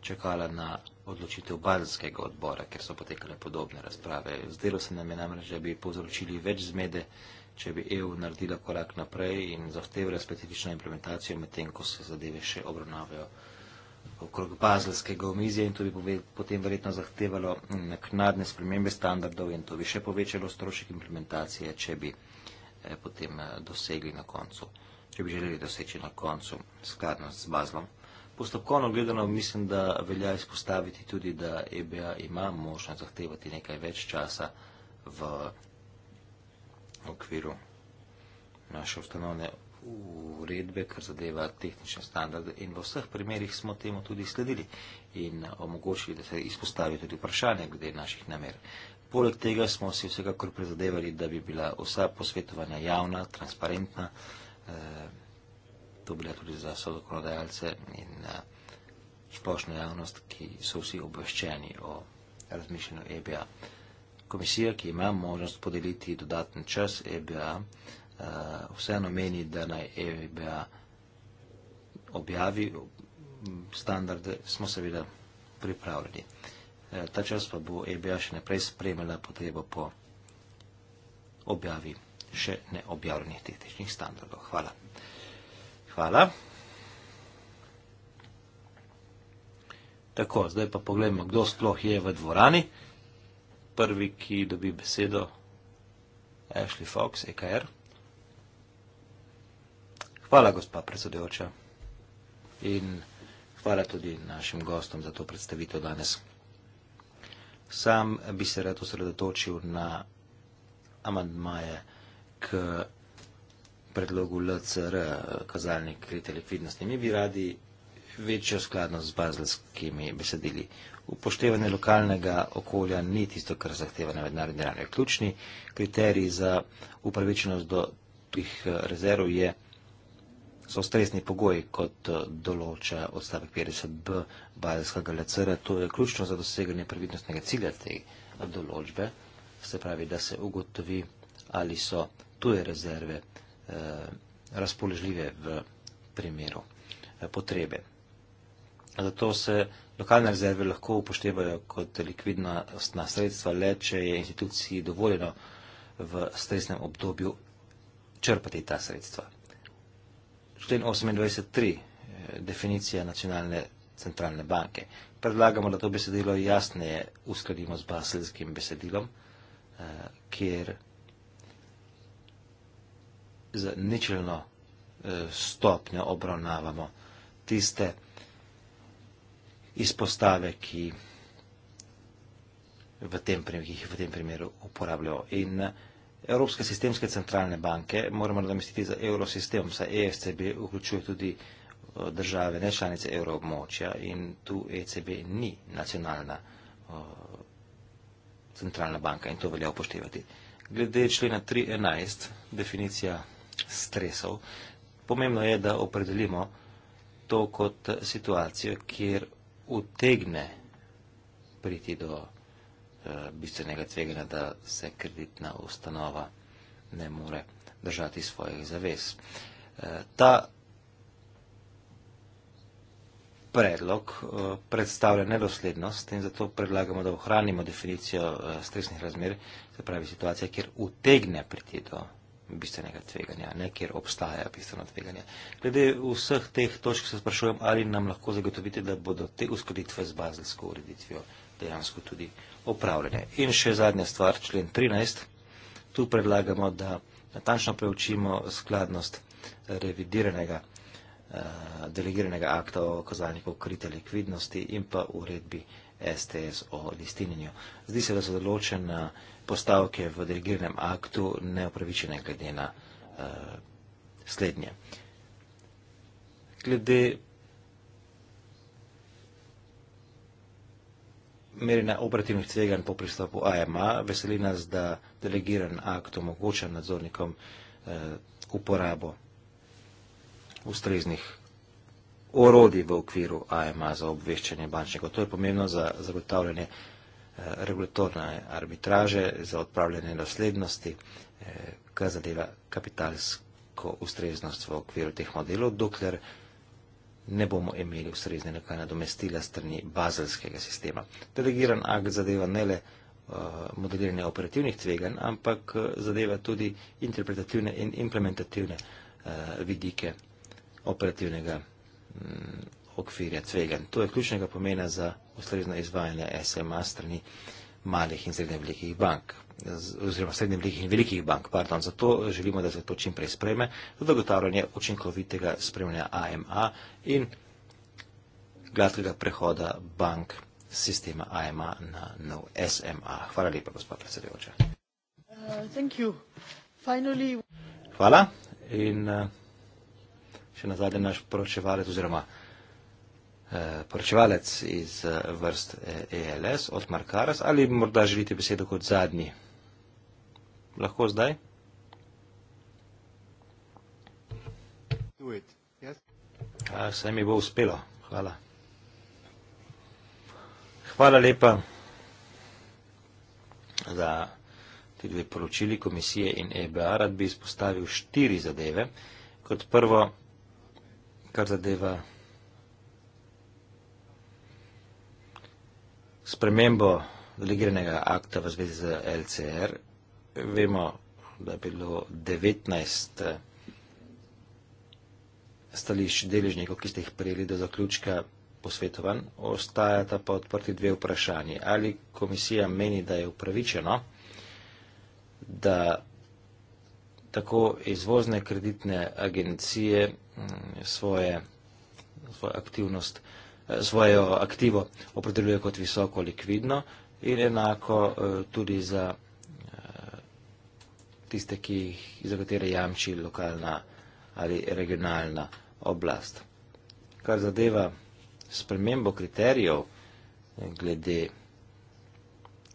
Speaker 2: čakala na odločitev bazenskega odbora, ker so potekale podobne razprave. Zdelo se nam je namreč, da bi povzročili več zmede, če bi EU naredila korak naprej in zahtevala specifično implementacijo, medtem ko se zadeve še obravnavajo okrog bazelskega omizja in to bi potem verjetno zahtevalo naknadne spremembe standardov in to bi še povečalo strošek implementacije, če bi eh, potem eh, dosegli na koncu če bi želeli doseči na koncu skladnost z bazlom. Postopkovno gledano mislim, da velja izpostaviti tudi, da EBA ima možnost zahtevati nekaj več časa v okviru naše ustanovne uredbe, kar zadeva tehnične standarde in v vseh primerjih smo temu tudi sledili in omogočili, da se izpostavi tudi vprašanje glede naših namer. Poleg tega smo si vsekakor prizadevali, da bi bila vsa posvetovanja javna, transparentna eh, dobile tudi za sodokonodajalce in eh, splošno javnost, ki so vsi obveščeni o razmišljanju EBA. Komisija, ki ima možnost podeliti dodaten čas EBA, eh, vseeno meni, da naj EBA objavi standarde, smo seveda pripravljeni. Eh, ta čas pa bo EBA še naprej spremljala potrebo po objavi še neobjavljenih tehničnih standardov. Hvala. Hvala. Tako, zdaj pa pogledamo, kdo sploh je v dvorani. Prvi, ki dobi besedo, Ashley Fox, EKR. Hvala, gospa predsedujoča. In hvala tudi našim gostom za to predstavitev danes. Sam bi se rad osredotočil na amandmaje k predlogu LCR, kazalnik kriterij fitnosti. Mi bi radi večjo skladnost z bazelskimi besedili. Upoštevanje lokalnega okolja ni tisto, kar zahteva na mednarodni ravni. Ključni kriterij za upravičenost do tih eh, rezerv je, so stresni pogoji, kot eh, določa odstavek 50b bazelskega LCR. To je ključno za doseganje previdnostnega cilja te eh, določbe, se pravi, da se ugotovi, ali so tuje rezerve eh, razpoložljive v primeru eh, potrebe. Zato se lokalne rezerve lahko upoštevajo kot likvidnostna sredstva le, če je instituciji dovoljeno v stresnem obdobju črpati ta sredstva. Člen 28.3. Eh, definicija nacionalne centralne banke. Predlagamo, da to besedilo jasneje uskladimo z baselskim besedilom, kjer z ničelno e, stopnjo obravnavamo tiste izpostave, ki v tem, jih v tem primeru uporabljajo. In Evropske sistemske centralne banke moramo namestiti za evrosistem, saj ESCB vključuje tudi e, države nečlanice evroobmočja in tu ECB ni nacionalna e, centralna banka in to velja upoštevati. Glede člena 3.11, definicija stresov. Pomembno je, da opredelimo to kot situacijo, kjer utegne priti do eh, bistvenega tveganja, da se kreditna ustanova ne more držati svojih zavez. Eh, ta predlog eh, predstavlja nedoslednost in zato predlagamo, da ohranimo definicijo eh, stresnih razmer, se pravi situacija, kjer utegne priti do bistvenega tveganja, ne kjer obstaja bistveno tveganje. Glede vseh teh točk se sprašujem, ali nam lahko zagotovite, da bodo te uskladitve z bazilsko ureditvijo dejansko tudi opravljene. In še zadnja stvar, člen 13. Tu predlagamo, da natančno preučimo skladnost eh, revidiranega eh, delegiranega akta o kazalniku krite likvidnosti in pa uredbi STS o listininju. Zdi se, da so določena postavke v delegiranem aktu neopravičene glede na uh, slednje. Glede merjena operativnih tveganj po pristopu AMA, veseli nas, da delegiran akt omogoča nadzornikom uh, uporabo ustreznih orodij v okviru AMA za obveščanje bančnikov. To je pomembno za zagotavljanje uh, Eh, regulatorne arbitraže za odpravljanje naslednosti, eh, kar zadeva kapitalsko ustreznost v okviru teh modelov, dokler ne bomo imeli ustreznega nadomestila strani bazelskega sistema. Delegiran akt zadeva ne le eh, modeliranje operativnih tveganj, ampak zadeva tudi interpretativne in implementativne vidike operativnega mm, okvirja tveganj. To je ključnega pomena za ustrezna izvajanja SMA strani malih in srednje velikih bank, oziroma srednje velikih in velikih bank. Pardon. Zato želimo, da se to čim prej spreme za dogotavljanje učinkovitega spremljanja AMA in gladkega prehoda bank sistema AMA na nov SMA. Hvala lepa, gospod predsedujoča.
Speaker 3: Uh,
Speaker 2: Hvala. In uh, še nazadnje naš poročevalec oziroma Eh, poročevalec iz eh, vrst ELS, eh, e Otmar Karas, ali morda želite besedo kot zadnji? Lahko zdaj? Vse mi bo uspelo. Hvala. Hvala lepa za te dve poročili komisije in EBA. Rad bi izpostavil štiri zadeve. Kot prvo, kar zadeva spremembo delegiranega akta v zvezi z LCR. Vemo, da je bilo 19 eh, stališč deležnikov, ki ste jih prijeli do zaključka posvetovanj. Ostajata pa odprti dve vprašanji. Ali komisija meni, da je upravičeno, da tako izvozne kreditne agencije mm, svoje, svojo aktivnost Eh, svojo aktivo opredeljuje kot visoko likvidno in enako eh, tudi za eh, tiste, za katere jamči lokalna ali regionalna oblast. Kar zadeva spremembo kriterijev glede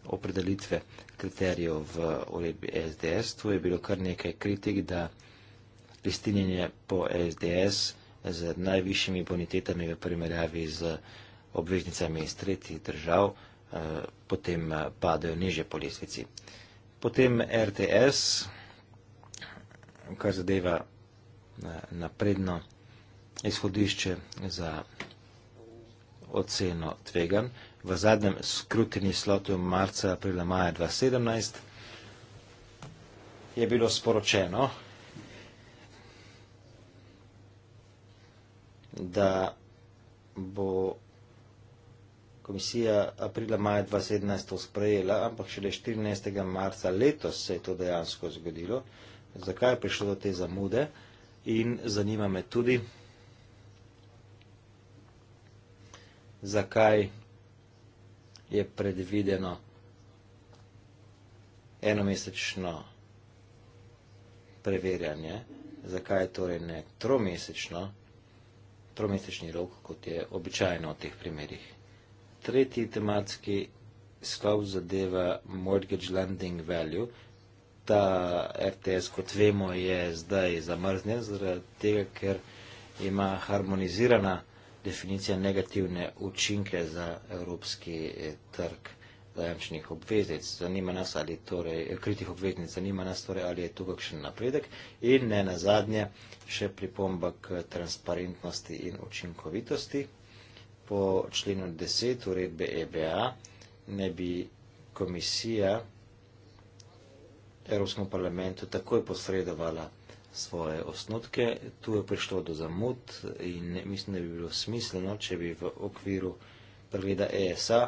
Speaker 2: opredelitve kriterijev v uredbi SDS, tu je bilo kar nekaj kritik, da listinjenje po SDS vsega, z najvišjimi bonitetami v primerjavi z obveznicami iz tretjih držav, eh, potem eh, padajo niže po lesvici. Potem RTS, kar zadeva eh, napredno izhodišče za oceno tvegan. V zadnjem skrutini slotu marca, aprila, maja 2017 je bilo sporočeno, da bo komisija aprila maja 2017 to sprejela, ampak šele 14. marca letos se je to dejansko zgodilo. Zakaj je prišlo do te zamude in zanima me tudi, zakaj je predvideno enomesečno preverjanje, zakaj je torej ne tromesečno preverjanje, tromesečni rok, kot je običajno v teh primerjih. Tretji tematski sklop zadeva Mortgage Landing Value. Ta RTS, kot vemo, je zdaj zamrznjen zaradi tega, ker ima harmonizirana definicija negativne učinke za evropski trg zajamčenih obveznic, zanima nas ali torej, kritih obveznic, zanima nas torej, ali je tu kakšen napredek in ne na zadnje še pripomba k transparentnosti in učinkovitosti. Po členu 10 uredbe EBA ne bi komisija Evropskemu parlamentu takoj posredovala svoje osnutke. Tu je prišlo do zamud in mislim, da bi bilo smiselno, če bi v okviru pregleda ESA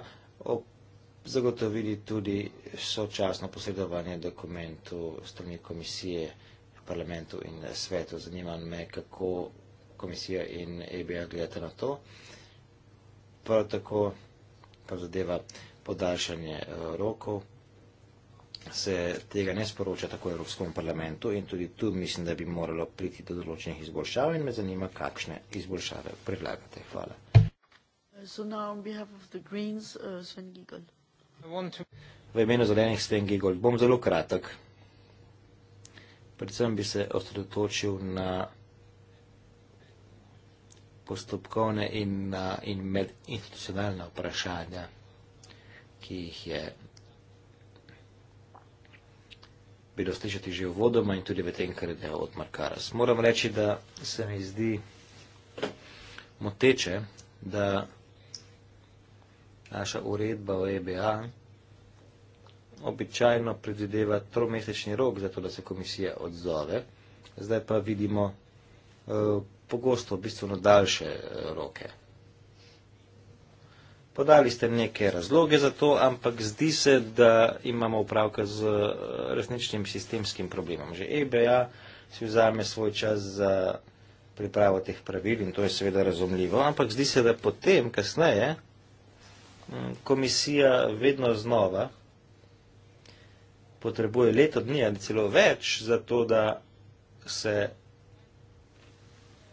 Speaker 2: zagotovili tudi sočasno posredovanje dokumentu strani komisije v parlamentu in svetu. Zanima me, kako komisija in EBA gledata na to. Prav tako pa zadeva podaljšanje eh, rokov, se tega ne sporoča tako Evropskom parlamentu in tudi tu mislim, da bi moralo priti do določenih izboljšav in me zanima, kakšne izboljšave predlagate. Hvala.
Speaker 3: So now on behalf of the Greens, uh, Sven Giegel.
Speaker 2: V imenu zelenih Sven Gigol bom zelo kratek. Predvsem bi se osredotočil na postopkovne in, na, in medinstitucionalne vprašanja, ki jih je bilo slišati že v vodoma in tudi v tem, kar je dejal od Markaras. Moram reči, da se mi zdi moteče, da naša uredba v EBA običajno predvideva tromesečni rok za to, da se komisija odzove, zdaj pa vidimo eh, pogosto bistveno daljše eh, roke. Podali ste neke razloge za to, ampak zdi se, da imamo upravka z eh, resničnim sistemskim problemom. Že EBA si vzame svoj čas za pripravo teh pravil in to je seveda razumljivo, ampak zdi se, da potem, kasneje, Mm, komisija vedno znova potrebuje leto dni ali celo več za to, da se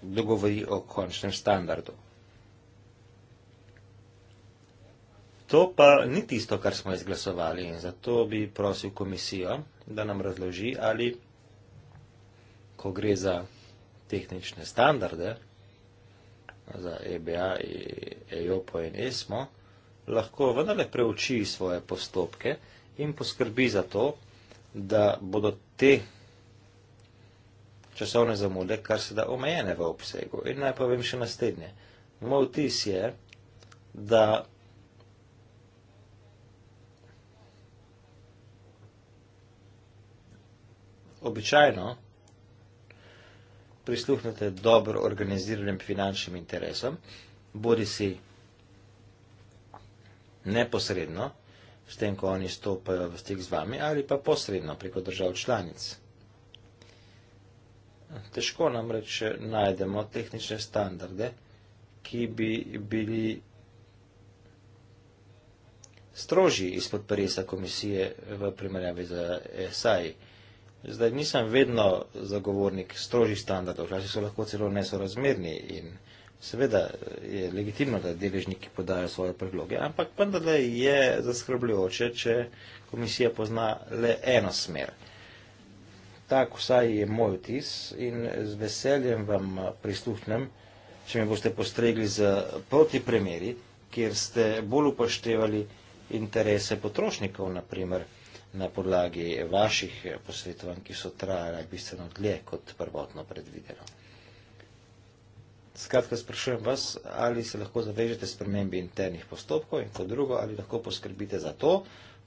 Speaker 2: dogovori o končnem standardu. To pa ni tisto, kar smo izglasovali in zato bi prosil komisijo, da nam razloži, ali ko gre za tehnične standarde, za EBA, EOPO e in ESMO, lahko vendarle preuči svoje postopke in poskrbi za to, da bodo te časovne zamude kar se da omejene v obsegu. In naj povem še naslednje. Moj vtis je, da običajno prisluhnete dobro organiziranim finančnim interesom, bodi si neposredno, s tem, ko oni stopajo v stik z vami, ali pa posredno preko držav članic. Težko namreč najdemo tehnične standarde, ki bi bili strožji izpod peresa komisije v primerjavi z SAI. Zdaj nisem vedno zagovornik strožjih standardov, včasih so lahko celo nesorazmerni in Seveda je legitimno, da deležniki podajo svoje predloge, ampak vendarle je zaskrbljujoče, če komisija pozna le eno smer. Tak vsaj je moj vtis in z veseljem vam eh, prisluhnem, če mi boste postregli z proti primeri, kjer ste bolj upoštevali interese potrošnikov, naprimer na podlagi vaših eh, posvetovanj, ki so trajala bistveno dlje kot prvotno predvideno. Skratka, sprašujem vas, ali se lahko zavežete spremembi internih postopkov in kot drugo, ali lahko poskrbite za to,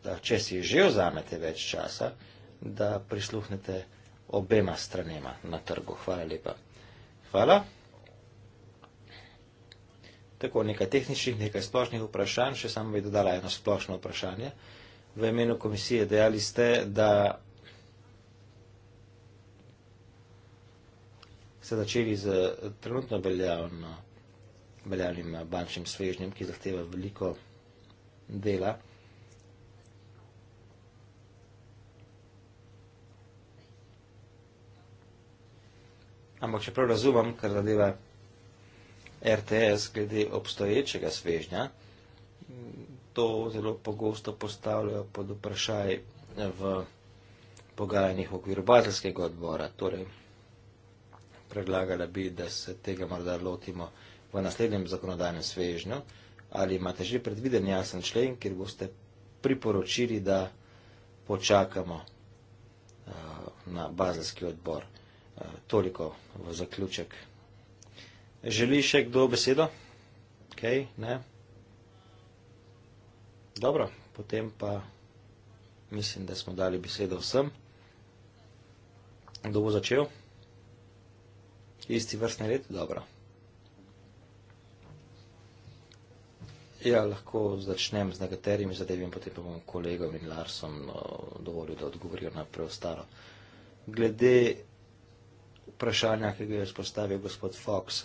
Speaker 2: da če si že vzamete več časa, da prisluhnete obema stranema na trgu. Hvala lepa. Hvala. Tako, nekaj tehničnih, nekaj splošnih vprašanj. Še samo bi dodala eno splošno vprašanje. V imenu komisije dejali ste, da se začeli z eh, trenutno veljavno, veljavnim eh, bančnim svežnjem, ki zahteva veliko dela. Ampak čeprav razumem, kar zadeva RTS glede obstoječega svežnja, to zelo pogosto postavljajo pod vprašaj eh, v pogajanjih okviru bazilskega odbora. Torej, predlagala bi, da se tega morda lotimo v naslednjem zakonodajnem svežnju. Ali imate že predviden jasen člen, kjer boste priporočili, da počakamo uh, na bazelski odbor? Uh, toliko v zaključek. Želi še kdo besedo? Ok, ne? Dobro, potem pa mislim, da smo dali besedo vsem. Kdo bo začel? Isti vrstni red, dobro. Ja, lahko začnem z nekaterimi zadevami, potem pa bom kolegom in Larsom no, dovolil, da odgovorijo na preostalo. Glede vprašanja, ki ga je izpostavil gospod Fox,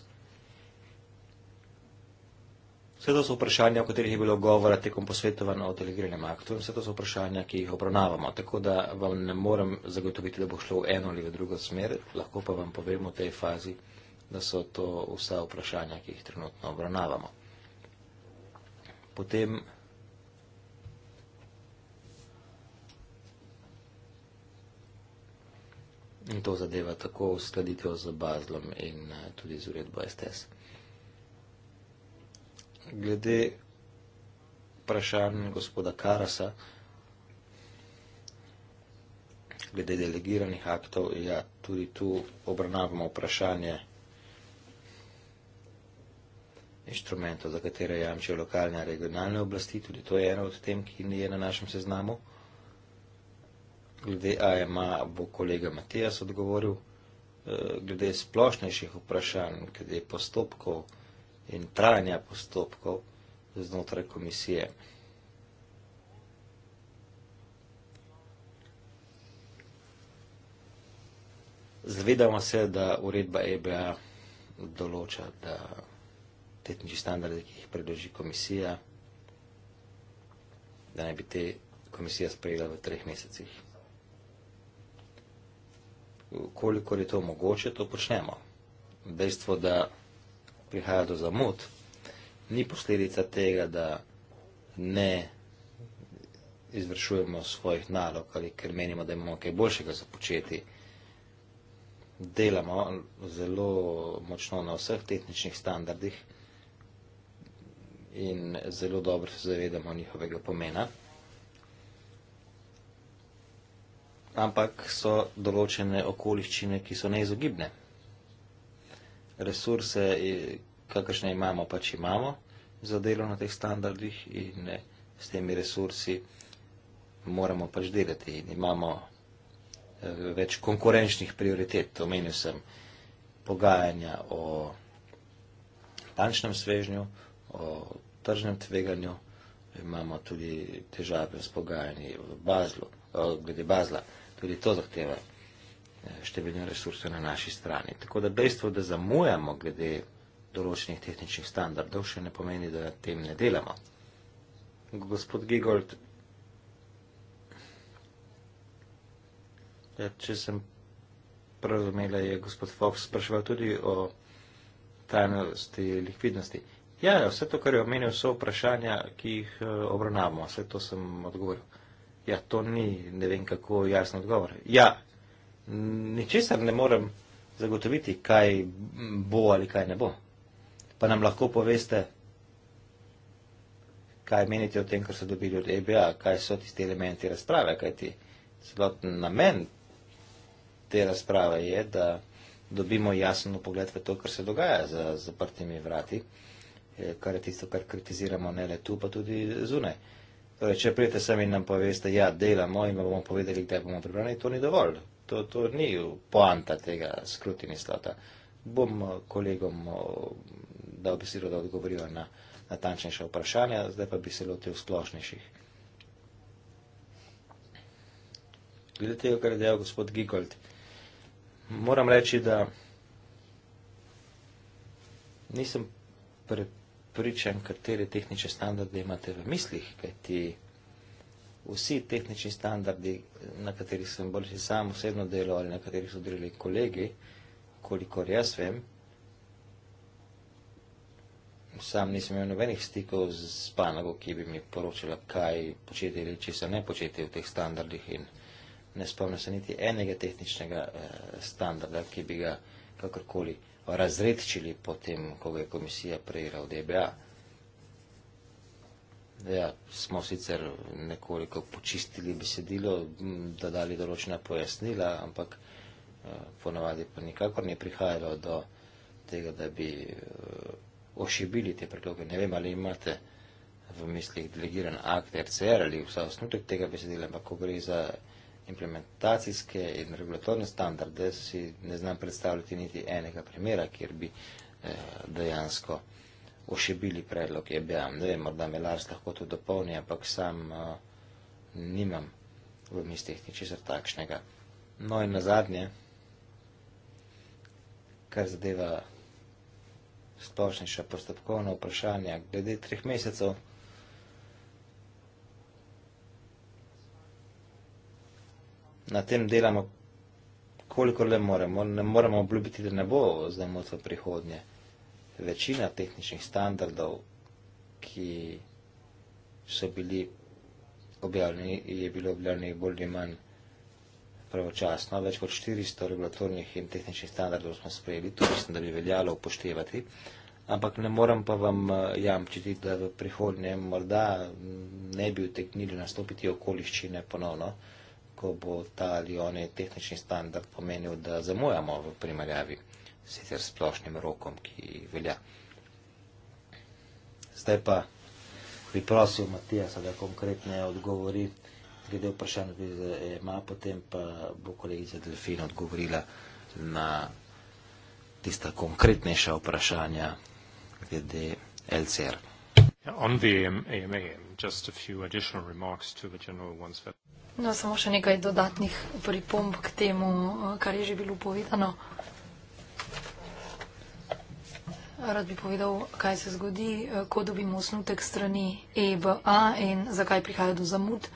Speaker 2: Vse to so vprašanja, o katerih je bilo govora tekom posvetovanja o delegiranem aktu in vse to so vprašanja, ki jih obravnavamo. Tako da vam ne morem zagotoviti, da bo šlo v eno ali v drugo smer, lahko pa vam povem v tej fazi, da so to vsa vprašanja, ki jih trenutno obravnavamo. Potem in to zadeva tako uskladitev z Bazlom in eh, tudi z uredbo STS glede vprašanj gospoda Karasa, glede delegiranih aktov, ja, tudi tu obravnavamo vprašanje inštrumentov, za katere jamčijo lokalne in regionalne oblasti, tudi to je eno od tem, ki ni je na našem seznamu. Glede AMA bo kolega Matijas odgovoril, eh, glede splošnejših vprašanj, glede postopkov, in trajanja postopkov znotraj komisije. Zavedamo se, da uredba EBA določa, da tehnični standardi, ki jih predloži komisija, da naj bi te komisija sprejela v treh mesecih. Kolikor je to mogoče, to počnemo. Dejstvo, da prihaja do zamud, ni posledica tega, da ne izvršujemo svojih nalog ali ker menimo, da imamo kaj boljšega započeti. Delamo zelo močno na vseh tehničnih standardih in zelo dobro se zavedamo njihovega pomena. Ampak so določene okoliščine, ki so neizogibne resurse, kakršne imamo, pač imamo za delo na teh standardih in s temi resursi moramo pač delati in imamo eh, več konkurenčnih prioritet. Omenil sem pogajanja o bančnem svežnju, o tržnem tveganju, imamo tudi težave s pogajanji v bazlu, eh, glede bazla, tudi to zahteva Eh, številne resurse na naši strani. Tako da dejstvo, da zamujamo glede določenih tehničnih standardov, še ne pomeni, da tem ne delamo. Gospod Gigold, ja, če sem razumela, je gospod Fox spraševal tudi o tajnosti likvidnosti. Ja, ja vse to, kar je omenil, so vprašanja, ki jih eh, obravnavamo. Vse to sem odgovoril. Ja, to ni, ne vem kako, jasen odgovor. Ja, ničesar ne morem zagotoviti, kaj bo ali kaj ne bo. Pa nam lahko poveste, kaj menite o tem, kar so dobili od EBA, kaj so tisti elementi razprave, kaj ti celoten namen te razprave je, da dobimo jasno pogled v to, kar se dogaja za zaprtimi vrati, eh, kar je tisto, kar kritiziramo ne le tu, pa tudi zunaj. Torej, če prijete sami in nam poveste, ja, delamo in vam bomo povedali, kdaj bomo pripravljeni, to ni dovolj to, to ni poanta tega skrutini slota. Bom eh, kolegom eh, dal besedo, da odgovorijo na natančnejša vprašanja, zdaj pa bi se lotil splošnejših. Glede tega, kar je dejal gospod Gigold, moram reči, da nisem prepričan, katere tehnične standarde imate v mislih, kajti. ti vsi tehnični standardi, na katerih sem bolj še sam osebno delal ali na katerih so delali kolegi, kolikor jaz vem, sam nisem imel nobenih stikov z panogo, ki bi mi poročila, kaj početi ali česa ne početi v teh standardih in ne spomnim se niti enega tehničnega eh, standarda, ki bi ga kakorkoli razredčili potem, ko ga je komisija prejela v DBA. Ja, smo sicer nekoliko počistili besedilo, dodali določena pojasnila, ampak eh, ponovadi pa nikakor ne prihajalo do tega, da bi eh, ošibili te predloge. Ne vem, ali imate v mislih delegiran akt RCR ali vsa osnutek tega besedila, ampak ko gre za implementacijske in regulatorne standarde, si ne znam predstavljati niti enega primera, kjer bi eh, dejansko ošibili predlog EBA. Ne vem, morda me Lars lahko to dopolni, ampak sam uh, nimam v mislih ničesar takšnega. No in na zadnje, kar zadeva splošnejša postopkovna vprašanja, glede treh mesecev. Na tem delamo, koliko le moremo. Ne moremo obljubiti, da ne bo zdaj moč v prihodnje večina tehničnih standardov, ki so bili objavljeni, je bilo objavljeno bolj ali manj pravočasno. Več kot 400 regulatornih in tehničnih standardov smo sprejeli, to mislim, da bi veljalo upoštevati. Ampak ne morem pa vam eh, jamčiti, da v prihodnje morda ne bi uteknili nastopiti okoliščine ponovno, ko bo ta ali oni tehnični standard pomenil, da zamujamo v primerjavi sicer splošnim rokom, ki velja. Zdaj pa bi prosil Matija, da konkretno odgovori, glede vprašanja, ki ga ima, e potem pa bo kolegica Delfin odgovorila na tista konkretnejša vprašanja glede LCR. Ja, on the AMA, e e just a few additional remarks to the general ones that...
Speaker 4: No, samo še nekaj dodatnih pripomb k temu, eh, kar je že bilo povedano. Rad bi povedal, kaj se zgodi, eh, ko dobimo osnutek strani EBA in zakaj prihaja do zamud.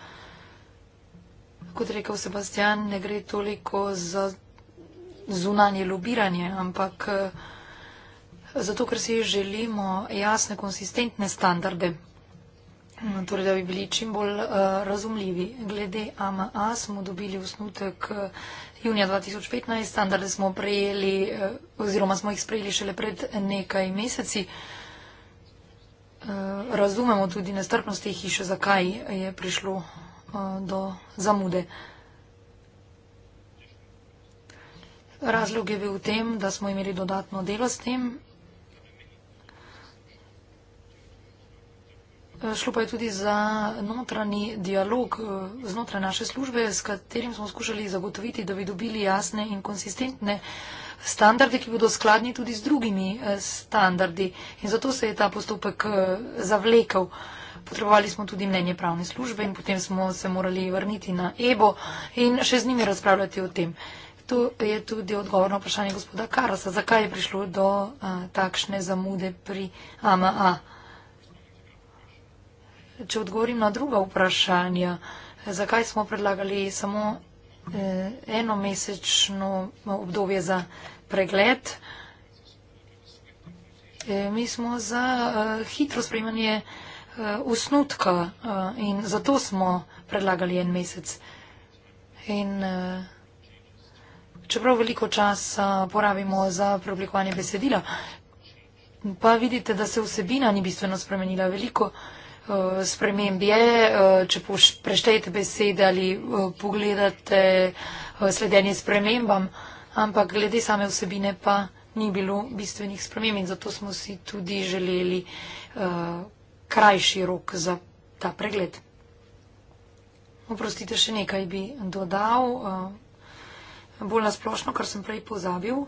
Speaker 4: Kot rekel Sebastian, ne gre toliko za zunanje lobiranje, ampak eh, zato, ker si želimo jasne, konsistentne standarde torej da bi bili čim bolj uh, razumljivi. Glede AMA smo dobili osnutek uh, junija 2015, standarde smo prejeli uh, oziroma smo jih sprejeli šele pred nekaj meseci. Razumemo tudi nestrpnosti hiše, zakaj je prišlo do zamude. Razlog je bil v tem, da smo imeli dodatno delo s tem Šlo pa je tudi za notranji dialog eh, znotraj naše službe, s katerim smo skušali zagotoviti, da bi dobili jasne in konsistentne standarde, ki bodo skladni tudi z drugimi eh, standardi. In zato se je ta postopek eh, zavlekel. Potrebovali smo tudi mnenje pravne službe in potem smo se morali vrniti na EBO in še z njimi razpravljati o tem. To je tudi odgovor na vprašanje gospoda Karasa, zakaj je prišlo do a, takšne zamude pri AMA. -a. Če odgovorim na druga vprašanja, zakaj smo predlagali samo eh, enomesečno obdobje za pregled, eh, mi smo za eh, hitro sprejmanje eh, usnutka eh, in zato smo predlagali en mesec. In, eh, Čeprav veliko časa porabimo za preoblikovanje besedila, pa vidite, da se vsebina ni bistveno spremenila. Veliko eh, Eh, sprememb je, eh, če preštejete besede ali eh, pogledate sledenje spremembam, ampak glede same vsebine pa ni bilo bistvenih sprememb in zato smo si tudi želeli krajši rok za ta pregled. Oprostite, še nekaj bi dodal, bolj nasplošno, kar sem prej pozabil.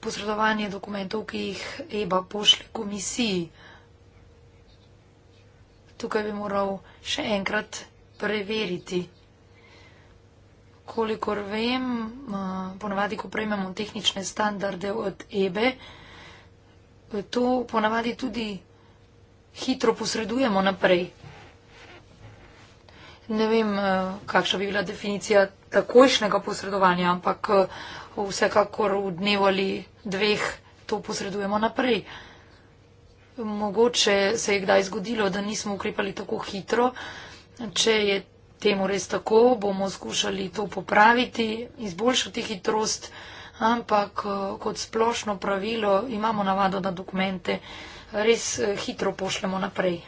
Speaker 4: Posredovanje dokumentov, ki jih EBA pošlje komisiji tukaj bi moral še enkrat preveriti. Kolikor vem, eh, ponavadi, ko prejmemo tehnične standarde od EBE, to ponavadi tudi hitro posredujemo naprej. Ne vem, eh, kakšna bi bila definicija takojšnjega posredovanja, ampak eh, vsekakor v dnevu ali dveh to posredujemo naprej mogoče se je kdaj zgodilo, da nismo ukrepali tako hitro. Če je temu res tako, bomo skušali to popraviti, izboljšati hitrost, ampak eh, kot splošno pravilo imamo navado, da dokumente res eh, hitro pošljemo naprej.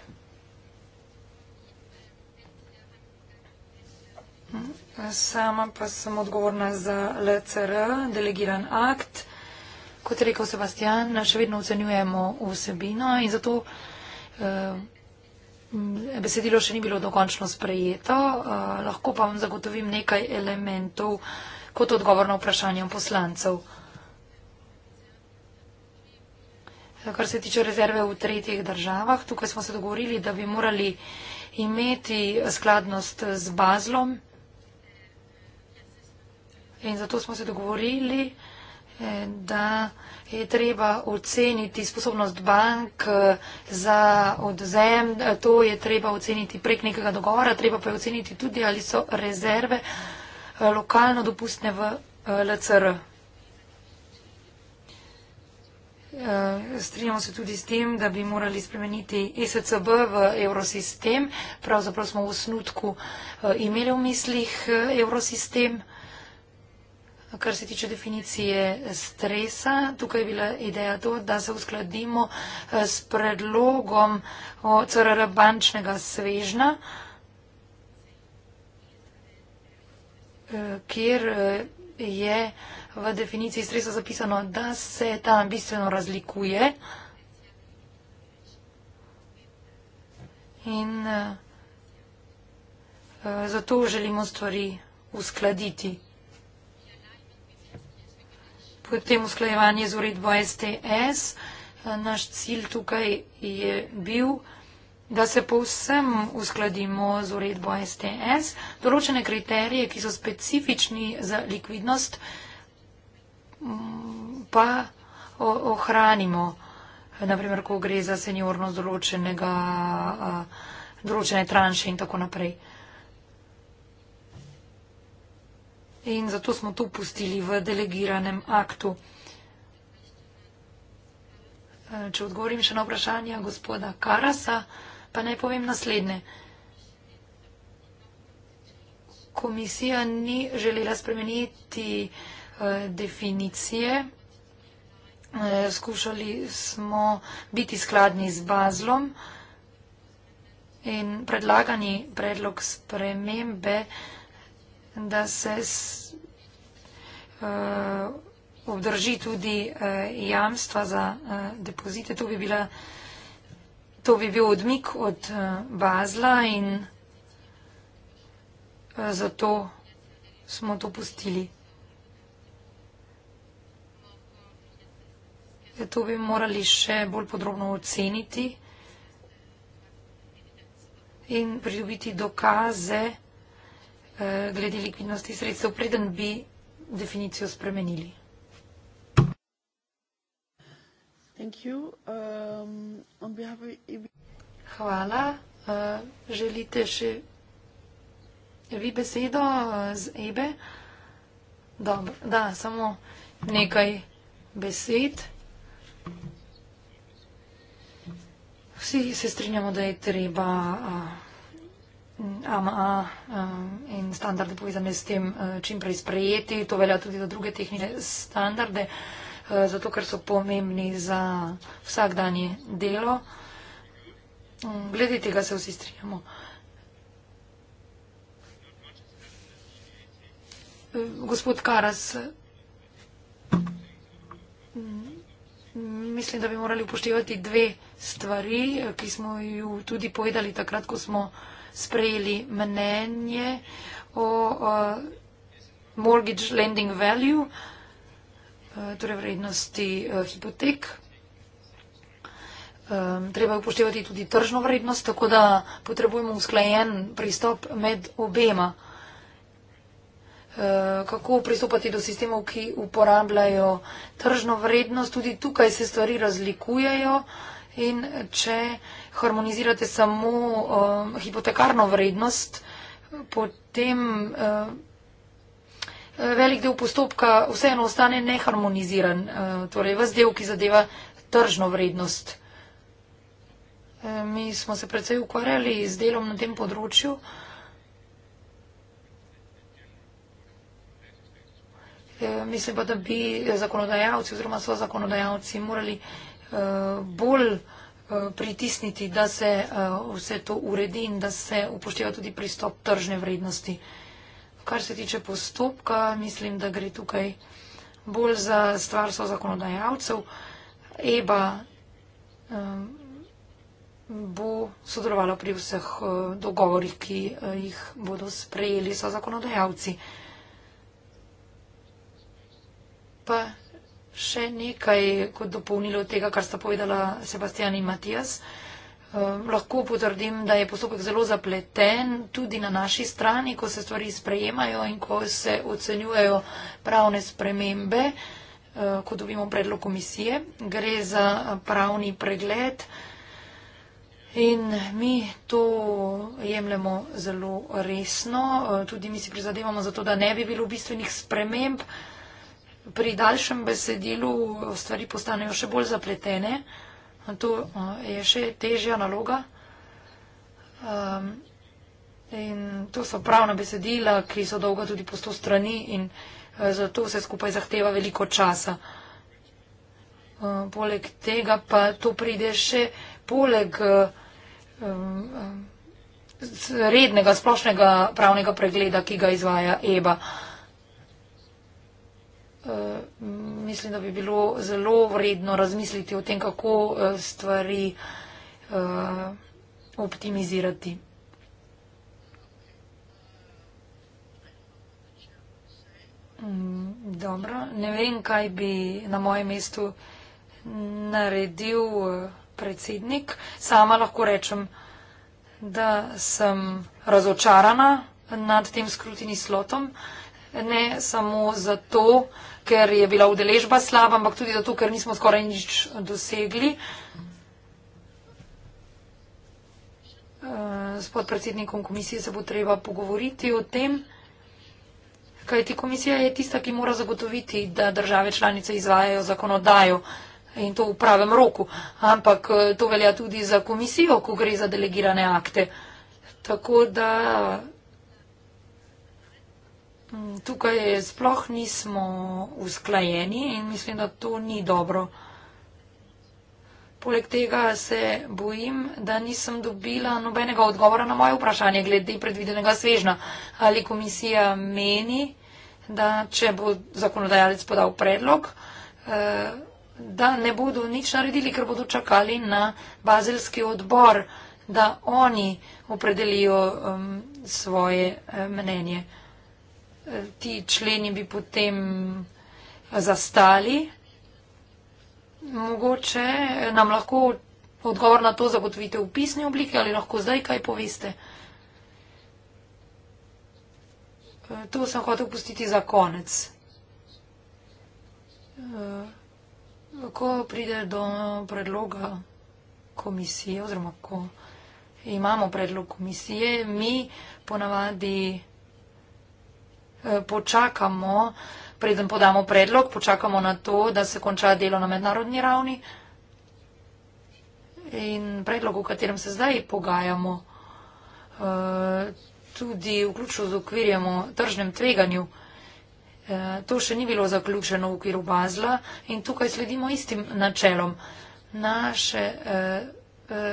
Speaker 4: Sama pa sem odgovorna za LCR, delegiran akt kot je rekel Sebastian, še vedno ocenjujemo vsebino in zato eh, besedilo še ni bilo dokončno sprejeto. Eh, lahko pa vam zagotovim nekaj elementov kot odgovor na vprašanje poslancev. Eh, kar se tiče rezerve v tretjih državah, tukaj smo se dogovorili, da bi morali imeti skladnost z bazlom. In zato smo se dogovorili, da je treba oceniti sposobnost bank eh, za odzem, to je treba oceniti prek nekega dogovora, treba pa je oceniti tudi, ali so rezerve eh, lokalno dopustne v eh, LCR. Strinjamo se tudi s tem, da bi morali spremeniti ESCB v evrosistem. Pravzaprav smo v osnutku imeli v mislih evrosistem kar se tiče definicije stresa. Tukaj je bila ideja to, da se uskladimo eh, s predlogom CRR bančnega svežna, eh, kjer eh, je v definiciji stresa zapisano, da se ta bistveno razlikuje in zato želimo stvari uskladiti potem usklajevanje z uredbo STS. Eh, naš cilj tukaj je bil, da se povsem uskladimo z uredbo STS. Določene kriterije, ki so specifični za likvidnost, mm, pa ohranimo. Naprimer, ko gre za seniornost eh, določene tranše in tako naprej. in zato smo to pustili v delegiranem aktu. E, če odgovorim še na vprašanje gospoda Karasa, pa naj povem naslednje. Komisija ni želela spremeniti e, definicije. E, skušali smo biti skladni z bazlom in predlagani predlog spremembe da se s, uh, obdrži tudi uh, jamstva za uh, depozite. To bi, bila, to bi bil odmik od uh, Bazla in uh, zato smo to pustili. Ja, to bi morali še bolj podrobno oceniti in pridobiti dokaze. Eh, glede likvidnosti sredstev, preden bi definicijo spremenili. Um, e Hvala. Eh, želite še vi besedo eh, z Ebe? Dobro, da, samo nekaj besed. Vsi se strinjamo, da je treba. Uh, AMA eh, in standarde povezane s tem eh, čimprej sprejeti. To velja tudi za druge tehnične standarde, eh, zato ker so pomembni za vsakdanje delo. Mm, glede tega se vsi strinjamo. Gospod Karas, mm, mislim, da bi morali upoštevati dve stvari, ki smo ju tudi povedali takrat, ko smo sprejeli mnenje o uh, mortgage lending value, uh, torej vrednosti uh, hipotek. Um, treba je upoštevati tudi tržno vrednost, tako da potrebujemo usklajen pristop med obema. Kako pristopati do sistemov, ki uporabljajo tržno vrednost, tudi tukaj se stvari razlikujejo in če harmonizirate samo uh, hipotekarno vrednost, potem uh, velik del postopka vseeno ostane neharmoniziran, uh, torej vse del, ki zadeva tržno vrednost. Uh, mi smo se predvsej ukvarjali z delom na tem področju. Mislim pa, da bi zakonodajalci oziroma so zakonodajalci morali uh, bolj uh, Eh, pritisniti, da se eh, vse to uredi in da se upošteva tudi pristop tržne vrednosti. Kar se tiče postopka, mislim, da gre tukaj bolj za stvar so zakonodajalcev. EBA eh, bo sodelovala pri vseh dogovorih, ki jih bodo sprejeli so zakonodajalci. Pa Še nekaj kot dopolnilo tega, kar sta povedala Sebastian in Matijas. Eh, lahko potrdim, da je postopek zelo zapleten tudi na naši strani, ko se stvari sprejemajo in ko se ocenjujejo pravne spremembe, eh, ko dobimo predlog komisije. Gre za pravni pregled in mi to jemljemo zelo resno. Eh, tudi mi si prizadevamo za to, da ne bi bilo bistvenih sprememb pri daljšem besedilu stvari postanejo še bolj zapletene. To je še težja naloga. Um, in to so pravna besedila, ki so dolga tudi po sto strani in e, zato se skupaj zahteva veliko časa. Um, poleg tega pa to pride še poleg um, rednega splošnega pravnega pregleda, ki ga izvaja EBA. Um, mislim, da bi bilo zelo vredno razmisliti o tem, kako eh, stvari uh, optimizirati. Mm, dobro, ne vem, kaj bi na mojem mestu naredil eh, predsednik. Sama lahko rečem, da sem razočarana nad tem skrutini slotom. Ne samo zato, ker je bila udeležba slaba, ampak tudi zato, ker nismo skoraj nič dosegli. Eh, s podpredsednikom komisije se bo treba pogovoriti o tem, kaj ti komisija je tista, ki mora zagotoviti, da države članice izvajajo zakonodajo in to v pravem roku. Ampak eh, to velja tudi za komisijo, ko gre za delegirane akte. Tako da tukaj sploh nismo usklajeni in mislim, da to ni dobro. Poleg tega se bojim, da nisem dobila nobenega odgovora na moje vprašanje glede predvidenega svežna. Ali komisija meni, da če bo zakonodajalec podal predlog, eh, da ne bodo nič naredili, ker bodo čakali na bazelski odbor, da oni opredelijo svoje eh, mnenje ti členi bi potem zastali. Mogoče nam lahko odgovor na to zagotovite v pisni obliki ali lahko zdaj kaj poveste. To sem hotel pustiti za konec. Ko pride do predloga komisije oziroma ko imamo predlog komisije, mi ponavadi. Eh, počakamo, preden podamo predlog, počakamo na to, da se konča delo na mednarodni ravni. In predlog, o katerem se zdaj pogajamo, eh, tudi vključno z okvirjem o tržnem tveganju, eh, to še ni bilo zaključeno v okviru Bazla in tukaj sledimo istim načelom. Naše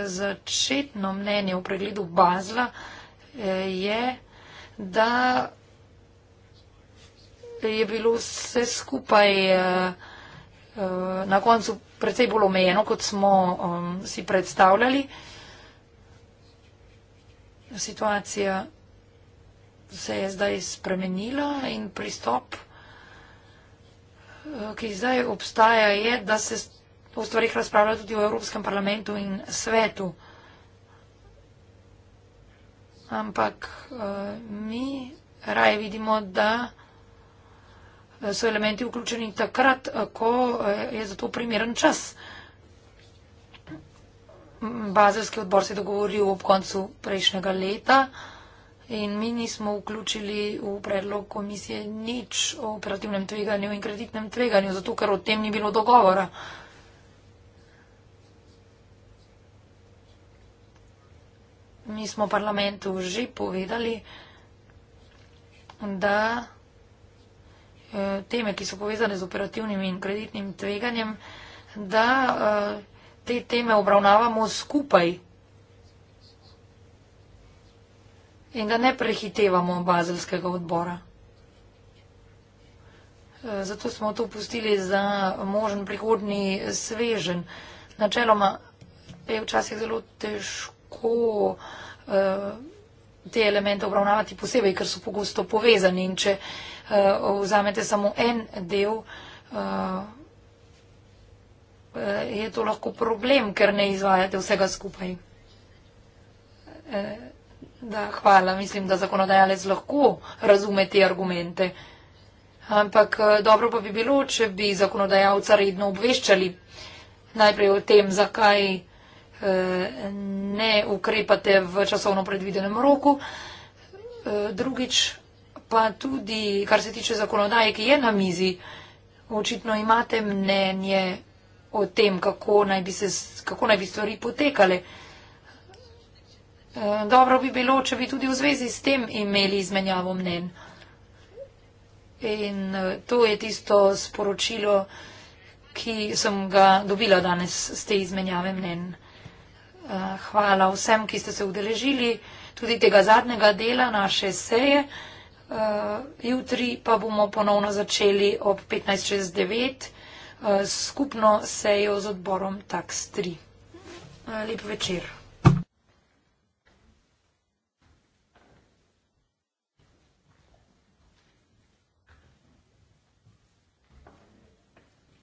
Speaker 4: začetno mnenje v pregledu Bazla je, da je bilo vse skupaj eh, eh, na koncu precej bolj omejeno, kot smo um, si predstavljali. Situacija se je zdaj spremenila in pristop, eh, ki zdaj obstaja, je, da se o stvarih razpravlja tudi v Evropskem parlamentu in svetu. Ampak mi raje vidimo, da so elementi vključeni takrat, ko eh, je za to primeren čas. Bazelski odbor se je dogovoril ob koncu prejšnjega leta in mi nismo vključili v predlog komisije nič o operativnem tveganju in kreditnem tveganju, zato ker o tem ni bilo dogovora. Mi smo parlamentu že povedali, da Eh, teme, ki so povezane z operativnim in kreditnim tveganjem, da eh, te teme obravnavamo skupaj in da ne prehitevamo bazilskega odbora. Eh, zato smo to pustili za možen prihodni svežen. Načeloma je včasih zelo težko te elemente obravnavati posebej, ker so pogosto povezani in če uh, vzamete samo en del, uh, je to lahko problem, ker ne izvajate vsega skupaj. Uh, da, hvala, mislim, da zakonodajalec lahko razume te argumente. Ampak dobro pa bi bilo, če bi zakonodajalca redno obveščali najprej o tem, zakaj ne ukrepate v časovno predvidenem roku. Drugič, pa tudi, kar se tiče zakonodaje, ki je na mizi, očitno imate mnenje o tem, kako naj bi, se, kako naj bi stvari potekale. Eh, dobro bi bilo, če bi tudi v zvezi s tem imeli izmenjavo mnen. In eh, to je tisto sporočilo, ki sem ga dobila danes z te izmenjave mnen. Eh, hvala vsem, ki ste se udeležili tudi tega zadnjega dela naše seje. Eh, jutri pa bomo ponovno začeli ob 15.69 eh, skupno sejo z odborom TAX 3. Eh, lep večer.